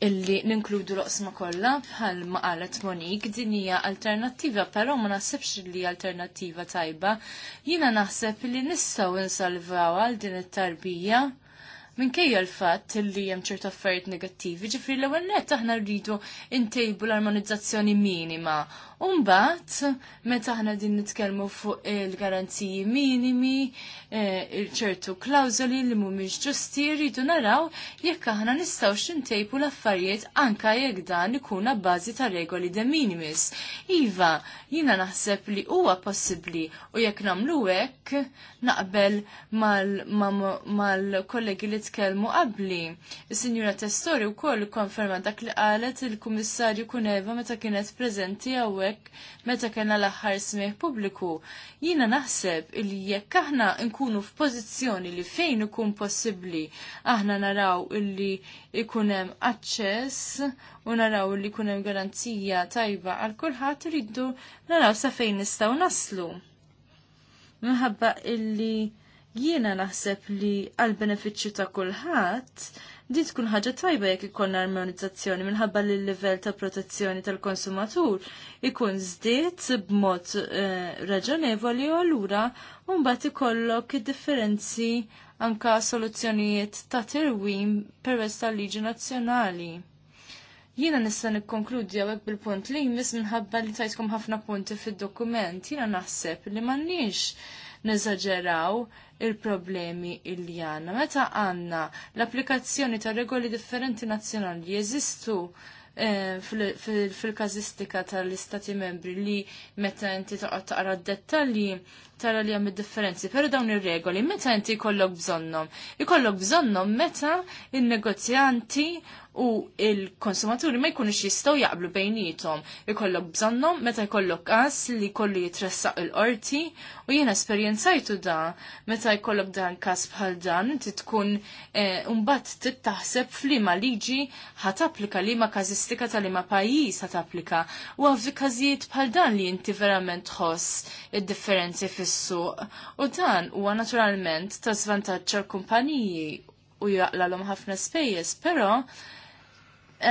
illi ninkludu l-oqsma kollha bħal ma qalet Monik din hija alternattiva, però ma naħsebx li alternattiva tajba. Jiena naħseb li nistgħu insalvaw għal din it-tarbija minkejja l-fatt li hemm ċertu affarijiet negattivi, ġifri l-ewwel aħna rridu ntejbu l-armonizzazzjoni minima Umbat, meta aħna din nitkellmu fuq il-garanziji minimi, eh, il-ċertu klawżoli li mhumiex ġusti rridu naraw jekk aħna nistgħux intejpu l-affarijiet anka jekk dan ikuna bażi ta' regoli de minimis. Iva, jina naħseb li huwa possibbli u jekk nagħmlu hekk naqbel mal-kollegi li tkellmu qabli. Is-Sinjura Testori wkoll konferma dak li qalet il-Kummissarju Kuneva meta kienet preżenti għawe hekk meta kellna l-aħħar smieħ pubbliku. Jiena naħseb illi jekk aħna nkunu f'pożizzjoni li fejn ikun possibbli aħna naraw illi ikun hemm aċċess u naraw illi jkun hemm garanzija tajba għal kulħadd iridu naraw sa fejn nistgħu naslu. Minħabba illi jiena naħseb li għal benefiċċju ta' kulħadd Din tkun ħaġa tajba jekk ikollna armonizzazzjoni minħabba li l-livell ta' protezzjoni tal-konsumatur ikun żdied b'mod eh, raġonevoli u allura mbagħad ikollok differenzi anka soluzzjonijiet ta' terwim permezz tal-liġi nazzjonali. Jiena nista' nikkonkludi hawnhekk bil-punt li jmiss minħabba li tajtkom ħafna punti fid-dokument. Jiena naħseb li m'għandniex neżaġeraw il-problemi il għanna. Meta għanna l-applikazzjoni ta' regoli differenti nazzjonali jeżistu eh, fil-kazistika tal-istati membri li meta inti taqra d-dettalji tara li hemm id-differenzi, però dawn ir-regoli meta inti jkollok bżonnhom? Ikollok bżonnhom meta il negozjanti u il-konsumaturi ma jkunux jistgħu jaqblu bejnietom. Ikollok bżonnhom meta jkollok għas li kollu jitressaq il-qorti u jena esperjenzajtu da meta jkollok dan każ bħal dan inti tkun mbagħad eh, tittaħseb f'liema liġi ħat applika liema każistika tal liema pajjiż ħat applika. U għavvi każijiet bħal dan li inti verament tħoss id-differenzi fi fis-suq u dan huwa naturalment ta' żvantaġġ għall-kumpaniji u jaqlalhom ħafna spejjeż, però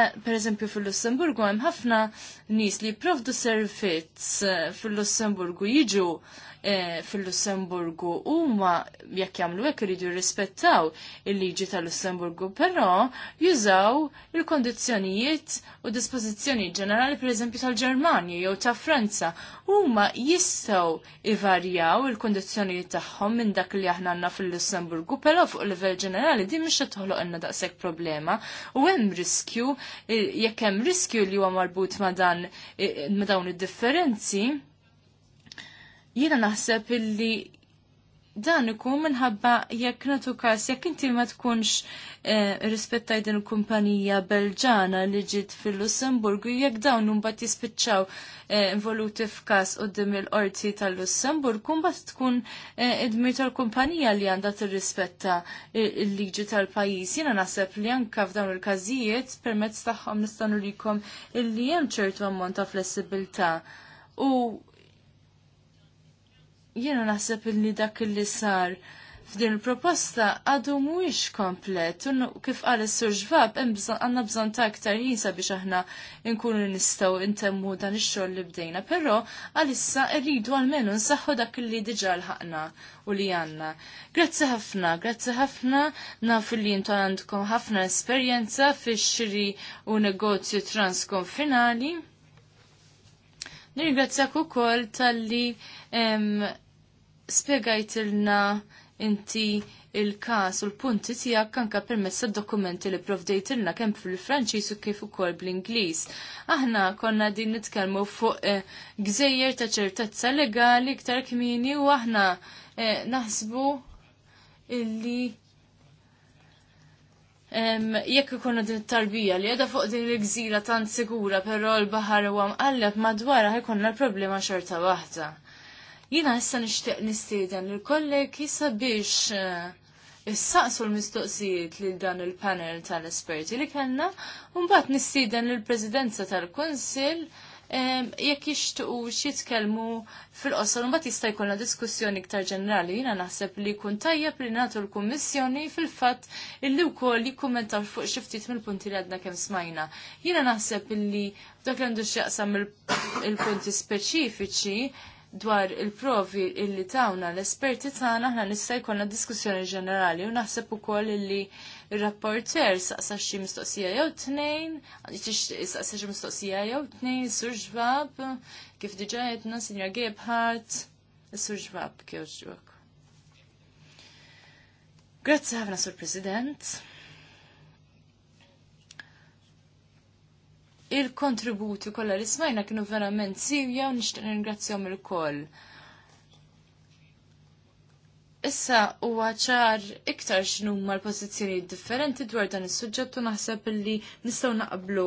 eh, per eżempju fil-Lussemburgu hemm ħafna nis li provdu servizz eh, fil-Lussemburgu jiġu eh, fil-Lussemburgu huma jekk jagħmlu hekk iridu jirrispettaw il-liġi tal-Lussemburgu, però jużaw il-kondizzjonijiet u dispożizzjonijiet ġenerali pereżempju tal-Ġermanja jew ta' Franza. Huma jistgħu ivarjaw il-kondizzjonijiet tagħhom minn dak li aħna għandna fil-Lussemburgu, però fuq livell ġenerali din mhix toħloq lna daqshekk problema u hemm riskju eh, jekk hemm riskju li huwa marbut ma' dan dan eh, eh, ma dawn id-differenzi, jiena naħseb illi dan ikun minħabba jekk natu każ jekk inti ma tkunx eh, rispettaj din il-kumpanija Belġana li ġiet fil-Lussemburgu jekk dawn mbagħad jispiċċaw eh, involuti f'każ dim il-qorti tal-Lussemburgu mbagħad tkun eh, id tal-kumpanija li għandha tirrispetta eh, il-liġi tal-pajjiż. Jiena naħseb li anke f'dawn il-każijiet permezz tagħhom nistgħu li illi hemm ċertu ammont ta' flessibilità. U Jiena naħseb li dak li sar f'din il-proposta għadu mhuwiex komplet. kif qal s-surġvab, għanna bżon bżonn ta' aktar jinsa biex aħna nkunu nistgħu intemmu dan ix-xogħol li bdejna, però għalissa rridu għalmenu nsaħħu dak li diġal ħakna u li għandna. Grazzi ħafna, grazzi ħafna, nafu li jintu għandkom ħafna esperjenza fix-xiri u negozju transkonfinali. Nirringrazzjak ukoll tal-li spiegajt na inti il-kas u l-punti tijak kanka permess dokumenti li provdejt il-na kem fil-Franċis u kif ukoll bl-Inglis. Aħna konna din nitkellmu fuq eh, gżejjer ta' ċertezza legali ktar kmini u aħna eh, naħsbu illi jekk ikonna din it-tarbija li għedha fuq din il-gżira tant sigura però l-baħar huwa mqalleb madwar ħajkonna l-problema xorta waħda. Jina issa nishtiq nistieden l jissa sabiex jissaqsu eh, l-mistoqsijiet lil dan il-panel tal-esperti li kellna, mbagħad nistieden lill-Presidenza tal-Kunsill jekk jixtuqu jitkellmu fil-qosor mbagħad jista' jkollna diskussjoni iktar ġenerali jiena naħseb li jkun tajjeb li nagħtu l-Kummissjoni fil-fatt illi wkoll jikkummentaw fuq xi ftit mill-punti li għadna kemm smajna. Jiena naħseb illi dak li għandu x'jaqsam il-punti speċifiċi dwar il-provi illi tawna l-esperti tagħna ħna nista' jkollna diskussjoni ġenerali u naħseb ukoll illi il rapporter saqsa xi mistoqsija jew tnejn, saqsa xi mistoqsija jew tnejn, nejn ġvab, kif diġà qedna Sinja Gebhardt, sur kjoġġuk. Grazie Grazzi ħafna sur President. il-kontributi kollha li smajna kienu verament sirja u nixtieq ringrazzjahom il-koll. Issa huwa ċar iktar x'numa l pozizjoni differenti dwar dan is-suġġett u naħseb li nistgħu naqblu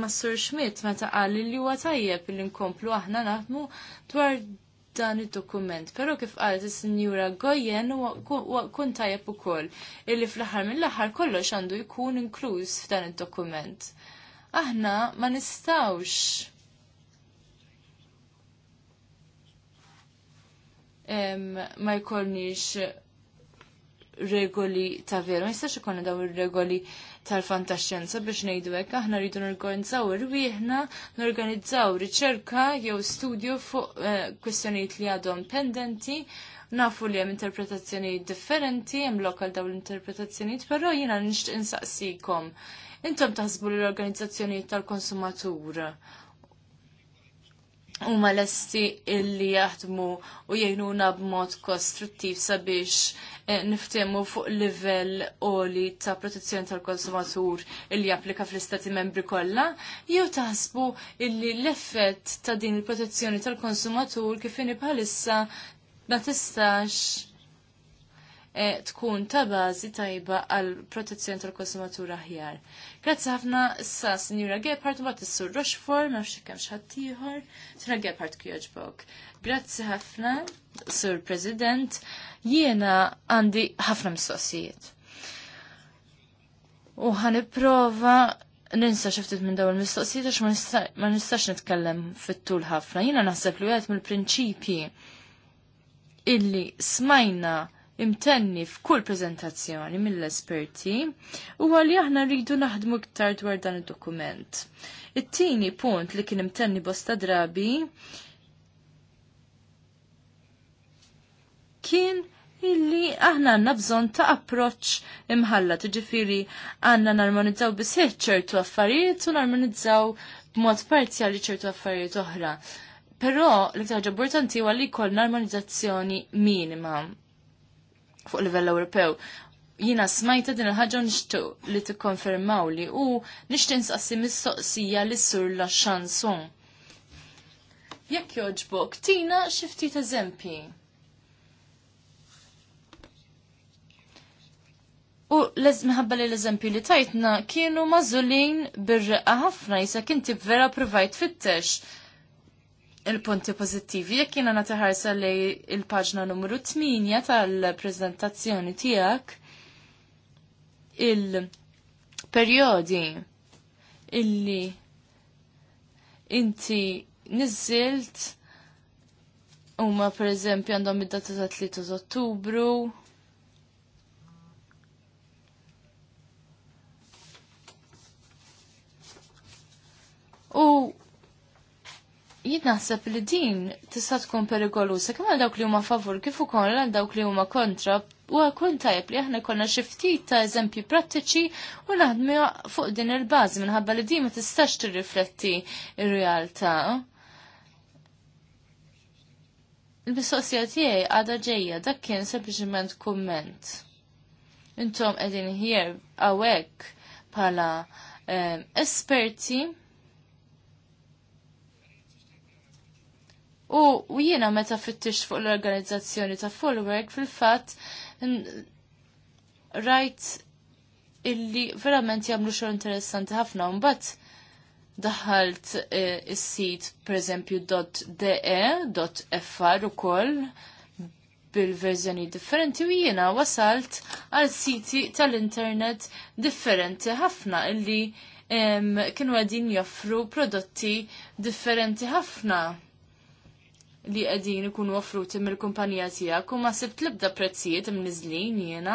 ma' Sur Schmidt meta qal li huwa tajjeb li nkomplu aħna naħdmu dwar dan id-dokument. Però kif qalet is-Sinjura Goyen huwa kun tajjeb ukoll illi fl-aħħar mill-aħħar kollox għandu jkun inkluż f'dan id-dokument aħna ma nistawx ma jkollniex regoli ta' veru, ma jistax ikonna daw ir-regoli tal-fantaxxenza biex ngħidu hekk aħna rridu norganizzaw irwieħna, norganizzaw riċerka jew studju fuq eh, kwistjonijiet li għadhom pendenti, nafu li hemm interpretazzjonijiet differenti, hemm lokal daw l-interpretazzjonijiet, però jiena nixtieq insaqsikom Intom taħsbu li l-organizzazzjoni tal-konsumatur u malesti illi jaħdmu u jgħinuna b'mod kostruttiv sabiex eh, niftemu fuq livell li ta' protezzjoni tal-konsumatur illi japplika fl-istati membri kollha, jew taħsbu illi l-effett ta' din il-protezzjoni tal-konsumatur kif bħalissa ma tistax E, tkun ta' bażi tajba għal protezzjoni tal konsumatura aħjar. Grazzi ħafna issa Sinjura Gebhardt u bat is-Sur Rochefort, ma nafx kemm xatt ieħor, Sinjura Gephardt kjoġbok. Grazzi ħafna, Sur President, jiena għandi ħafna mistoqsijiet. U ħaniprova ninsa xiftit minn dawl mistoqsijiet għax ma nistax nitkellem fit-tul ħafna. Jiena naħseb li għed mill-prinċipji illi smajna imtenni f'kull prezentazzjoni mill-esperti huwa li aħna rridu naħdmu iktar dwar dan id-dokument. It-tieni punt li kien imtenni bosta drabi kien illi aħna għanna bżon ta' approċ imħalla, ġifiri għanna narmonizzaw bisħiċ ċertu affarijiet u narmonizzaw b'mod parzjali ċertu affarijiet oħra. Però l-iktar importanti huwa li narmonizzazzjoni minima fuq livell Ewropew. Jina smajta din il-ħagġa nixtuq li tikkonfermaw li u nixtieq nsaqsi mistoqsija li sur la xanson. Jekk joġbok, tina xi ftit eżempji. U l-mħabba li l-eżempju li tajtna kienu mażulin bir-reqqa ħafna jisa kinti vera provajt fit-tex il-punti pozittivi. Jekk jiena nataħarsa li il-paġna numru 8 tal-prezentazzjoni tiegħek il-perjodi illi inti niżilt huma pereżempju għandhom id-data ta' 3 Ottubru. U jien naħseb li din tista' tkun perikolusa kemm għal dawk li huma favur kif ukoll għal dawk li huma kontra u kun tajb li aħna konna xi ftit ta' eżempji prattiċi u naħdmu fuq din il-bażi minħabba li din ma tistax tirrifletti ir-realtà. Il-mistoqsija tiegħi għadha ġejja dak kien sempliċement kumment. Intom qegħdin hier hawnhekk bħala eh, esperti U jiena meta fittix fuq l-organizzazzjoni ta' Fullwork fil-fatt rajt illi verament jagħmlu xogħol interessanti ħafna mbagħad daħalt eh, is-sit pereżempju .de.fr ukoll bil-verżjoni differenti u jiena wasalt għal siti tal-internet differenti ħafna illi kienu għedin joffru prodotti differenti ħafna li qegħdin ikunu offruti mill-kumpanija tiegħek u ma sibt l-ebda prezzijiet mnizlin jena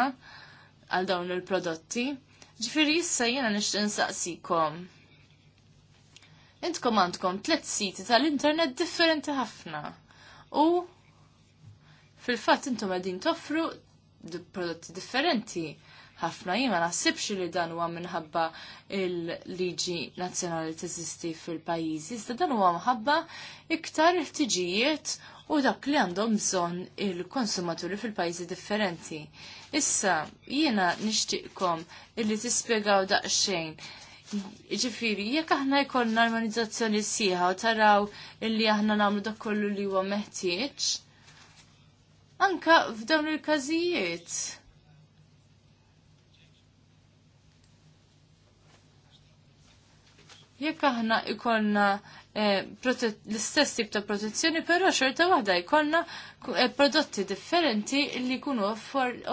għal dawn il-prodotti. Ġifiri issa jiena nixtieq insaqsikom. Intkom għandkom tliet siti tal-internet differenti ħafna. U fil-fatt intom qegħdin toffru prodotti differenti ħafna. Jien ma naħsibx li dan huwa minħabba il-liġi nazzjonali teżisti fil-pajjiżi, iżda dan huwa minħabba iktar ħtiġijiet u dak li għandhom bżonn il-konsumaturi fil-pajjiżi differenti. Issa jiena nixtieqkom illi tispjegaw daqsxejn ġifiri, jekk aħna jkollna armonizzazzjoni sieħa u taraw illi aħna nagħmlu dak kollu li huwa meħtieġ, anka f'dawn il-każijiet. jekk aħna ikonna eh, l-istess tip ta' protezzjoni, però xorta waħda jkollna eh, prodotti differenti li jkunu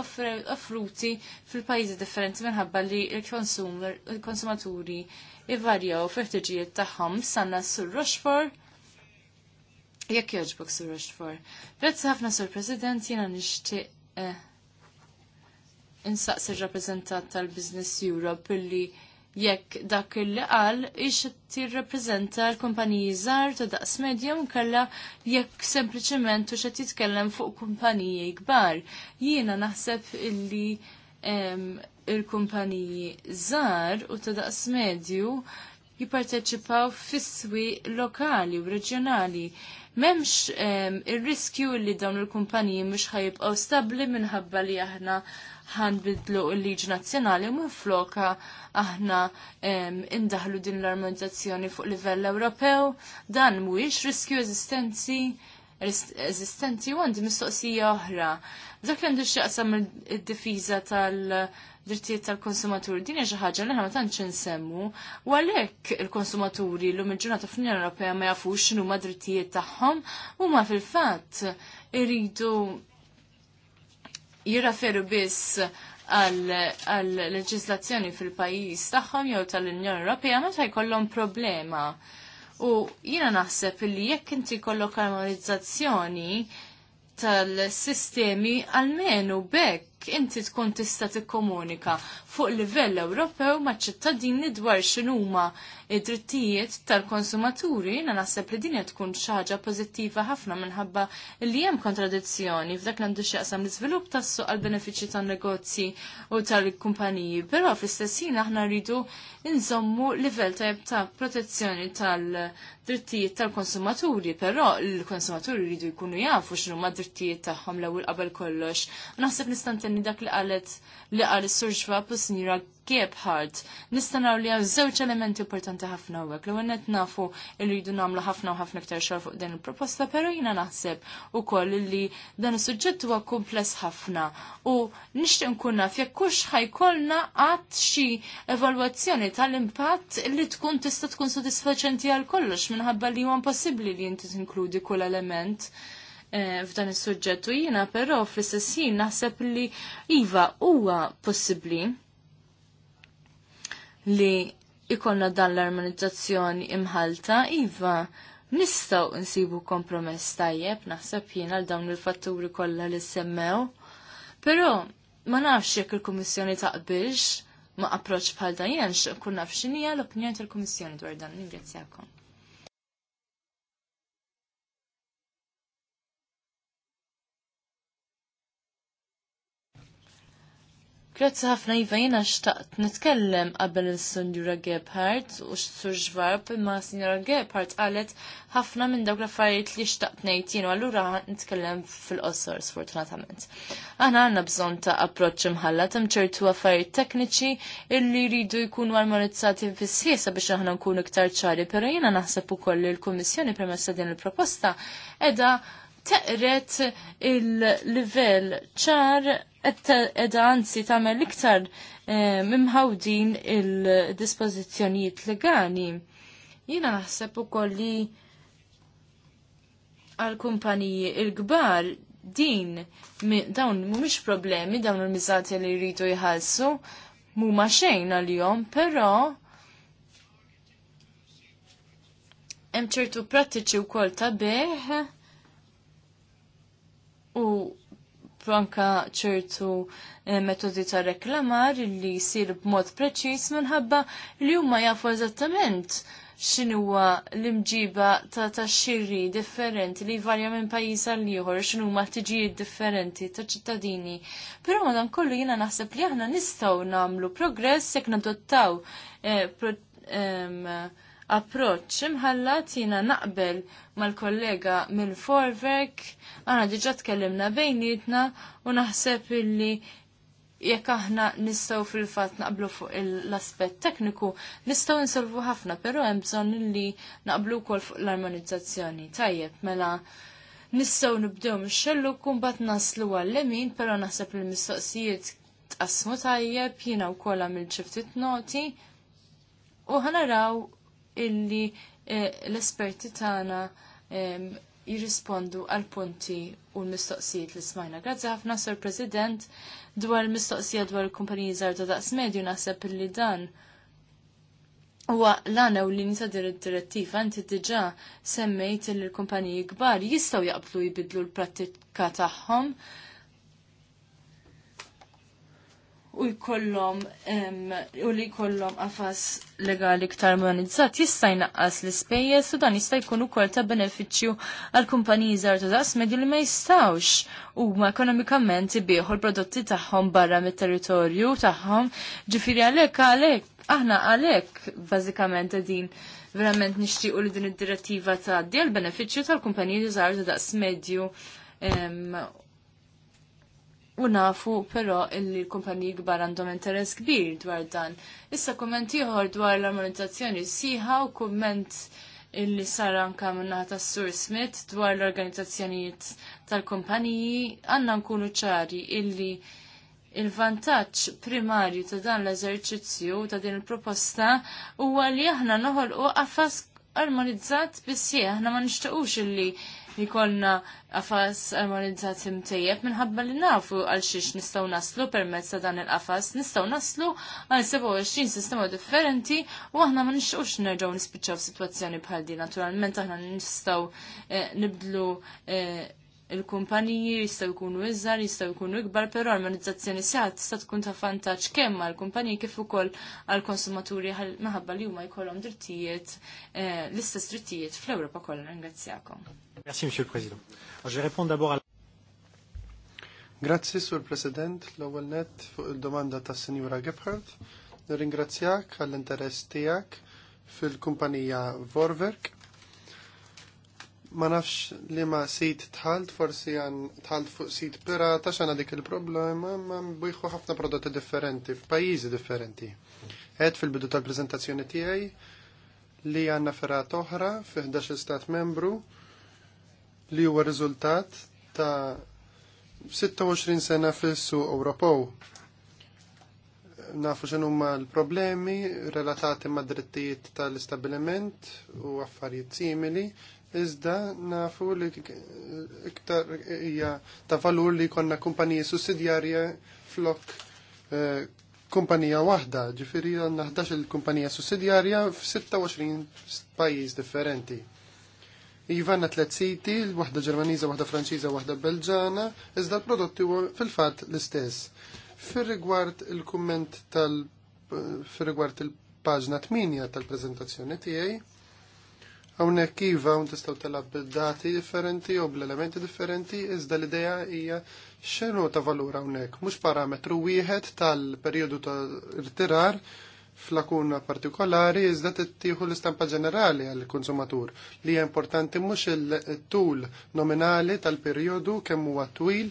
offruti fil-pajjiżi differenti minħabba li l-konsumaturi ivarjaw fil tagħhom sanna sur Rochefort jekk jogħġbok sur Rochefort. Grazzi ħafna sur President jiena nixtieq eh, insaqs ir-rappreżentant tal-Business Europe illi jekk dak il qal ix t-reprezenta l-kumpaniji żgħar ta' daqs medjum kalla jekk sempliċement u xed jitkellem fuq kumpaniji kbar. Jiena naħseb illi il-kumpaniji zar u ta' daqs medju jipparteċipaw fis lokali u reġjonali. Memx ir-riskju li dawn il-kumpaniji mhux ħajibqgħu stabbli minħabba li aħna ħanbidlu l-liġi nazzjonali u minfloka aħna indaħlu din l-armonizzazzjoni fuq livell Ewropew, dan mhuwiex riskju eżistenzi eżistenti u għandi mistoqsija oħra. Dak li għandu x'jaqsam il difiża tal- drittijiet tal-konsumaturi din hija xi ħaġa li ma tantx insemmu u għalhekk il-konsumaturi llum il-ġurnata fl-Unjoni Ewropea ma jafux x'inhuma ma drittijiet tagħhom huma fil-fatt iridu jirraferu biss għal leġislazzjoni fil-pajis tagħhom jew tal-Unjoni Ewropea meta jkollhom problema. U jiena naħseb li jekk inti kollok armonizzazzjoni tal-sistemi għalmenu bekk inti tkun tista' tikkomunika fuq livell Ewropew maċ-ċittadini dwar x'inhuma id-drittijiet tal-konsumaturi jiena naħseb li din qed tkun xi ħaġa pożittiva ħafna minħabba li hemm kontradizzjoni f'dak li għandu x'jaqsam l-iżvilupp tas-suq għal benefiċċji tan-negozji u tal-kumpaniji, però fl-istess ħin aħna rridu nżommu livell tajjeb ta' protezzjoni tal-drittijiet tal-konsumaturi, però l-konsumaturi rridu jkunu jafu x'inhuma d-drittijiet tagħhom l-ewwel qabel kollox. Naħseb nista' intenni dak li qalet li qal is-sur Schwab u Sinjura Gebhardt. Nistanaw li għaw żewġ elementi importanti ħafna għek. L-ewwel qed nafu li rridu nagħmlu ħafna u ħafna ktar xogħol fuq din il-proposta, però jiena naħseb koll li dan is-suġġett huwa kumpless ħafna u nixtieq nkun naf jekk hux ħajkollna xi evalwazzjoni tal-impatt li tkun tista' tkun sodisfaċenti għal kollox minħabba li huwa impossibbli li inti tinkludi kull element Eh, f'dan is-suġġett u jiena però fl Sessin naħseb li iva huwa possibbli li ikonna dan l-armonizzazzjoni imħalta, iva nistgħu nsibu kompromess tajjeb naħseb jina għal dawn il-fatturi kollha li semmew. Però ma nafx jekk il-Kummissjoni taqbilx ma' approċċ bħal dan jenx, kun naf l-opinjoni tal-Kummissjoni dwar dan. Ningrazzjakom. Grazzi ħafna Iva jena xtaqt nitkellem qabel il-Sunjura Gebhardt u s-Sur Ġvarb imma Sinjura Gebhardt qalet ħafna minn dawk l-affarijiet li xtaqt ngħid jienu allura nitkellem fil-qosor sfortunatament. Aħna għandna bżonn ta' approċ imħallat hemm ċertu affarijiet tekniċi illi jridu jkunu armonizzati fis-sħiesa biex aħna nkunu iktar ċari, però jiena naħseb ukoll li l-Kummissjoni permessa din il-proposta edha teqret il-livell ċar edha anzi tagħmel iktar eh, mimħawdin il-dispożizzjonijiet legali. Jiena naħseb u kolli għal-kumpaniji il-kbar din dawn mhumiex problemi dawn il-miżati li jridu jħallsu mhuma xejn għalihom, però hemm ċertu prattiċi wkoll ta' beħ u pranka ċertu eh, metodi ta' reklamar li jisir b'mod preċis minħabba li huma jafu eżattament x'inhuwa l-imġiba ta' taxxiri differenti li jvarja minn pajjiż għal ieħor x'inhu huma ħtiġijiet differenti ta' ċittadini. Però dan kollu jiena naħseb li aħna nistgħu nagħmlu progress jekk nadottaw eh, approċċ imħallat jiena naqbel mal-kollega mill Forwerk, għana diġa tkellimna bejnietna u naħseb illi jekk aħna nistgħu fil-fatt naqblu fuq l-aspett tekniku, nistgħu insolvu ħafna, però hemm bżonn li naqblu wkoll fuq l-armonizzazzjoni. Tajjeb, mela nistgħu nibdew mix-xellu kumbat naslu għall-lemin, però naħseb il mistoqsijiet tqasmu tajjeb, jiena wkoll għamil ċiftit noti u ħanaraw illi eh, l-esperti tagħna jirrispondu għal punti u l-mistoqsijiet li smajna. Grazzi ħafna, Sir President, dwar l-mistoqsija dwar il-kumpaniji żgħar daqs medju naħseb illi dan Huwa l-għana u l-lini ta' direttiva inti diġa semmejt il l-kumpaniji kbar jistgħu jaqblu jibidlu l-prattika tagħhom u jkollhom u li jkollhom qafas legali ktar monizzat jista' jnaqqas l-ispejjeż u dan jista' jkun ukoll ta' benefiċċju għal kumpaniji żgħar daqs medju li ma jistgħux huma ekonomikament ibieħu l-prodotti tagħhom barra mit-territorju tagħhom. Ġifieri għalhekk għalhekk aħna għalhekk bażikament din verament nixtiequ li din id-direttiva tgħaddi għal benefiċċju tal-kumpaniji żgħar ta' daqs medju U nafu però illi l-kumpaniji kbar għandhom interess kbir dwar dan. Issa kumment ieħor dwar l-armonizzazzjoni siħa u kumment illi sar anka minnaħa tas Sur Smith dwar l-organizzazzjonijiet tal-kumpaniji għandna nkunu ċari illi il-vantaġġ primarju ta' dan l-eżerċizzju ta' din il-proposta huwa li aħna noħolqu qafas armonizzat biss aħna ma nixtiequx illi jikonna qafas armonizzat imtejjeb minħabba li nafu għal xiex nistgħu naslu permezz ta' dan il-qafas nistgħu naslu għal 27 sistema differenti u aħna ma nixqux nerġgħu nispiċċaw f'sitwazzjoni bħal di. naturalment aħna nistgħu eh, nibdlu eh, il-kumpaniji jistaw jkunu iżgħar, jistaw jkunu ikbar, però organizzazzjoni seħat tista' tkun ta' vantaġġ kemm għall-kumpaniji kif ukoll għall-konsumaturi maħabba li huma jkollhom drittijiet eh, l-istess drittijiet fl-Ewropa kollha. Ringrazzjakom. Merci, Monsieur le Président. Je réponds d'abord à Grazzi, Sur President, l-ewwel net fuq il-domanda tas Sinjura Gebhardt. Nirringrazzjak għall-interess tiegħek fil-kumpanija Vorwerk ma nafx li ma sit tħalt, forsi għan tħalt fuq sit pirata xana dik il-problema, ma bujħu ħafna prodotti differenti, f'pajjiżi differenti. Għed fil-bidu tal-prezentazzjoni tiegħi li għanna ferrat oħra fi 11 stat membru li huwa riżultat ta' 26 sena fis-su Ewropew. Nafu x'inhu huma l-problemi relatati mad drittijiet tal-istabiliment u affarijiet simili iżda nafu li iktar hija ta' valur li konna kumpaniji sussidjarje flok eh, kumpanija waħda, ġifiri għanna 11 kumpanija sussidjarja f-26 pajjiż differenti. Iva għanna tlet siti, waħda ġermaniza, waħda franċiza, waħda belġana, iżda l-prodotti fil-fat l-istess. Fir-rigward il-komment tal- fir-rigward il-paġna 8 tal-prezentazzjoni tiegħi, Hawnhekk iva un tistaw telab bid-dati differenti u bl-elementi differenti iżda l-idea hija xenu ta' valur hawnhekk, mhux parametru wieħed tal-perjodu ta' rtirar flakuna partikolari iżda tittieħu l-istampa ġenerali għall konsumatur li hija importanti mhux il-tul nominali tal-perjodu kemm huwa twil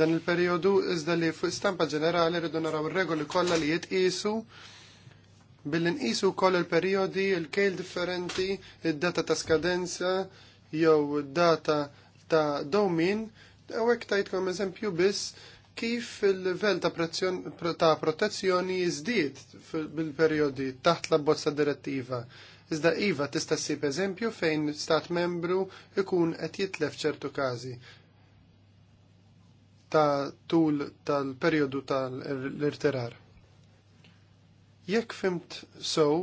dan il-perjodu iżda li fuq istampa ġenerali rridu naraw ir-regoli kollha li jitqisu billi nqisu wkoll il-perjodi, il-kejl differenti, id-data ta' skadenza jew data ta' domin, hawnhekk tajtkom eżempju biss kif il-level ta' protezzjoni jiżdied bil-perjodi taħt la bozza direttiva. Iżda iva tista' ssib eżempju fejn stat membru ikun qed jitlef ċertu każi ta' tul tal-perjodu tal-irtirar. Jekk fimt sow,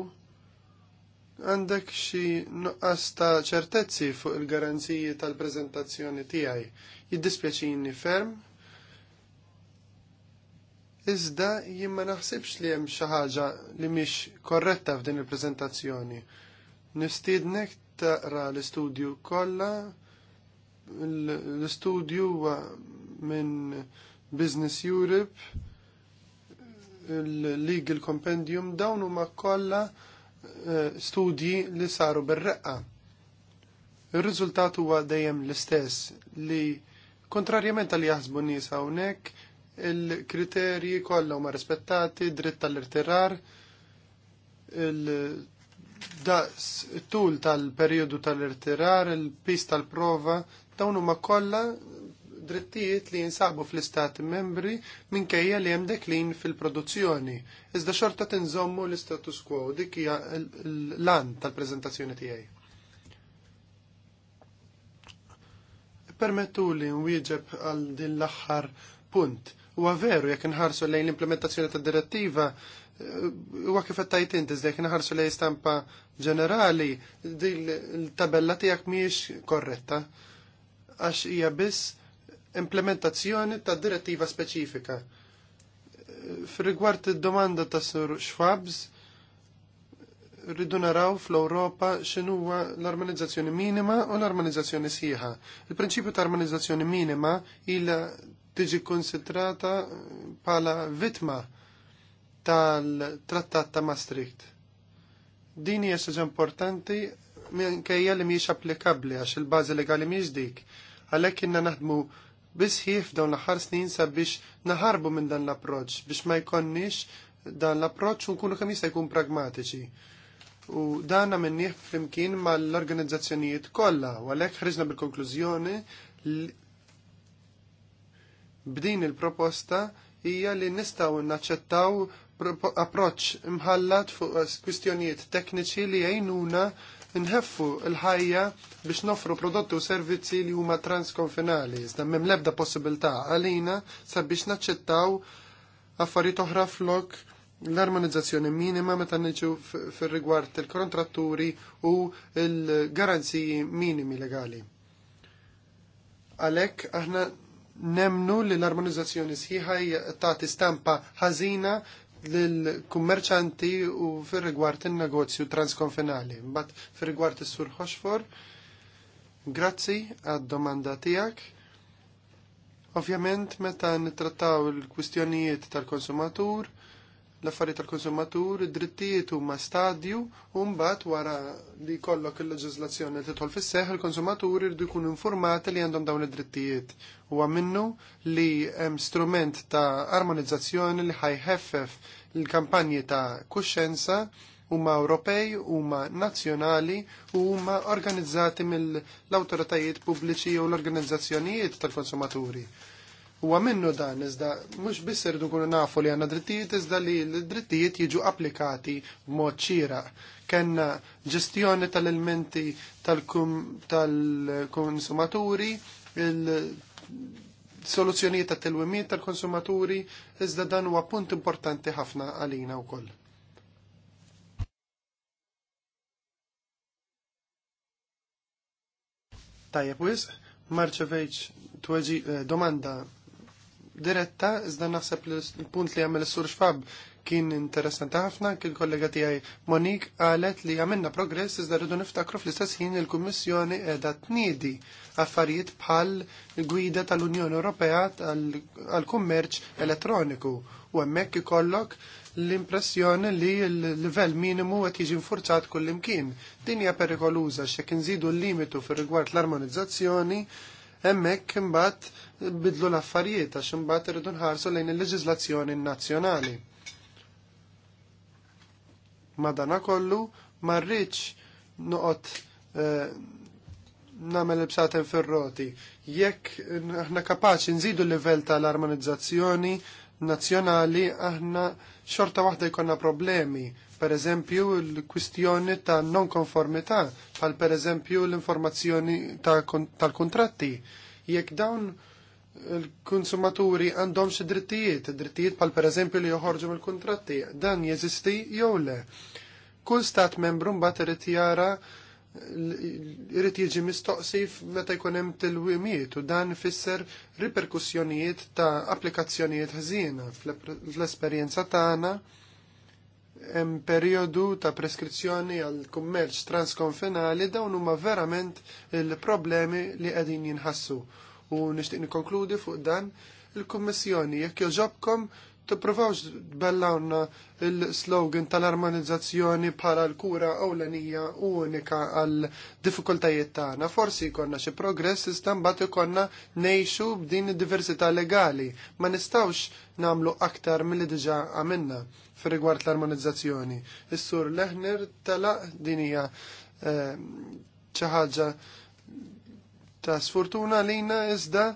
għandek xi nuqqas ta' ċertezzi fuq il-garanziji tal-preżentazzjoni tiegħi. Jiddispjaċini ferm. Iżda jien ma naħsibx li hemm xi ħaġa li mhix korretta f'din il-preżentazzjoni. Nistiednek taqra l-istudju kollha l-istudju minn Business Europe il-Legal Compendium dawn huma kollha eh, studji li saru bir-reqqa. Ir-riżultat huwa dejjem l-istess li kontrarjament għal jaħsbu nies hawnhekk il-kriterji kollha huma rispettati, dritt tal-irtirar, il-daqs tul tal-perjodu tal-irtirar, il-pis tal-prova, dawn huma kollha drittijiet li jinsabu fl-istati membri minkejja li hemm deklin fil-produzzjoni. Iżda xorta tinżommu l-status quo dik hija l-lan tal-preżentazzjoni tiegħi. Permettu li nwieġeb għal din l-aħħar punt. Huwa veru jekk inħarsu lejn l-implementazzjoni tad-direttiva huwa kif qed tajt inti jekk inħarsu lejn stampa ġenerali din l-tabella tiegħek mhijiex korretta għax hija biss implementazzjoni ta' direttiva speċifika. Fir-rigward id-domanda ta' Sur Schwabs, rridu naraw fl-Europa x'inhuwa l-armonizzazzjoni minima u l-armonizzazzjoni sħiħa. Il-prinċipju ta' armonizzazzjoni minima ila tiġi konsidrata bħala vitma tal-trattat ta' Maastricht. Din hija xaġa importanti minkejja li mhijiex applikabbli għax il-bażi legali mhijiex dik. Għalhekk inna naħdmu ħif dawn l-aħħar snin sabiex naħarbu minn dan l-approċ biex ma jkonniex dan l-approċ u nkunu kemm jista' jkun pragmatiċi. U dan għamenniħ flimkien mal-organizzazzjonijiet kollha, u għalhekk ħriġna bil-konklużjoni b'din il-proposta hija li nistgħu naċċettaw approċċ imħallat fuq kwistjonijiet tekniċi li jgħinuna nħeffu l-ħajja biex nofru prodotti u servizzi li huma transkonfinali, iżda m'hemm l-ebda possibilità għalina sabiex naċċettaw affarijiet oħra flok l-armonizzazzjoni minima meta niġu fir-rigward il-kontratturi u l-garanziji minimi legali. Għalhekk aħna nemnu li l-armonizzazzjoni sħiħa tagħti stampa ħażina lill-kummerċanti u fir-rigward in-negozju transkonfinali. Mbatt fir-rigward is-Sur Hoxfor, grazzi għad-domanda tiegħek. Ovvjament meta nittrattaw il-kwistjonijiet tal-konsumatur, l-affarijiet tal-konsumatur, id-drittijiet huma stadju u mbagħad wara li jkollok il-leġiżlazzjoni li tidħol fis-seħħ il-konsumatur irdu jkunu informati li għandhom dawn id-drittijiet. Huwa minnu li hemm strument ta' armonizzazzjoni li ħajħeffef il-kampanji ta' kuxenza huma Ewropej, huma nazzjonali u huma organizzati mill-awtoritajiet pubbliċi jew l-organizzazzjonijiet tal-konsumaturi Huwa minnu dan iżda mhux biss irridu nkunu nafu li għandna drittijiet iżda li l-drittijiet jiġu applikati b'mod xieraq. Kenna ġestjoni tal-elementi tal-konsumaturi, il-soluzzjonijiet tal tilwimiet tal-konsumaturi, iżda dan huwa punt importanti ħafna għalina wkoll. Tajjeb wis, marċevejċ eh, domanda diretta, iżda naħseb l-punt li għamil s-sur xfab kien interessanti ħafna, kien kollega tiegħi Monik qalet li għamilna progress iżda rridu niftakru fl-istess ħin il-Kummissjoni qiegħda tniedi affarijiet bħal gwida tal-Unjoni Ewropea għall-kummerċ elettroniku u hemmhekk ikollok l-impressjoni li l-livell minimu qed jiġi nfurzat kull imkien. Din hija perikoluża x'jekk inżidu l-limitu fil rigward l-armonizzazzjoni Hemmhekk imbagħad bidlu l-affarijiet għax imbagħad irridu nħarsu lejn il-leġiżlazzjoni nazzjonali. Madana kollu ma rridx noqgħod eh, nagħmel il-bsaten ferroti. Jekk aħna kapaċi nżidu l-livell tal-armonizzazzjoni nazzjonali aħna xorta waħda jkollna problemi Per eżempju, l-kwistjoni ta' non-konformità, pal per eżempju l-informazzjoni tal-kontratti. Jekk dawn il-konsumaturi għandhom xi drittijiet, drittijiet bħal per eżempju li joħorġu mill-kontratti, dan jeżisti jew le. Kull stat membru mbagħad irid jara irid jiġi mistoqsif meta jkun hemm tilwimiet u dan ifisser riperkussjonijiet ta' applikazzjonijiet ħżiena fl-esperjenza tagħna hemm perjodu ta' preskrizzjoni għal kummerċ transkonfinali dawn huma verament il-problemi li qegħdin jinħassu. U nixtieq nikkonkludi fuq dan il-Kummissjoni jekk jogħġobkom tippruvawx tbellawna il-slogan tal-armonizzazzjoni bħala l-kura ewlenija unika għal diffikultajiet tagħna. Forsi jkollna xi progress iżda mbagħad ikonna nejxu b'din id-diversità legali. Ma nistgħux nagħmlu aktar milli diġa' għamilna fir-rigward l-armonizzazzjoni. Is-sur Leħner telaq din hija eh, xi ħaġa ta' sfortuna lina iżda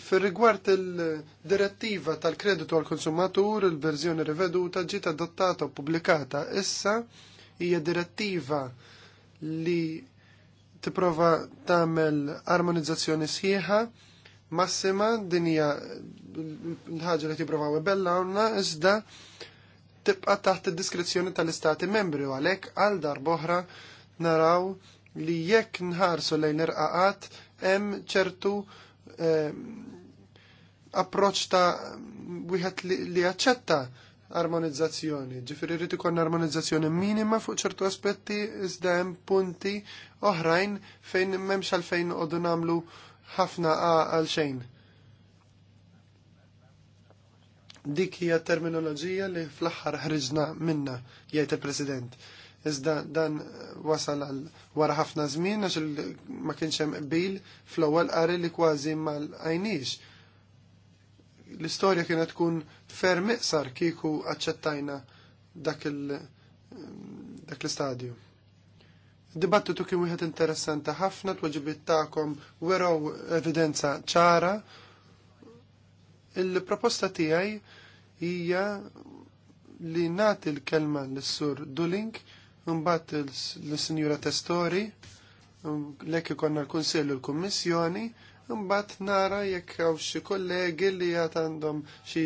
Fir rigward il-direttiva tal-kreditu għal konsumatur il-verżjoni riveduta ġiet adottata u pubblikata issa hija direttiva li tipprova tagħmel armonizzazzjoni sħiħa massima din hija l-ħaġa li tipprova ibella għandna iżda tibqa' taħt id-diskrezzjoni tal-istati membri u għalhekk għal darb'oħra naraw li jekk nħarsu lejn irqaqat hemm ċertu Ehm, approċ ta' wieħed li jaċċetta armonizzazzjoni, ġifiri rid ikun armonizzazzjoni minima fuq ċertu aspetti iżda hemm punti oħrajn fejn m'hemmx għalfejn qogħdu nagħmlu ħafna għal xejn. Dik hija terminoloġija li fl-aħħar ħriġna minna, jgħid il-President. Iżda dan wasal għal wara ħafna żmien għax ma kienx hemm qbil fl-ewwel qari li kważi mal għajniex. L-istorja kienet tkun ferm iqsar kieku aċċettajna dak l-istadju. Dibattitu kien wieħed interessanti ħafna, tweġibiet tagħkom weraw evidenza ċara. Il-proposta tiegħi hija li nagħti l-kelma lis sur Duling Mbatt l-Sinjura Testori, um, lekk konna l-Kunsill u l-Kummissjoni, mbatt nara jekk hawn xi kollegi li għad għandhom xi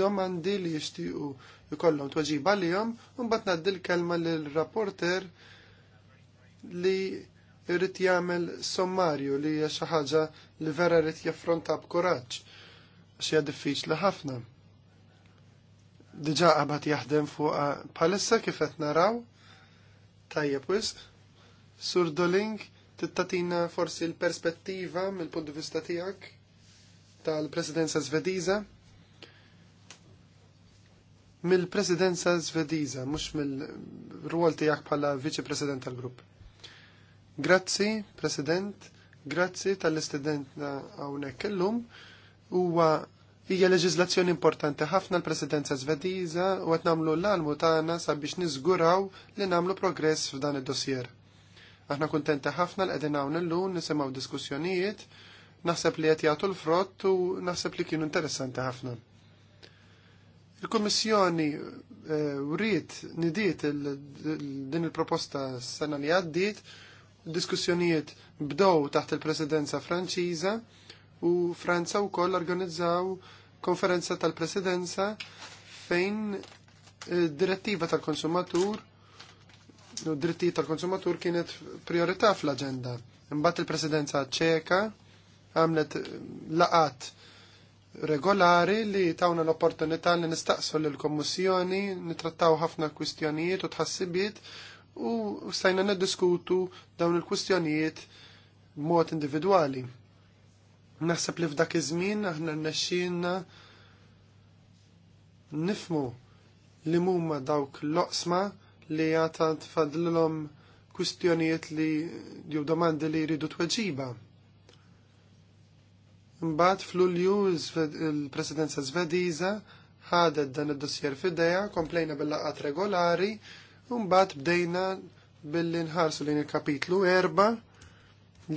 domandi li jixtiequ jikollom tweġiba għalihom, mbagħad ngħaddi l-kelma lill-rapporter li rrit jagħmel sommarju li hija xi ħaġa li vera rrit jaffronta b'kuraġġ xie hija diffiċli ħafna. Diġà qabad jaħdem fuq palissa kif qed naraw Tajjeb wis, Sur Doling, tittatina forsi l-perspettiva mill-punt di vista tiegħek tal-Presidenza svediza. Mill-Presidenza svediza, mhux mill ruol tiegħek bħala Viċi President tal-Grupp. Grazzi, President, grazzi tal-istudent hawnhekk illum. Huwa Hija leġizlazzjoni importanti ħafna l-Presidenza Svediża u qed nagħmlu l-almu tagħna sabiex niżguraw li nagħmlu progress f'dan id-dossier. Aħna kuntenti ħafna l qegħdin hawn illum nisimgħu diskussjonijiet, naħseb li qed jagħtu l-frott u naħseb li kienu interessanti ħafna. Il-Kummissjoni eh, wrid nidiet din il-proposta s-sena li għaddiet, diskussjonijiet bdow taħt il-Presidenza Franċiża u Franza wkoll organizzaw konferenza tal-presidenza fejn eh, direttiva tal-konsumatur u dritti tal-konsumatur kienet priorità fl-agenda. Imbagħad il-presidenza ċeka għamlet eh, laqat regolari li tawna l-opportunità li nistaqsu l-Kommissjoni, nitrattaw ħafna kwistjonijiet u tħassibiet u stajna niddiskutu dawn il-kwistjonijiet b'mod individwali. Naħseb li f'dak iż-żmien aħna nnexxin nifmu li mumma dawk l-oqsma li jata tfadlilhom kustjonijiet li jew domandi li jridu tweġiba. Mbagħad f'Lulju il-Presidenza Zvediża ħadet dan id-dossier f'idejha, komplejna bil-laqat regolari, u mbagħad bdejna billi nħarsu lejn il-kapitlu erba'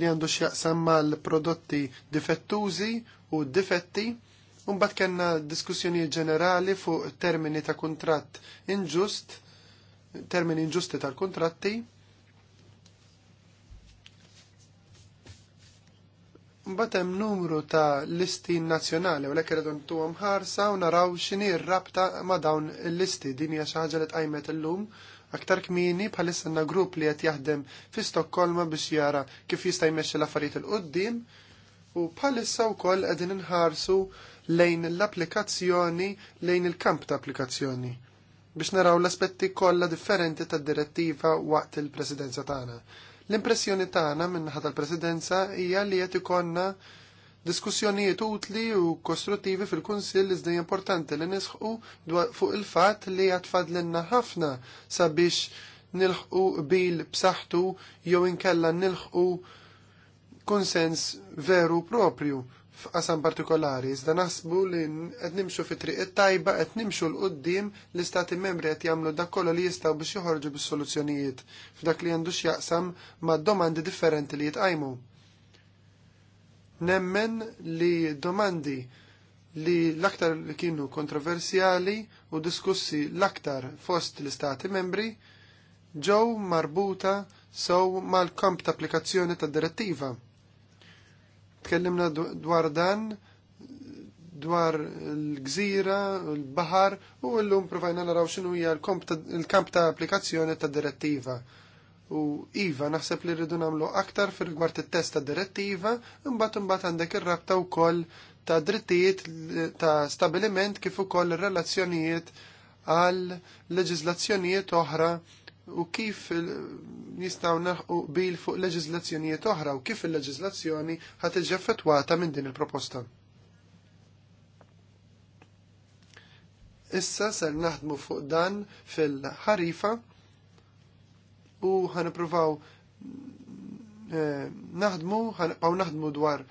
li għandu x'jaqsam mal-prodotti difettużi u difetti. Umbat kena diskussjoni ġenerali fuq termini ta' kontrat inġust, termini inġusti tal-kontratti. Mbagħad hemm numru ta' listi nazzjonali u lek irid ntuhom ħarsa u naraw x'inhi r-rabta ma' dawn il-listi din hija xi ħaġa li tqajmet illum Aktar kmini bħalissa għandna grupp li qed jaħdem fi Stokkolma biex jara kif jista' jmexxi l-affarijiet il qudiem u bħalissa wkoll qegħdin inħarsu lejn l-applikazzjoni lejn il-kamp ta' applikazzjoni biex naraw l-aspetti kollha differenti tad-direttiva waqt il-presidenza tagħna. L-impressjoni tagħna minnaħa tal-presidenza hija li qed ikonna Diskussjonijiet utli u kostruttivi fil-Kunsill iżda importanti li nisħu fuq il-fatt li l-inna ħafna sabiex nilħu bil b'saħħtu jew inkella nilħu konsens veru propju f'qasam partikolari, iżda naħsbu li qed nimxu fi triq it-tajba qed nimxu l qudiem l-istati membri qed jagħmlu dak kollu li jistgħu biex joħorġu bis-soluzzjonijiet f'dak li għandu x'jaqsam mad domandi differenti li jitqajmu. Nemmen li domandi li l-aktar li kienu kontroversjali u diskussi l-aktar fost l-istati membri ġew marbuta sew mal komp ta' applikazzjoni ta' direttiva. Tkellimna dwar dan dwar l-gżira, l-bahar u l-lum provajna naraw xinu hija l-kamp ta' applikazzjoni ta' direttiva U Iva naħseb li rridu nagħmlu aktar fir rigward it-testa direttiva, imbagħad imbagħad għandek ir-rabta wkoll ta' drittijiet ta' stabiliment kif ukoll relazzjonijiet għal leġiżlazzjonijiet oħra u kif nistaw naħu bil fuq leġizlazzjonijiet oħra u kif il-leġizlazzjoni ħat effettwata minn din il-proposta. Issa ser naħdmu fuq dan fil-ħarifa u ħanipruvaw eh, naħdmu, għaw naħdmu dwar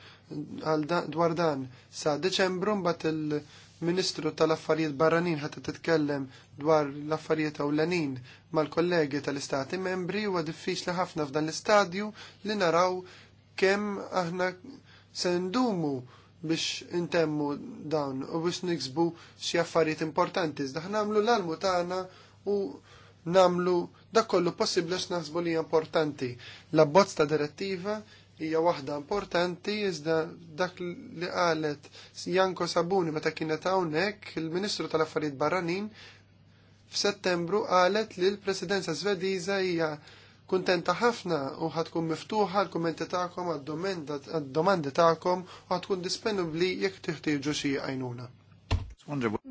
dwar dan sa Deċembru mbagħad il-Ministru tal-Affarijiet Barranin ħadd titkellem dwar l-affarijiet ewlenin mal-kollegi tal-Istati membri u diffiċli ħafna f'dan l-istadju li naraw kemm aħna se ndumu biex intemmu dawn u biex niksbu xi affarijiet importanti. Iżda għamlu l-almu tagħna u namlu dak kollu possibbli naħsbu li importanti. L-abbozz ta' direttiva hija waħda importanti iżda dak li qalet Janko Sabuni meta kienet hawnhekk il-Ministru tal-Affarijiet Barranin f'Settembru qalet li l-Presidenza Svediża hija kuntenta ħafna u ħatkun miftuħa l-kummenti tagħkom għad-domandi tagħkom u ħatkun disponibbli jekk tiħtieġu xi għajnuna.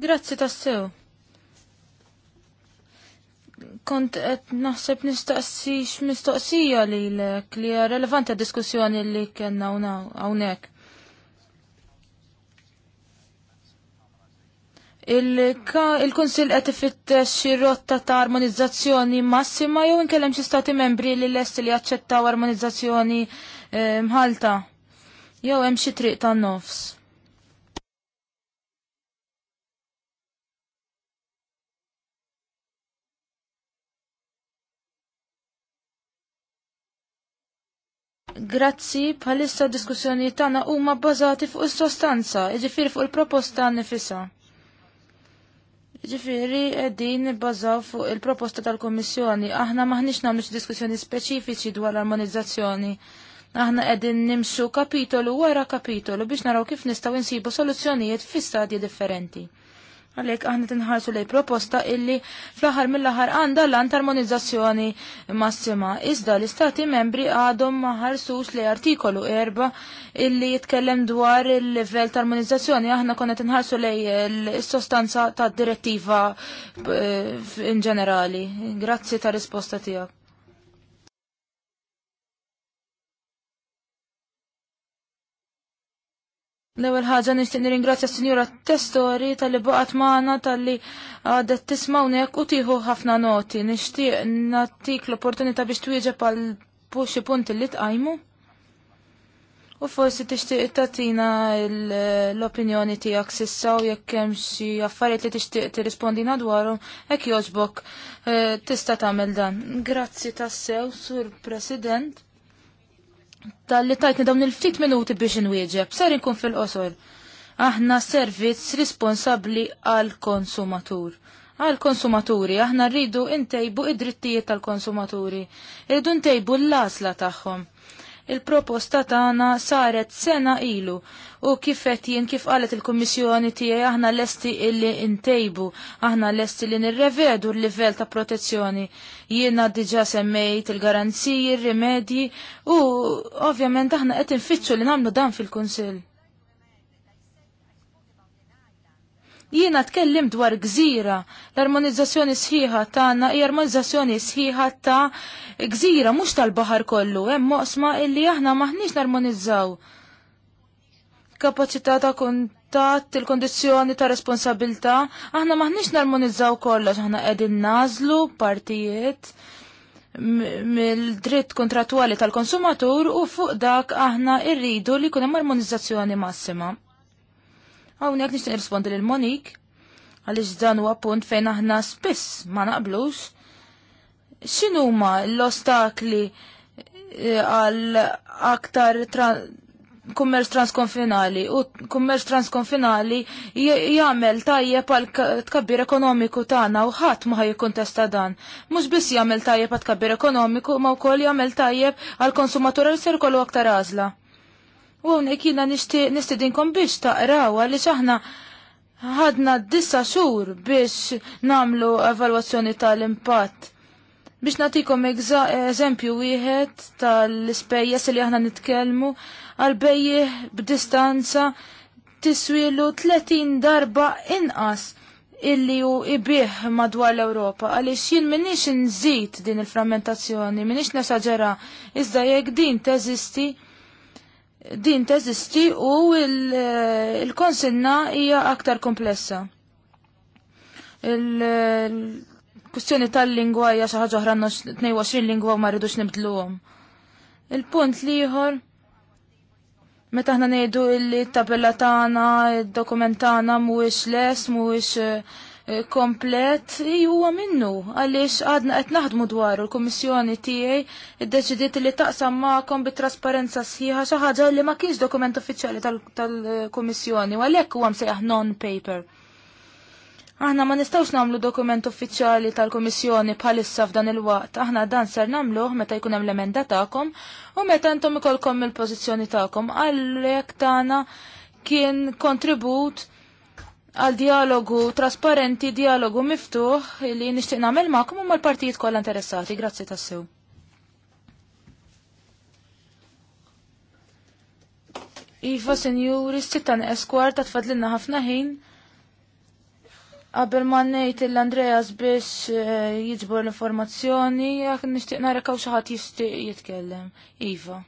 Grazzi tassew kont qed naħseb nistaqsix mistoqsija lilek li hija relevanti diskussjoni li kellna hawnhekk. Il-Kunsil qed ifittex xi rotta ta' armonizzazzjoni massima jew inkellem xi stati membri li lest li jaċċettaw armonizzazzjoni eh, mħalta. Jew hemm xi triq tan-nofs. Grazzi, bħalissa diskussjoni tagħna huma bbażati fuq is-sostanza, iġifiri fuq il-proposta nifisa. Jiġifieri qegħdin nibbażaw fuq il-proposta tal-Kummissjoni. Aħna maħniex namlu diskussjoni speċifiċi dwar l-armonizzazzjoni. Aħna qegħdin nimxu kapitolu wara kapitolu biex naraw kif nistgħu insibu soluzzjonijiet fi stadji differenti. Għalek aħna tinħarsu lej proposta illi fl ħar mill ħar għanda l armonizzazzjoni massima. Iżda l-istati membri għadhom maħarsux lej artikolu erba' illi jitkellem dwar il-level armonizzazzjoni Aħna konna tinħarsu lej l-sostanza ta' direttiva eh, in ġenerali. Grazzi ta' risposta tijak. L-ewwel ħaġa nixtieq nirringrazzja s-Sinjura Testori tal-li baqgħet magħna tal-li għadet tisma' hawnhekk u tieħu ħafna noti. Nixtieq nagħtik l-opportunità biex twieġeb għal xi punti li tqajmu. U forsi tixtieq tagħtina l-opinjoni tiegħek sissa u jekk hemm xi affarijiet li tixtieq tirrispondina dwarhom hekk jogħġbok eh, tista' tagħmel dan. Grazzi tassew, Sur President tal-li tajtni dawn il-ftit minuti biex nwieġeb, ser inkun fil-qosor. Aħna servizz responsabli għal-konsumatur. Għal-konsumaturi, aħna rridu intejbu id-drittijiet tal-konsumaturi, rridu intejbu l-lasla tagħhom il-proposta tagħna saret sena ilu u kifet jien kif qalet il-Kummissjoni tiegħi aħna lesti illi intejbu, aħna lesti li nirrevedu l-livell ta' protezzjoni. Jiena diġa' semmejt il-garanziji, il-rimedji u ovvjament aħna qed infittxu li nagħmlu dan fil-Kunsill. Jiena tkellim dwar gżira, l-armonizzazzjoni sħiħa tagħna hija armonizzazzjoni sħiħa ta' gżira mhux tal-baħar kollu, hemm moqsma illi aħna maħniex narmonizzaw. Kapaċità ta' kuntatt, il-kondizzjoni ta' responsabilità, aħna maħniex narmonizzaw kollox, aħna qegħdin nażlu partijiet mill-dritt kontratwali tal-konsumatur u fuq dak aħna irridu li kunem armonizzazzjoni massima. Hawnhekk nixtieq nirrispondi lil Monik għaliex dan huwa punt fejn aħna spiss ma naqblux. X'inhuma l-ostakli e, għal aktar kummers transkonfinali u kummers transkonfinali jagħmel tajjeb għal tkabbir ekonomiku tagħna u ħadd ma kontesta dan. Mhux biss jagħmel tajjeb għal tkabbir ekonomiku ma wkoll jagħmel tajjeb għal konsumatur li ser kollu aktar għażla. U għonek jina nistidinkom biex taqraw għalli xaħna ħadna dissa xur biex namlu evalwazzjoni tal-impatt. Biex natikom eżempju wieħed tal-spejjes li aħna nitkellmu għal b'distanza tiswilu 30 darba inqas illi ju ibih madwar l-Europa, għalix jien minix nżid din il-frammentazzjoni, minix nesagġera, iżda jekk din teżisti, din teżisti u eh, il-konsenna hija aktar komplessa. Il-kustjoni tal-lingwa hija xi ħaġa oħra 22 lingwa u ma rridux nibdluhom. Il-punt liħor meta aħna ngħidu li t-tabella tagħna, id-dokument tagħna mhuwiex les, mhuwiex eh, Eh, komplet juwa minnu għaliex għadna qed naħdmu dwaru l-Kummissjoni tiegħi iddeċidiet li taqsam magħkom bit-trasparenza sħiħa xi ħaġa li ma kienx dokument uffiċjali tal-Kummissjoni u għalhekk huwa non-paper. Aħna ma nistgħux nagħmlu dokument uffiċjali tal-Kummissjoni bħalissa f'dan il-waqt. Aħna dan ser namlu meta jkun hemm l-emenda tagħkom u meta intom ikolkom il-pożizzjoni tagħkom għalhekk tagħna kien kontribut għal dialogu trasparenti, dialogu miftuħ li nishtiq nagħmel magħkom u mal-partijiet kollha interessati. Grazzi tassew. Iva senjuri, sittan eskwar ta' tfadlinna ħafna ħin. Qabel ma ngħid l-Andreas biex eh, jiġbor l-informazzjoni, għak nixtieq narakaw xaħat xi ħadd jitkellem. Iva.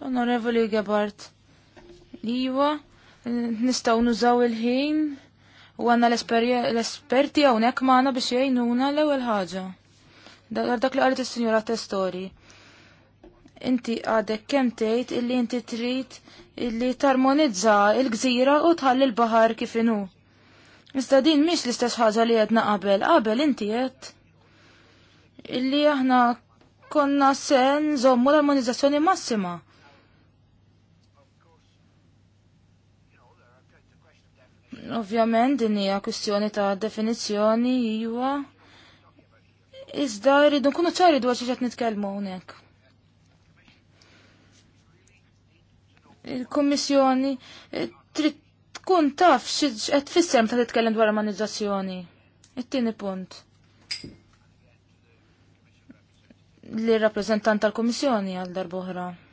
Onorevoli Gebart, Iva, nistaw nużaw il-ħin u għanna l-esperti nek maħna biex jajnuna l-ewel ħagġa. Dak li għalit il-Sinjora Testori. Inti għadek kem tgħid illi inti trid illi tarmonizza il-gżira u tħalli l-bahar kif inhu. Iżda din mhix l-istess ħaġa li għedna qabel, qabel inti għed. illi aħna konna sen zommu l-armonizzazzjoni massima. Ovvjament din hija kwistjoni ta' definizzjoni iwa. Iżda rridu nkunu ċari dwar xi qed nitkellmu hawnhekk. Il-Kummissjoni eh, trid tkun taf x'qed tfisser meta titkellem dwar armonizzazzjoni. It-tieni punt. Li rappreżentant tal-Kummissjoni għal darbohra. oħra.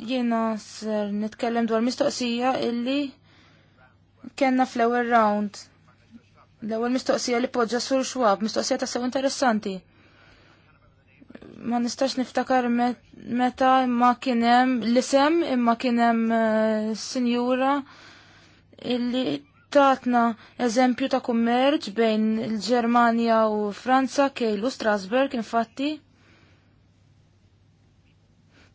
Jiena ser nitkellem dwar mistoqsija illi kenna fl-ewwel round. L-ewwel mistoqsija li poġġa sur xwab, mistoqsija ta' sew interessanti. Ma nistax niftakar meta ma kien hemm l-isem imma kien hemm uh, sinjura illi tatna eżempju ta' kummerġ bejn il-Ġermanja u Franza kejlu Strasberg infatti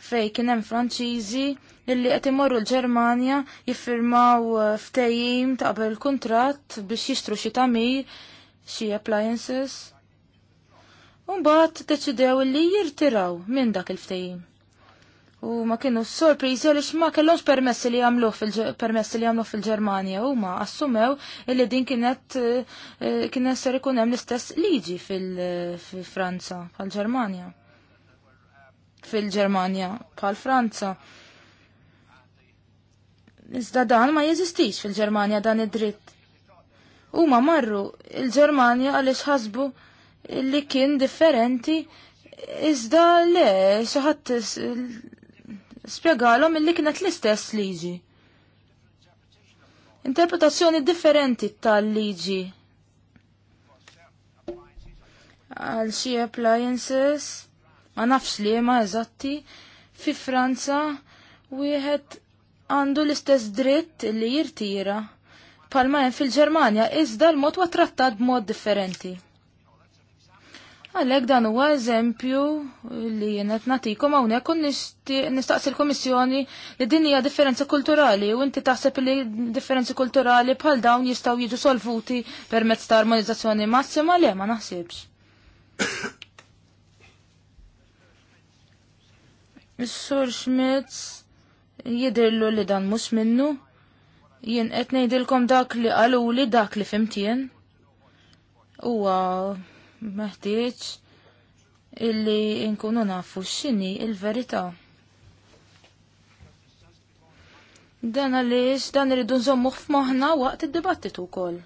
fej kien hemm Franċiżi illi qed imorru l-Ġermanja jiffirmaw uh, ftehim ta' qabel kuntratt biex jixtru xi tamir, xi appliances. Umbagħad deċidew illi jirtiraw minn dak il ftehim U ma kienu sorpriżi għaliex ma kellhomx permessi li jagħmlu permessi li jagħmlu fil-Ġermanja huma assumew illi din kienet eh, kien ser ikun hemm l-istess liġi fil-Franza bħal-Ġermanja fil-Ġermanja pal Franza. Iżda dan ma jeżistix fil-Ġermanja dan id-dritt. Huma marru il-Ġermanja għaliex ħasbu li kien differenti iżda le xi ħadd spjegalhom illi kienet l-istess liġi. Interpretazzjoni differenti tal-liġi għal xi appliances ma nafx li ma eżatti, fi Franza wieħed għandu l-istess dritt li jirtira palma hemm fil-Ġermanja iżda l-mod wa trattat b'mod differenti. Għalhekk dan huwa eżempju li jien qed nagħtikom hawnhekk nistaqsi l-Kummissjoni li din hija differenza kulturali u inti taħseb li differenzi kulturali bħal dawn jistgħu jiġu solvuti permezz ta' armonizzazzjoni massima li ma naħsibx. Is-sur Schmitz jidirlu li dan mhux minnu. Jien qed ngħidilkom dak li qalu li dak li fimtien. Huwa meħtieġ illi nkunu nafu x'inhi il-verità. Dan għaliex dan irridu nżommu f'moħħna waqt id-dibattitu wkoll.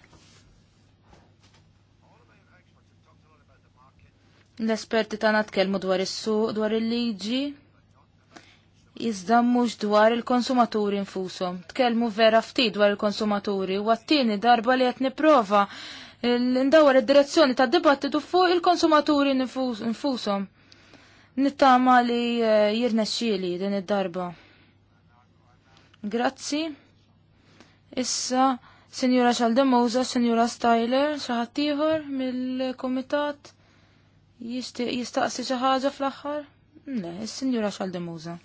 L-esperti tagħna tkellmu dwar is-suq, dwar il-liġi, iżda mhux dwar il-konsumaturi nfushom. Tkellmu vera ftit dwar il-konsumaturi u għattini darba li qed nipprova l-indawar id-direzzjoni ta' dibattitu fuq il-konsumaturi nfushom. Nittama li eh, jirnexxieli din id-darba. Grazzi. Issa, Senjura Xaldemoza, Senjura Styler, xaħatiħor mill-komitat jistaqsi xaħġa fl-axħar? Le, Senjura Xaldemoza.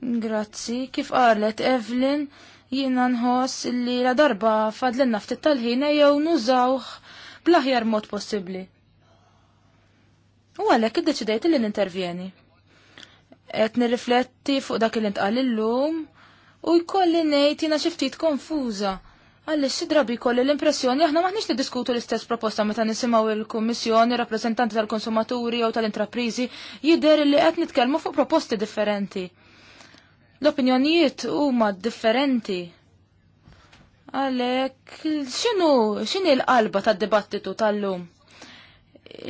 Grazzi, kif qalet Evelyn, jiena nħoss li la darba fadlinna nafti tal-ħin jew nużawh bl-aħjar mod possibbli. U għalhekk iddeċidejt li n-intervjeni. Qed nirrifletti fuq dak li ntqal illum u jkolli nejt jina xi ftit konfuża. x drabi kolli l-impressjoni aħna maħniex diskutu l-istess proposta meta nisimaw il-Kummissjoni, rappresentanti tal-konsumaturi jew tal-intraprizi, jidher li qed nitkellmu fuq proposti differenti. L-opinjonijiet huma differenti. Għalek, xinu, xini l-qalba tad dibattitu tal-lum?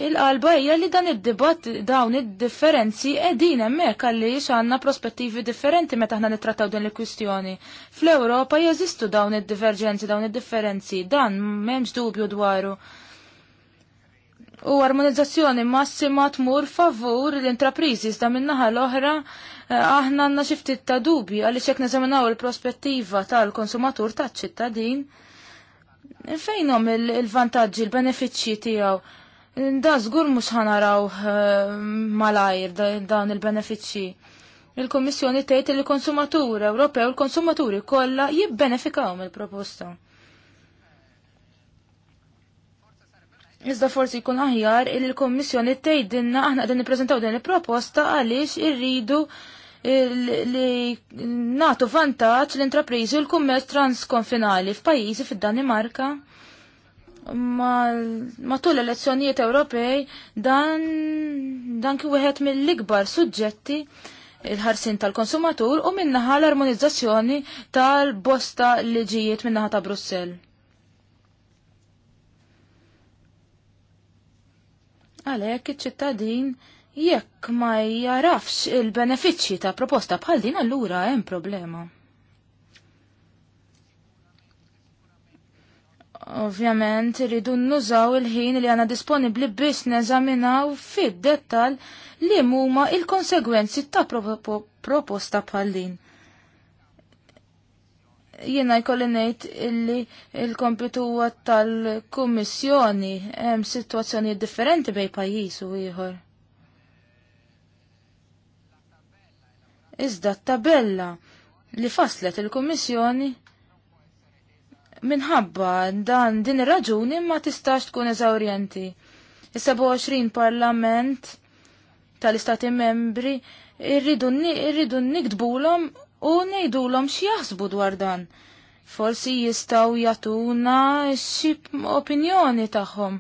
Il-qalba hija li dan id-dibatt dawn id-differenzi qegħdin hemmhekk għaliex għandna prospettivi differenti meta aħna nittrattaw din il-kwistjoni. Fl-Ewropa jeżistu dawn id-diverġenzi, dawn id-differenzi, dan m'hemmx dubju dwaru. U armonizzazzjoni massima tmur favur l-intrapriżi da min-naħa l-oħra aħna għandna xi ftit ta' dubi għaliex hekk neżaminaw il-prospettiva tal-konsumatur taċ-ċittadin fejnhom il-vantaġġi, il-benefiċċji tiegħu. Da zgur mhux ħanaraw eh, malajr dawn il-benefiċċji. il komissjoni tgħid li l-konsumatur Ewropew il-konsumaturi kollha jibbenefikaw mill-proposta. Iżda forsi jkun aħjar il-Kommissjoni tgħidilna aħna qegħdin nippreżentaw din il-proposta għaliex irridu il li natu vantaġġ l-intrapriżi u l-kummerċ transkonfinali f'pajjiżi fid-Danimarka. Matul l-elezzjonijiet Ewropej dan dan kien wieħed mill-ikbar suġġetti il-ħarsin tal-konsumatur u minnaħa l-armonizzazzjoni tal-bosta liġijiet minnaħa ta' Brussell. Għalhekk iċ-ċittadin Jekk ma jarafx il-benefiċċji ta' proposta bħal din allura hemm problema. Ovvjament, irridu nużaw il-ħin li għana disponibli biss neżaminaw fid-dettal li huma il-konsegwenzi ta' proposta bħal din jiena jkolli ngħid illi l kompitu tal-kummissjoni hemm sitwazzjoni differenti bejn pajjiż u ieħor. Iżda t-tabella li faslet il-Kummissjoni minħabba dan din ir-raġuni ma tistax tkun eżawrjenti. Is-27 parlament tal-istati membri irridu nikdbulhom u ngħidulhom jaħsbu dwar dan. Forsi jistgħu jagħtuna xi opinjoni tagħhom.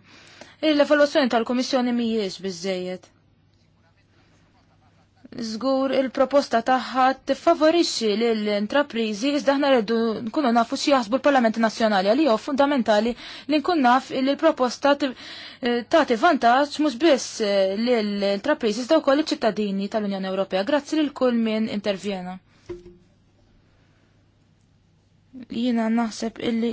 Il-evaluazzjoni tal-Kummissjoni mhijiex biżejjed. Zgur il-proposta taħħa tiffavorixxi lill-intrapriżi iżda aħna rridu nkunu nafu xi jaħsbu l-Parlament Nazzjonali għalijo fundamentali li nkun naf li l-proposta tagħti vantaġġ mhux biss lill-intrapriżi iżda wkoll iċ-ċittadini tal-Unjoni Ewropea. Grazzi lil kull min intervjena. Jiena naħseb illi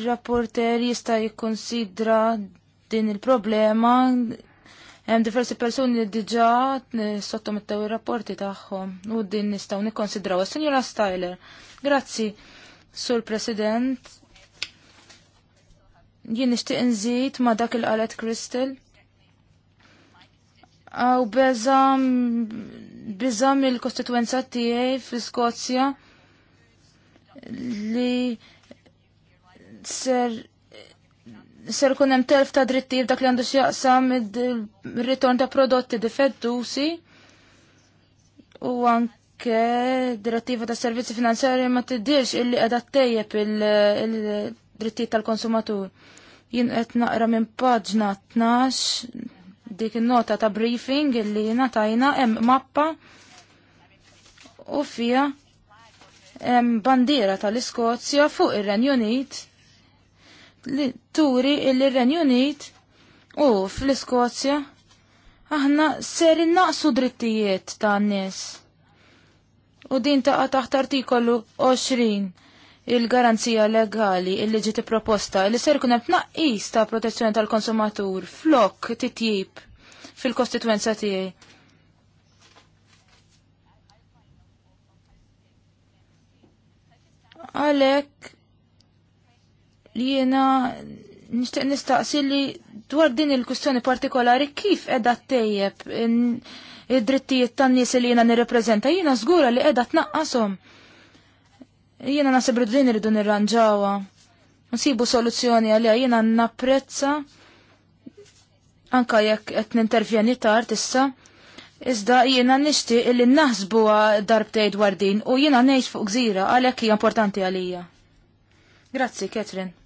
il-rapporter jista' jikkonsidra din il-problema Hemm diversi persuni li diġà sottomettew ir-rapporti tagħhom u din nistgħu nikkonsidraw. Sinjura Styler, grazzi sur President. Jien nixtieq inżid ma' dak il-qalet Crystal. Aw beżam biżam il-kostituenza tiegħi fl-Skozja li ser ser kun hemm telf ta' drittiv dak li għandu x'jaqsam ir-ritorn ta' prodotti difettusi u anke direttiva ta' servizzi finanzjarji ma tiddirx illi qiegħda tejjeb il-drittijiet tal-konsumatur. Jien qed naqra minn paġna 12 dik in-nota ta' briefing illi ngħatajna hemm mappa u fija hemm bandiera tal-Iskozja fuq ir-Renju Unit li turi il-Renju Unit u fl-Iskozja aħna ser innaqsu drittijiet ta' nies. U din taqa taħt artikolu 20 il-garanzija legali illi ġiet proposta li ser kunem tnaqqis ta' protezzjoni tal-konsumatur flok titjib fil-kostituenza tiegħi. Għalhekk li jena nishtiq nistaqsi li dwar din il-kustjoni partikolari kif edha tejjeb id-drittijiet tan-nies li jena nirrepreżenta jena żgura li edha tnaqqashom. Jena nasib li din irridu nirranġawha. Nsibu soluzzjoni għalija jena napprezza anka jekk qed nintervjeni tard issa. Iżda jiena nixtieq illi naħsbu darbtej dwar din u jiena ngħix fuq gżira għalhekk hija importanti għalija. Grazzi, Catherine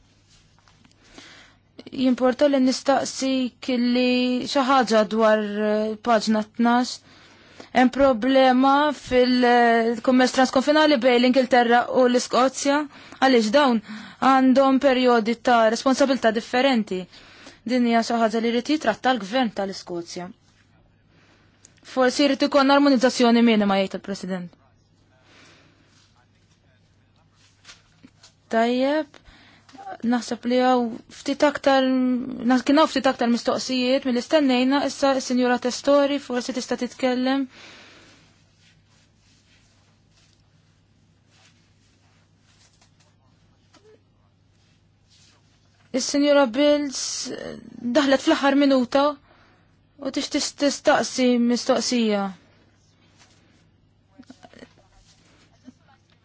jimporta li nistaqsi li xaħġa dwar eh, paġna 12. Hemm problema fil kummers transkonfinali bejn l-Ingilterra u l-Iskozja għaliex dawn għandhom perjodi ta' responsabilità differenti. Din hija xi ħaġa li jrid jitratta l-Gvern tal-Iskozja. Forsi jrid ikun armonizzazzjoni minima jgħid il-President. Tajjeb naħseb li għaw ftit aktar, kien għaw ftit aktar mistoqsijiet, mill-istennejna, issa s-senjura testori, forsi tista' titkellem. Is-senjura Bills eh, daħlet fl-aħħar minuta u tix tistaqsi mistoqsija.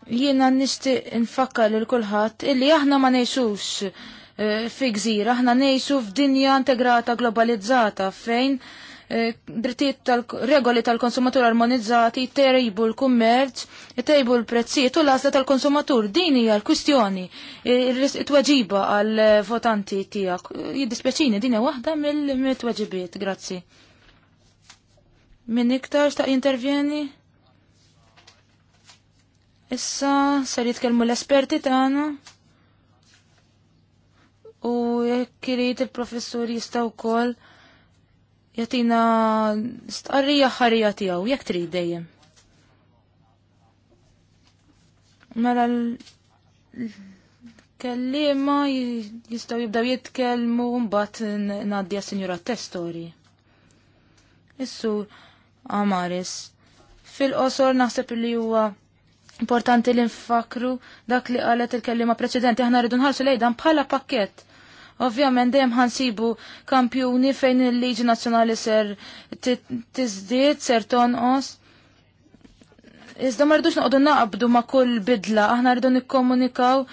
Jiena nisti nfakka lil kulħadd illi aħna ma nejsux eh, fi gżir, aħna nejsu f'dinja integrata globalizzata fejn eh, drittijiet tal-regoli tal-konsumatur armonizzati terejbu l-kummerċ, terejbu l-prezzijiet u l-asla tal-konsumatur. Din hija l-kwistjoni, it-tweġiba għal-votanti tiegħek. Jiddispjaċini, din hija waħda mill-tweġibiet, grazzi. Min iktar sta' intervjeni? Issa ser jitkellmu l-esperti tagħna u jekk irid il-professur jistgħu wkoll jagħtina stqarrija ħarija tiegħu jekk trid dejjem. Mela l-kellima jistgħu jibdaw jitkellmu mbagħad ngħaddi għas-Sinjura Testori. is Amaris fil-qosor naħseb li huwa Importanti li nfakru dak li qalet il-kellima preċedenti aħna rridu nħarsu lejdan bħala pakkett. Ovvjament dejjem ħansibu kampjuni fejn il-Liġi Nazzjonali ser tiżdied ser tonqos Iżda ma rridux noqogħdu naqbdu ma' kull bidla, aħna rridu nikkomunikaw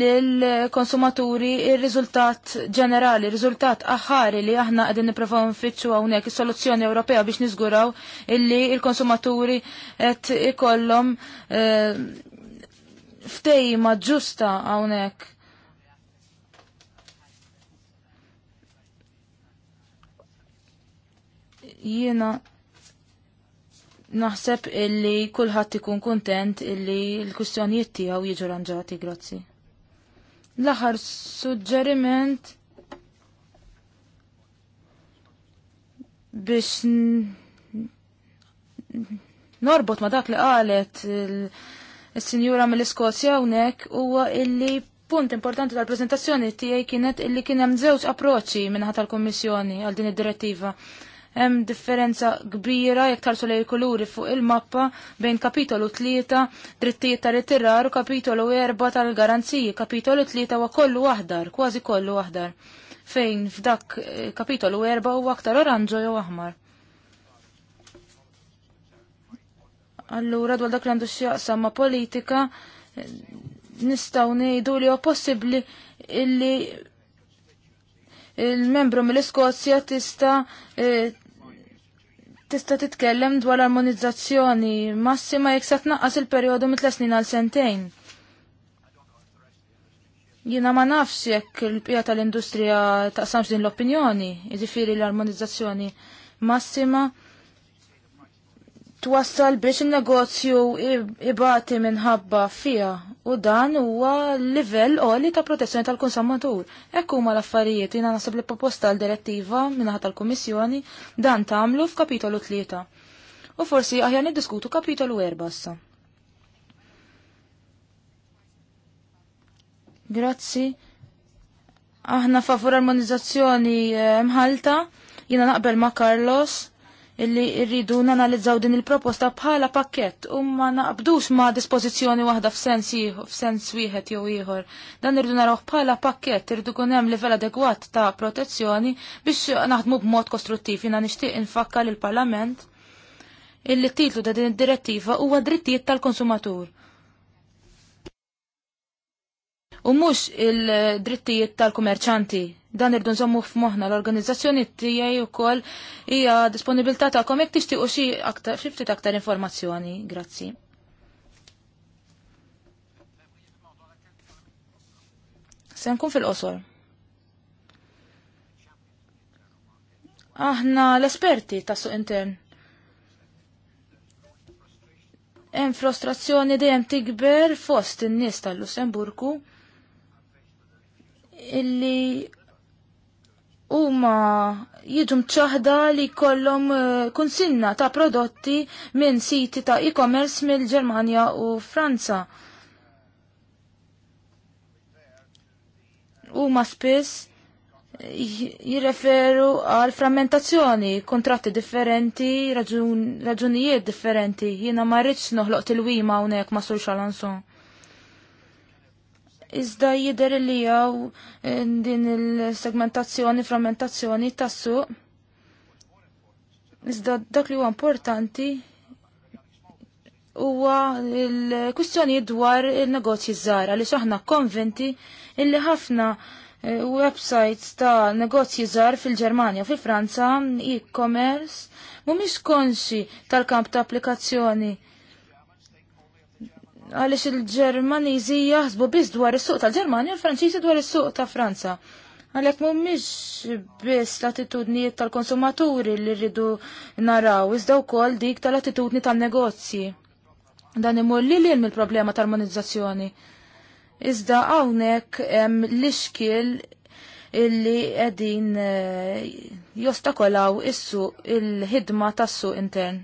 lill-konsumaturi il riżultat ġenerali, riżultat aħħari li aħna qegħdin niprofaw nfittxu hawnhekk is-soluzzjoni Ewropea biex niżguraw illi il-konsumaturi qed eh, ftej ma ġusta hawnhekk. Jena. You know naħseb illi kulħadd ikun kuntent illi l-kustjonijiet tiegħu jiġu ranġati, grazzi. L-aħħar suġġeriment biex norbot ma dak li qalet il-sinjura mill-Iskozja hawnhekk huwa illi punt importanti tal-preżentazzjoni tiegħi kienet illi kien hemm żewġ approċċi minħata tal-Kummissjoni għal din id-direttiva hemm differenza kbira jekk tarsu lej kuluri fuq il-mappa bejn kapitolu 3 drittijiet ta' ritirar u kapitolu 4 tal-garanziji, kapitolu 3 wa kollu aħdar, kważi kollu aħdar. Fejn f'dak eh, kapitolu 4 huwa aktar oranġo jew aħmar. Allura dwar dak li għandu x'jaqsam ma' politika nistgħu ngħidu li huwa possibbli illi il-membru mill-Iskozja tista' eh, tista' titkellem dwar armonizzazzjoni massima jekk se tnaqqas il-perjodu mitla snin għal sentejn. Jiena ma nafx jekk il bqija tal-industrija taqsamx din l-opinjoni, jiġifieri l-armonizzazzjoni massima twassal biex il-negozju ibati minħabba fija u dan huwa livell għoli ta' protezzjoni tal-konsumatur. Ekk huma l-affarijiet jiena nasib li proposta l-direttiva minnaħat tal-Kummissjoni dan tagħmlu f'kapitolu 3. U forsi aħjar niddiskutu kapitolu 4 bassa. Grazzi. Aħna favur armonizzazzjoni eh, mħalta, jiena naqbel ma' Carlos illi rridu nanalizzaw din il-proposta bħala pakkett u ma naqbdux ma dispożizzjoni waħda f'sens f'sens wieħed jew ieħor. Dan irridu naraw bħala pakkett irridu kun hemm livell adegwat ta' protezzjoni biex naħdmu b'mod kostruttiv jiena nixtieq infakka il parlament illi titlu ta' din id-direttiva huwa drittijiet tal-konsumatur. U mhux il-drittijiet tal-kummerċanti dan irdu nżommu f'moħna l-organizzazzjoni tiegħi wkoll hija disponibilità tagħkom jekk tixtiequ xi aktar xi ftit aktar informazzjoni. Grazzi. Se nkun fil-qosor. Aħna l-esperti ta' su intern. Hemm frustrazzjoni dejjem tikber fost in-nies tal lussemburku illi huma jiġu mċaħda li kollhom eh, kunsinna ta' prodotti minn siti ta' e-commerce mill-Ġermanja u Franza. Huma spiss eh, jirreferu għal frammentazzjoni, kontratti differenti, raġunijiet differenti. Jiena ma rridx noħloq til-wima hawnhekk ma' Sur anson. Iżda jider li jew eh, din il-segmentazzjoni, frammentazzjoni tas-suq. Iżda dak li huwa importanti huwa l-kwistjoni dwar il-negozji żgħar għaliex aħna konventi illi ħafna eh, websites ta' negozji żgħar fil-Ġermanja u fil-Franza e-commerce mhumiex konxi tal-kamp ta' applikazzjoni għaliex il-Ġermaniżi jaħsbu biss dwar is-suq tal ġermani u l-Franċiżi dwar is-suq ta' Franza. Għalhekk mhumiex biss l-attitudnijiet tal-konsumaturi li rridu naraw, iżda wkoll dik tal-attitudni tan-negozji. Dan imur li lil il problema tal-armonizzazzjoni. Iżda hawnhekk hemm l-ixkil illi qegħdin eh, jostakolaw is-suq il-ħidma tas-suq intern.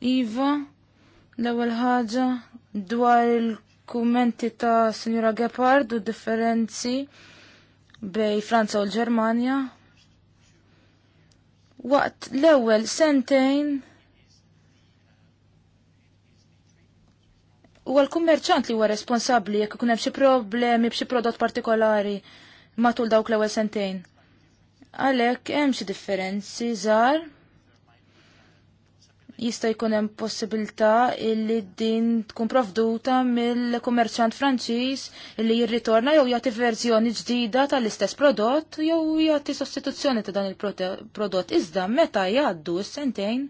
Iva, l-ewwel ħaġa dwar il-kummenti ta' Sinjura Gepard u differenzi bej Franza u l-Ġermanja. Waqt l-ewwel sentejn huwa l-kummerċant li huwa responsabbli jekk ikun hemm xi problemi b'xi prodott partikolari matul dawk l-ewwel sentejn. Għalhekk hemm xi differenzi żgħar jista' jkun hemm possibilità li din tkun provduta mill-kummerċant Franċiż li jirritorna jew jagħti verżjoni ġdida tal-istess prodott jew jagħti sostituzzjoni ta' dan il-prodott iżda meta jgħaddu s-sentejn.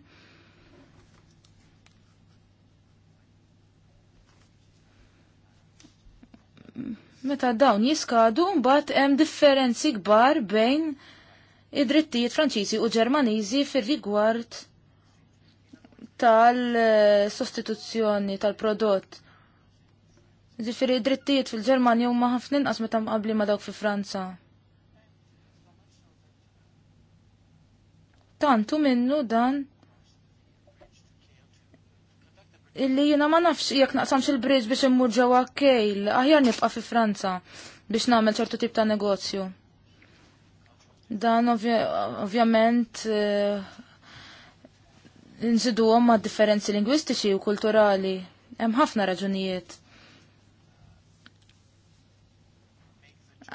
Meta dawn jiskadu mbagħad hemm differenzi kbar bejn id-drittijiet Franċiżi u Ġermaniżi fir-rigward tal-sostituzzjoni tal-prodott. Ġifiri drittijiet fil ġermani huma ħafna inqas meta mqabbli ma dawk fi Franza. Tantu minnu dan illi jina ma nafx jekk naqsamx il-bridge biex immur ġewwa kejl, aħjar nibqa' fi Franza biex nagħmel ċertu tip ta' negozju. Dan ovvjament eh, nżidu għomma differenzi lingwistiċi u kulturali. Hemm ħafna raġunijiet.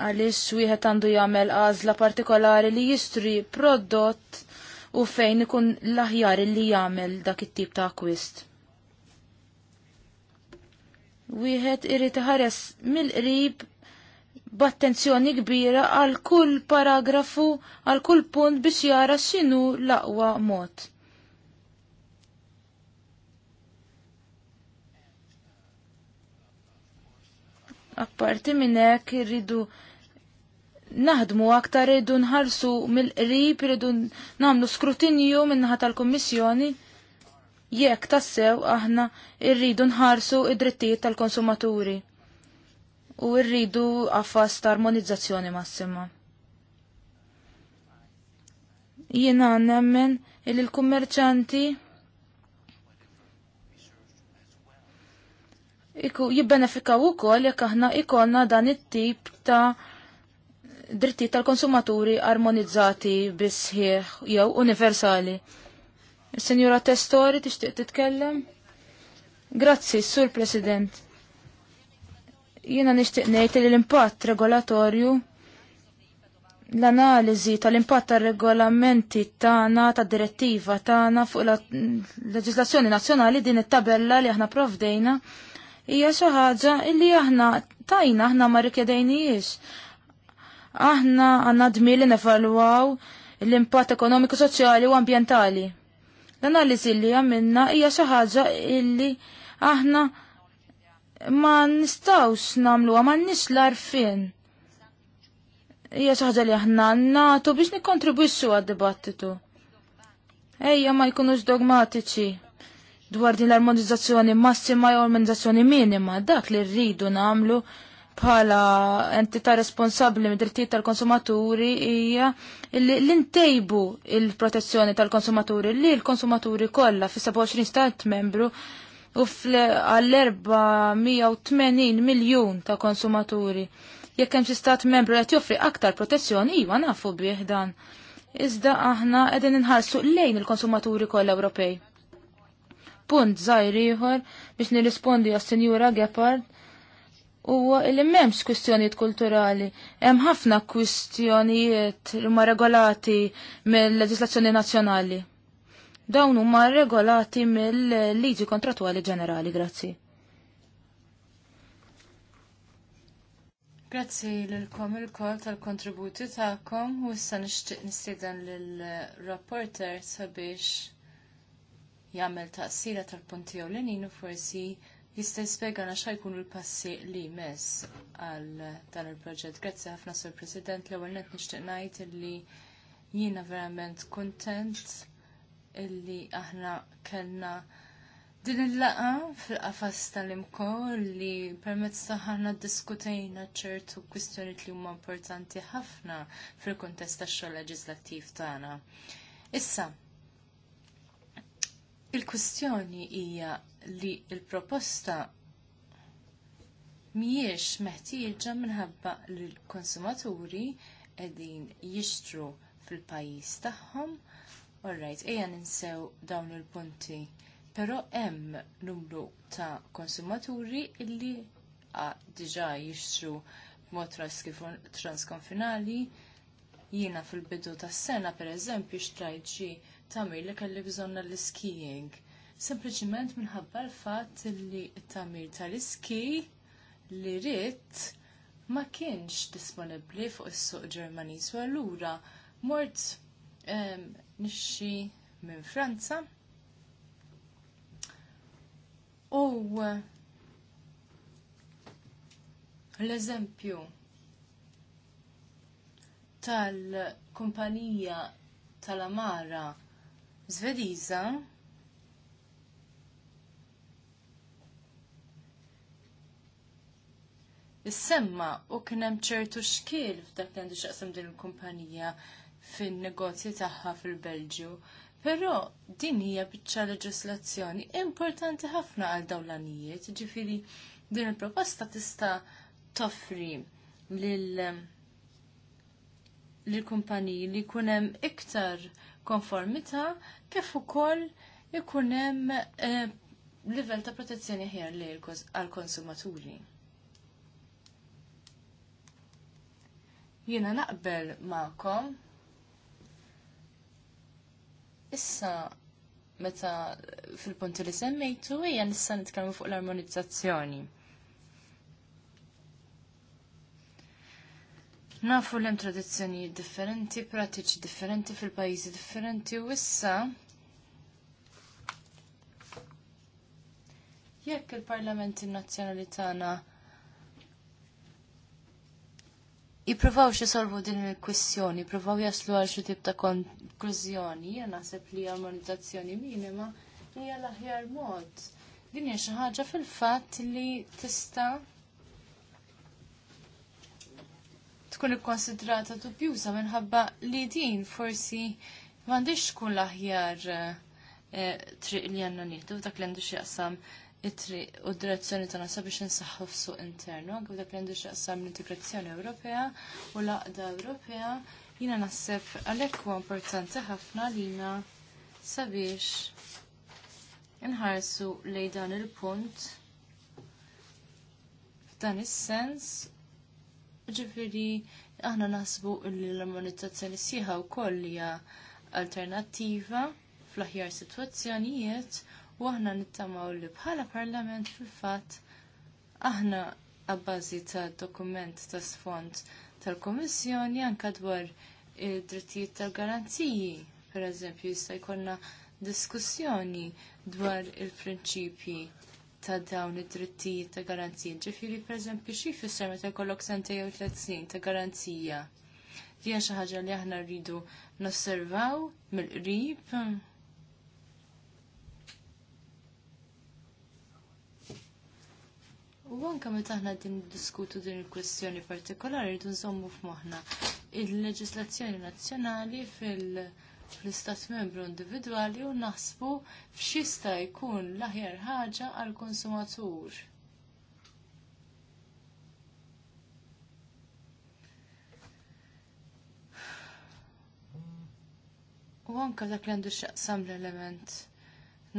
Għaliex wieħed għandu jagħmel għażla partikolari li jistri prodott u fejn ikun l-aħjar li jagħmel dak it-tip ta' akwist. Wieħed irid iħares mill-qrib b'attenzjoni kbira għal kull paragrafu, għal kull punt biex jara x'inhu l-aqwa mod. Apparti minn hekk irridu naħdmu aktar irridu nħarsu mill-qrib irridu nagħmlu skrutinju minnaħa tal-Kummissjoni jekk tassew aħna irridu nħarsu id-drittijiet tal-konsumaturi u rridu għaffas ta' armonizzazzjoni massima. Jiena nemmen il-kummerċanti il kummerċanti iku jibbenefikaw ukoll jekk aħna ikolna dan it-tip ta' dritti tal-konsumaturi armonizzati bisħieħ jew universali. Senjura Testori tixtieq titkellem? Grazzi, Sur President. Jiena nixtieq ngħid li l-impatt regolatorju l-analiżi tal-impatt tar-regolamenti tagħna tad-direttiva tagħna fuq la leġislazzjoni nazzjonali din it-tabella li aħna provdejna hija xi ħaġa illi aħna tajna aħna ma rikjedejniex. Aħna għandna dmir li nevalwaw l-impatt ekonomiku, soċjali u ambjentali. L-analiżi li għamilna hija xi ħaġa illi aħna ma nistawx namluha ma nix l-arfin. Hija xi ħaġa li aħna nagħtu biex nikkontribwixxu għad-dibattitu. Ejja ma jkunux dogmatiċi dwar din l-armonizzazzjoni massima jew armonizzazzjoni minima, dak li rridu namlu bħala entità responsabbli mid drittijiet tal-konsumaturi hija li ntejbu il-protezzjoni tal-konsumaturi li l-konsumaturi kollha fis 27 stat membru u għall-480 miljun ta' konsumaturi. Jekk hemm xi stat membru qed joffri aktar protezzjoni iva nafu bih dan. Iżda aħna qegħdin inħarsu lejn il-konsumaturi kollha Ewropej punt żgħir ieħor biex nirrispondi għas-Sinjura Gepard huwa li m'hemmx kwistjonijiet kulturali, hemm ħafna kwistjonijiet li huma regolati mill-leġislazzjoni nazzjonali. Dawn huma regolati mill-liġi kontratwali ġenerali, grazzi. Grazzi l-kom il-kol tal-kontributi ta'kom u issa nixtieq nistieden lil rapporter sabiex jagħmel taqsira tal-punti ewlenin u forsi jista' jispjegana xa jkunu l-passi li jmiss għal dan il-proġett. Grazzi ħafna sur President l-ewwel nett nixtieq ngħid illi jiena verament kuntent illi aħna kellna Din il laqgħa fil-qafas tal-imko li permezz aħna diskutejna ċertu kwistjonijiet li huma importanti ħafna fil-kontest tax-xogħol leġislattiv tagħna. Issa, Il-kwistjoni hija li il-proposta mhijiex meħtieġa minħabba li l-konsumaturi qegħdin jixtru fil-pajjiż tagħhom. Alright, ejja ninsew dawn il-punti. Però hemm numru ta' konsumaturi illi ah, diġà jixtru b'mod transkonfinali jiena fil-bidu tas-sena pereżempju xtrajt xi tamir li kelli bżonna l-skiing. Sempliċiment minħabba l-fatt li t-tamir tal-iski li rrit ma kienx disponibbli fuq is-suq Ġermaniż u allura mort nixxi minn Franza u l-eżempju tal-kumpanija tal-Amara Zvediza Is-semma u kien hemm ċertu xkiel f'dak li għandu x'aqsam din il-kumpanija fin-negozji tagħha fil-Belġju. Però din hija biċċa leġislazzjoni importanti ħafna għal dawlanijiet, ġifiri din il-proposta tista' toffri lil kumpaniji li jkun hemm iktar konformità kif ukoll ikun hemm eh, livell ta' protezzjoni ħjar li għal-konsumaturi. Jiena naqbel ma'kom issa meta fil-punti li semmejtu hija nista' nitkellmu fuq l-armonizzazzjoni. Nafu l-hemm tradizzjonijiet differenti, pratiċi differenti fil-pajjiżi differenti u issa jekk il-parlamenti nazzjonali tagħna Jipruvaw solvu din il-kwistjoni, jipruvaw jaslu għal xi tip ta' konklużjoni, jien naħseb li armonizzazzjoni minima hija l-aħjar mod. Din hija xi ħaġa fil-fatt li tista' tkun ikkonsidrata dubjuża minħabba li din forsi m'għandix tkun l-aħjar eh, triq li għandna nieħdu dak li għandu x'jaqsam it-triq u d-direzzjoni tagħna sabiex insaħħu f'suq internu, anke dak li għandu x'jaqsam l-integrazzjoni Ewropea u l-aqda Ewropea jiena naħseb għalhekk huwa importanti ħafna lina sabiex inħarsu lejn dan il-punt f'dan is-sens ġifiri aħna naħsbu li l ammonizzazzjoni sieħa wkoll hija alternattiva fl-aħjar sitwazzjonijiet u aħna nittamaw li bħala parlament fil-fatt aħna għabbażi ta' dokument ta' sfond tal-Komissjoni anka dwar id-drittijiet tal-garanziji, per eżempju, jista' jkollna diskussjoni dwar il-prinċipji ta' dawn id-drittijiet ta' garanzija. Ġifieri pereżempju xi jfisser meta jkollok sentej jew tliet snin ta' garanzija. Hija xi ħaġa li aħna rridu nosservaw mill-qrib. U anke meta aħna din diskutu din il-kwestjoni partikolari rridu nżommu f'moħħna il-leġislazzjoni nazzjonali fil- fl-istat membru individwali u naħsbu f'xista jkun l-aħjar ħaġa għall konsumatur U anke dak li għandu xaqsam l-element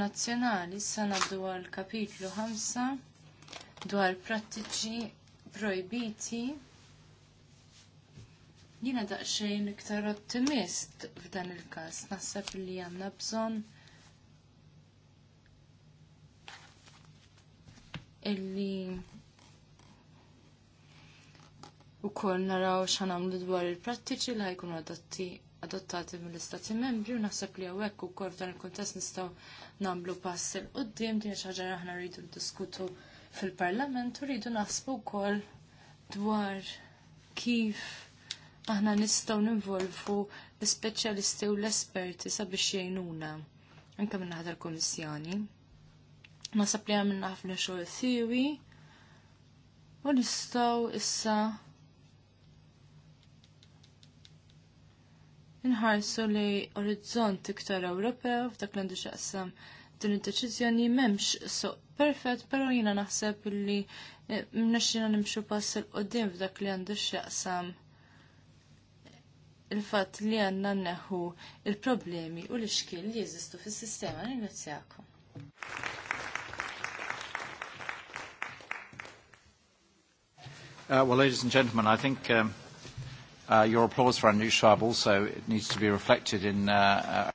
nazzjonali, issa ngħaddu għall kapitlu 5 dwar prattiċi projbiti Jiena daqsxejn iktar ottimist f'dan il-każ. Naħseb li għandna bżonn illi ukoll naraw x'għamlu dwar il-prattiċi li ħajkunu adotti adottati mill-Istati Membri u naħseb li hawnhekk ukoll f'dan il-kuntest nistgħu nagħmlu pass il quddiem din xi ħaġa aħna rridu ndiskutu fil-Parlament u rridu naħsbu wkoll dwar kif aħna nistgħu ninvolvu l-speċjalisti u l-esperti sabiex jgħinuna anke minn naħdar komissjoni. Ma Nasab li għamilna ħafna xogħol theory u nistgħu issa inħarsu li orizzont iktar Ewropew f'dak l-għandu xaqsam din id-deċiżjoni m'hemmx so perfett, però jiena naħseb li mnexxina eh, nimxu pass il qudiem f'dak li għandu x'jaqsam il-fatt li għanna neħu il-problemi u l-iskil li jeżistu fis sistema Ringrazzjakom. Uh, well, ladies and gentlemen, I think um, uh, your applause for Andrew Schwab also it needs to be reflected in... Uh, uh...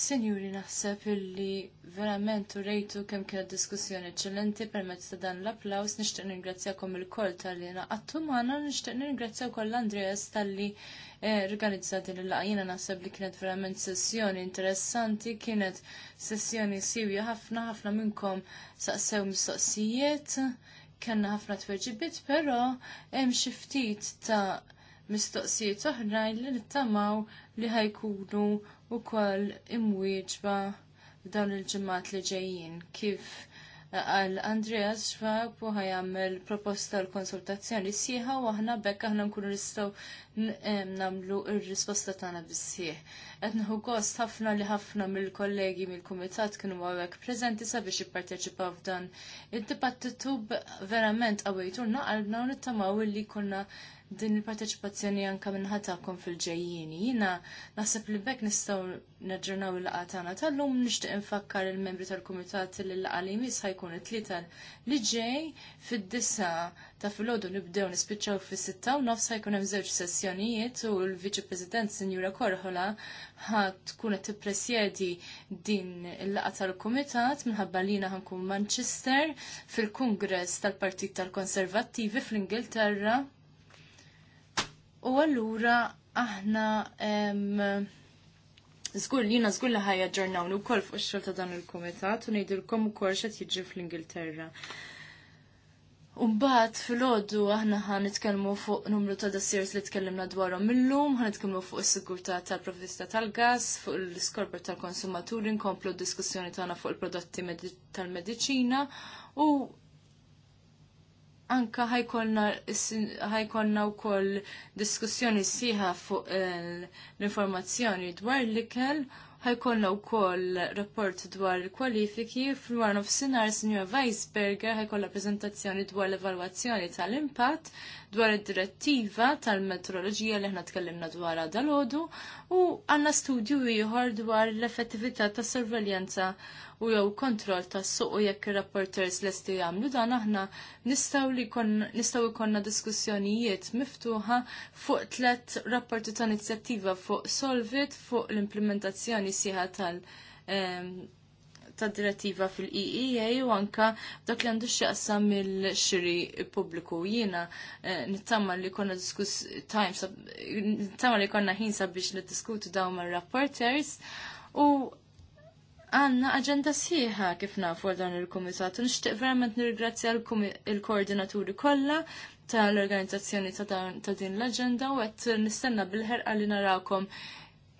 Signori, naħseb illi verament u rejtu kem kienet diskussjoni eccellenti permezz ta' dan l-applaus, nishtiq ningrazzjakom il-kol tal-li naqattu maħna, nishtiq ningrazzjakom l-Andreas tal-li Eh, organizzat din il-laqa. Jiena naħseb li kienet verament sessjoni interessanti, kienet sessjoni siwja ħafna ħafna minnkom saqsew mistoqsijiet, kellna ħafna tweġibiet, però hemm xi ftit ta' mistoqsijiet oħra li nittamaw li ħajkunu wkoll imwieġba dawn il-ġimgħat li ġejjin kif għal Andreas Schwab u ħajamel proposta l-konsultazzjoni sieħa u aħna bekk aħna nkunu nistaw nagħmlu r-risposta tagħna bis-sieħ. Qed nħu gost ħafna li ħafna mill-kollegi mill-kumitat kienu hawnhekk preżenti sabiex jipparteċipaw f'dan id-dibattitu verament qawwejtulna qalbna u nittamaw li kunna din il-parteċipazzjoni anka minnħatakom fil-ġejjini. Jina naħseb li bekk nistgħu naġġornaw il-laqatana tal-lum nixtieq infakkar il-membri tal-kumitat li l-qalim jkun it-tlieta li ġej fid-disa ta' filgħodu nibdew nispiċċaw fis-sitta u nofs ħajkun hemm żewġ sessjonijiet u l-Viċi President Sinjura Korħola ħadd tkun qed tippresjedi din il-laqgħa tal-kumitat minħabba li jiena ħankun Manchester fil-Kungress tal-Partit tal-Konservattivi fl-Ingilterra U allura aħna Zgur li jina zgur li ħajja ġurnawni u kol fuq xol ta' dan il-komitat u nejdilkom u kol xet jġi fl-Ingilterra. Umbat fil-ħoddu aħna ħan nitkelmu fuq numru ta' dasirs li tkellimna dwarhom illum, ħan nitkelmu fuq is-sigurtà tal provista tal-gas, fuq l-iskorber tal-konsumaturi, nkomplu diskussjoni tagħna fuq il-prodotti tal-mediċina u anka ħajkonna u koll diskussjoni siħa fuq eh, l-informazzjoni dwar l-ikel, ħajkonna u koll rapport dwar kwalifiki, fl-war nofsinar Signora Weisberger ħajkolla prezentazzjoni dwar l-evaluazzjoni tal-impatt, dwar id-direttiva tal metrologija li ħna tkellimna dwar dal-ħodu u għandna studju ieħor dwar l-effettività tas sorveljanza u jew kontroll tas suq u jekk ir-rapporters lesti jagħmlu dan aħna nistgħu li konna jkollna diskussjonijiet miftuħa fuq tliet rapporti ta' inizjattiva fuq Solvit fuq l-implementazzjoni sieħa tal- ta' direttiva fil-EEA u anka dak li għandu xieqsam mill-xiri pubbliku. Jiena eh, nittama li konna diskus time, nittama li konna ħin sabiex niddiskutu dawn mar-rapporters u għanna agenda sħiħa kif nafu għal dan il-komitat. Nishtiq verament nirgrazzja il-koordinaturi kollha tal-organizzazzjoni ta' din l-agenda u għet nistenna bil-ħerqa li narawkom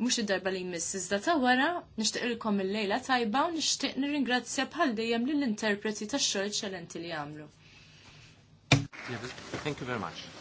mhux id-darba li jmiss iżda ta' wara nixtieq ilkom il-lejla tajba u nixtieq nirringrazzja bħal dejjem lill-interpreti tax-xogħol ċelenti li għamlu. Thank you very much.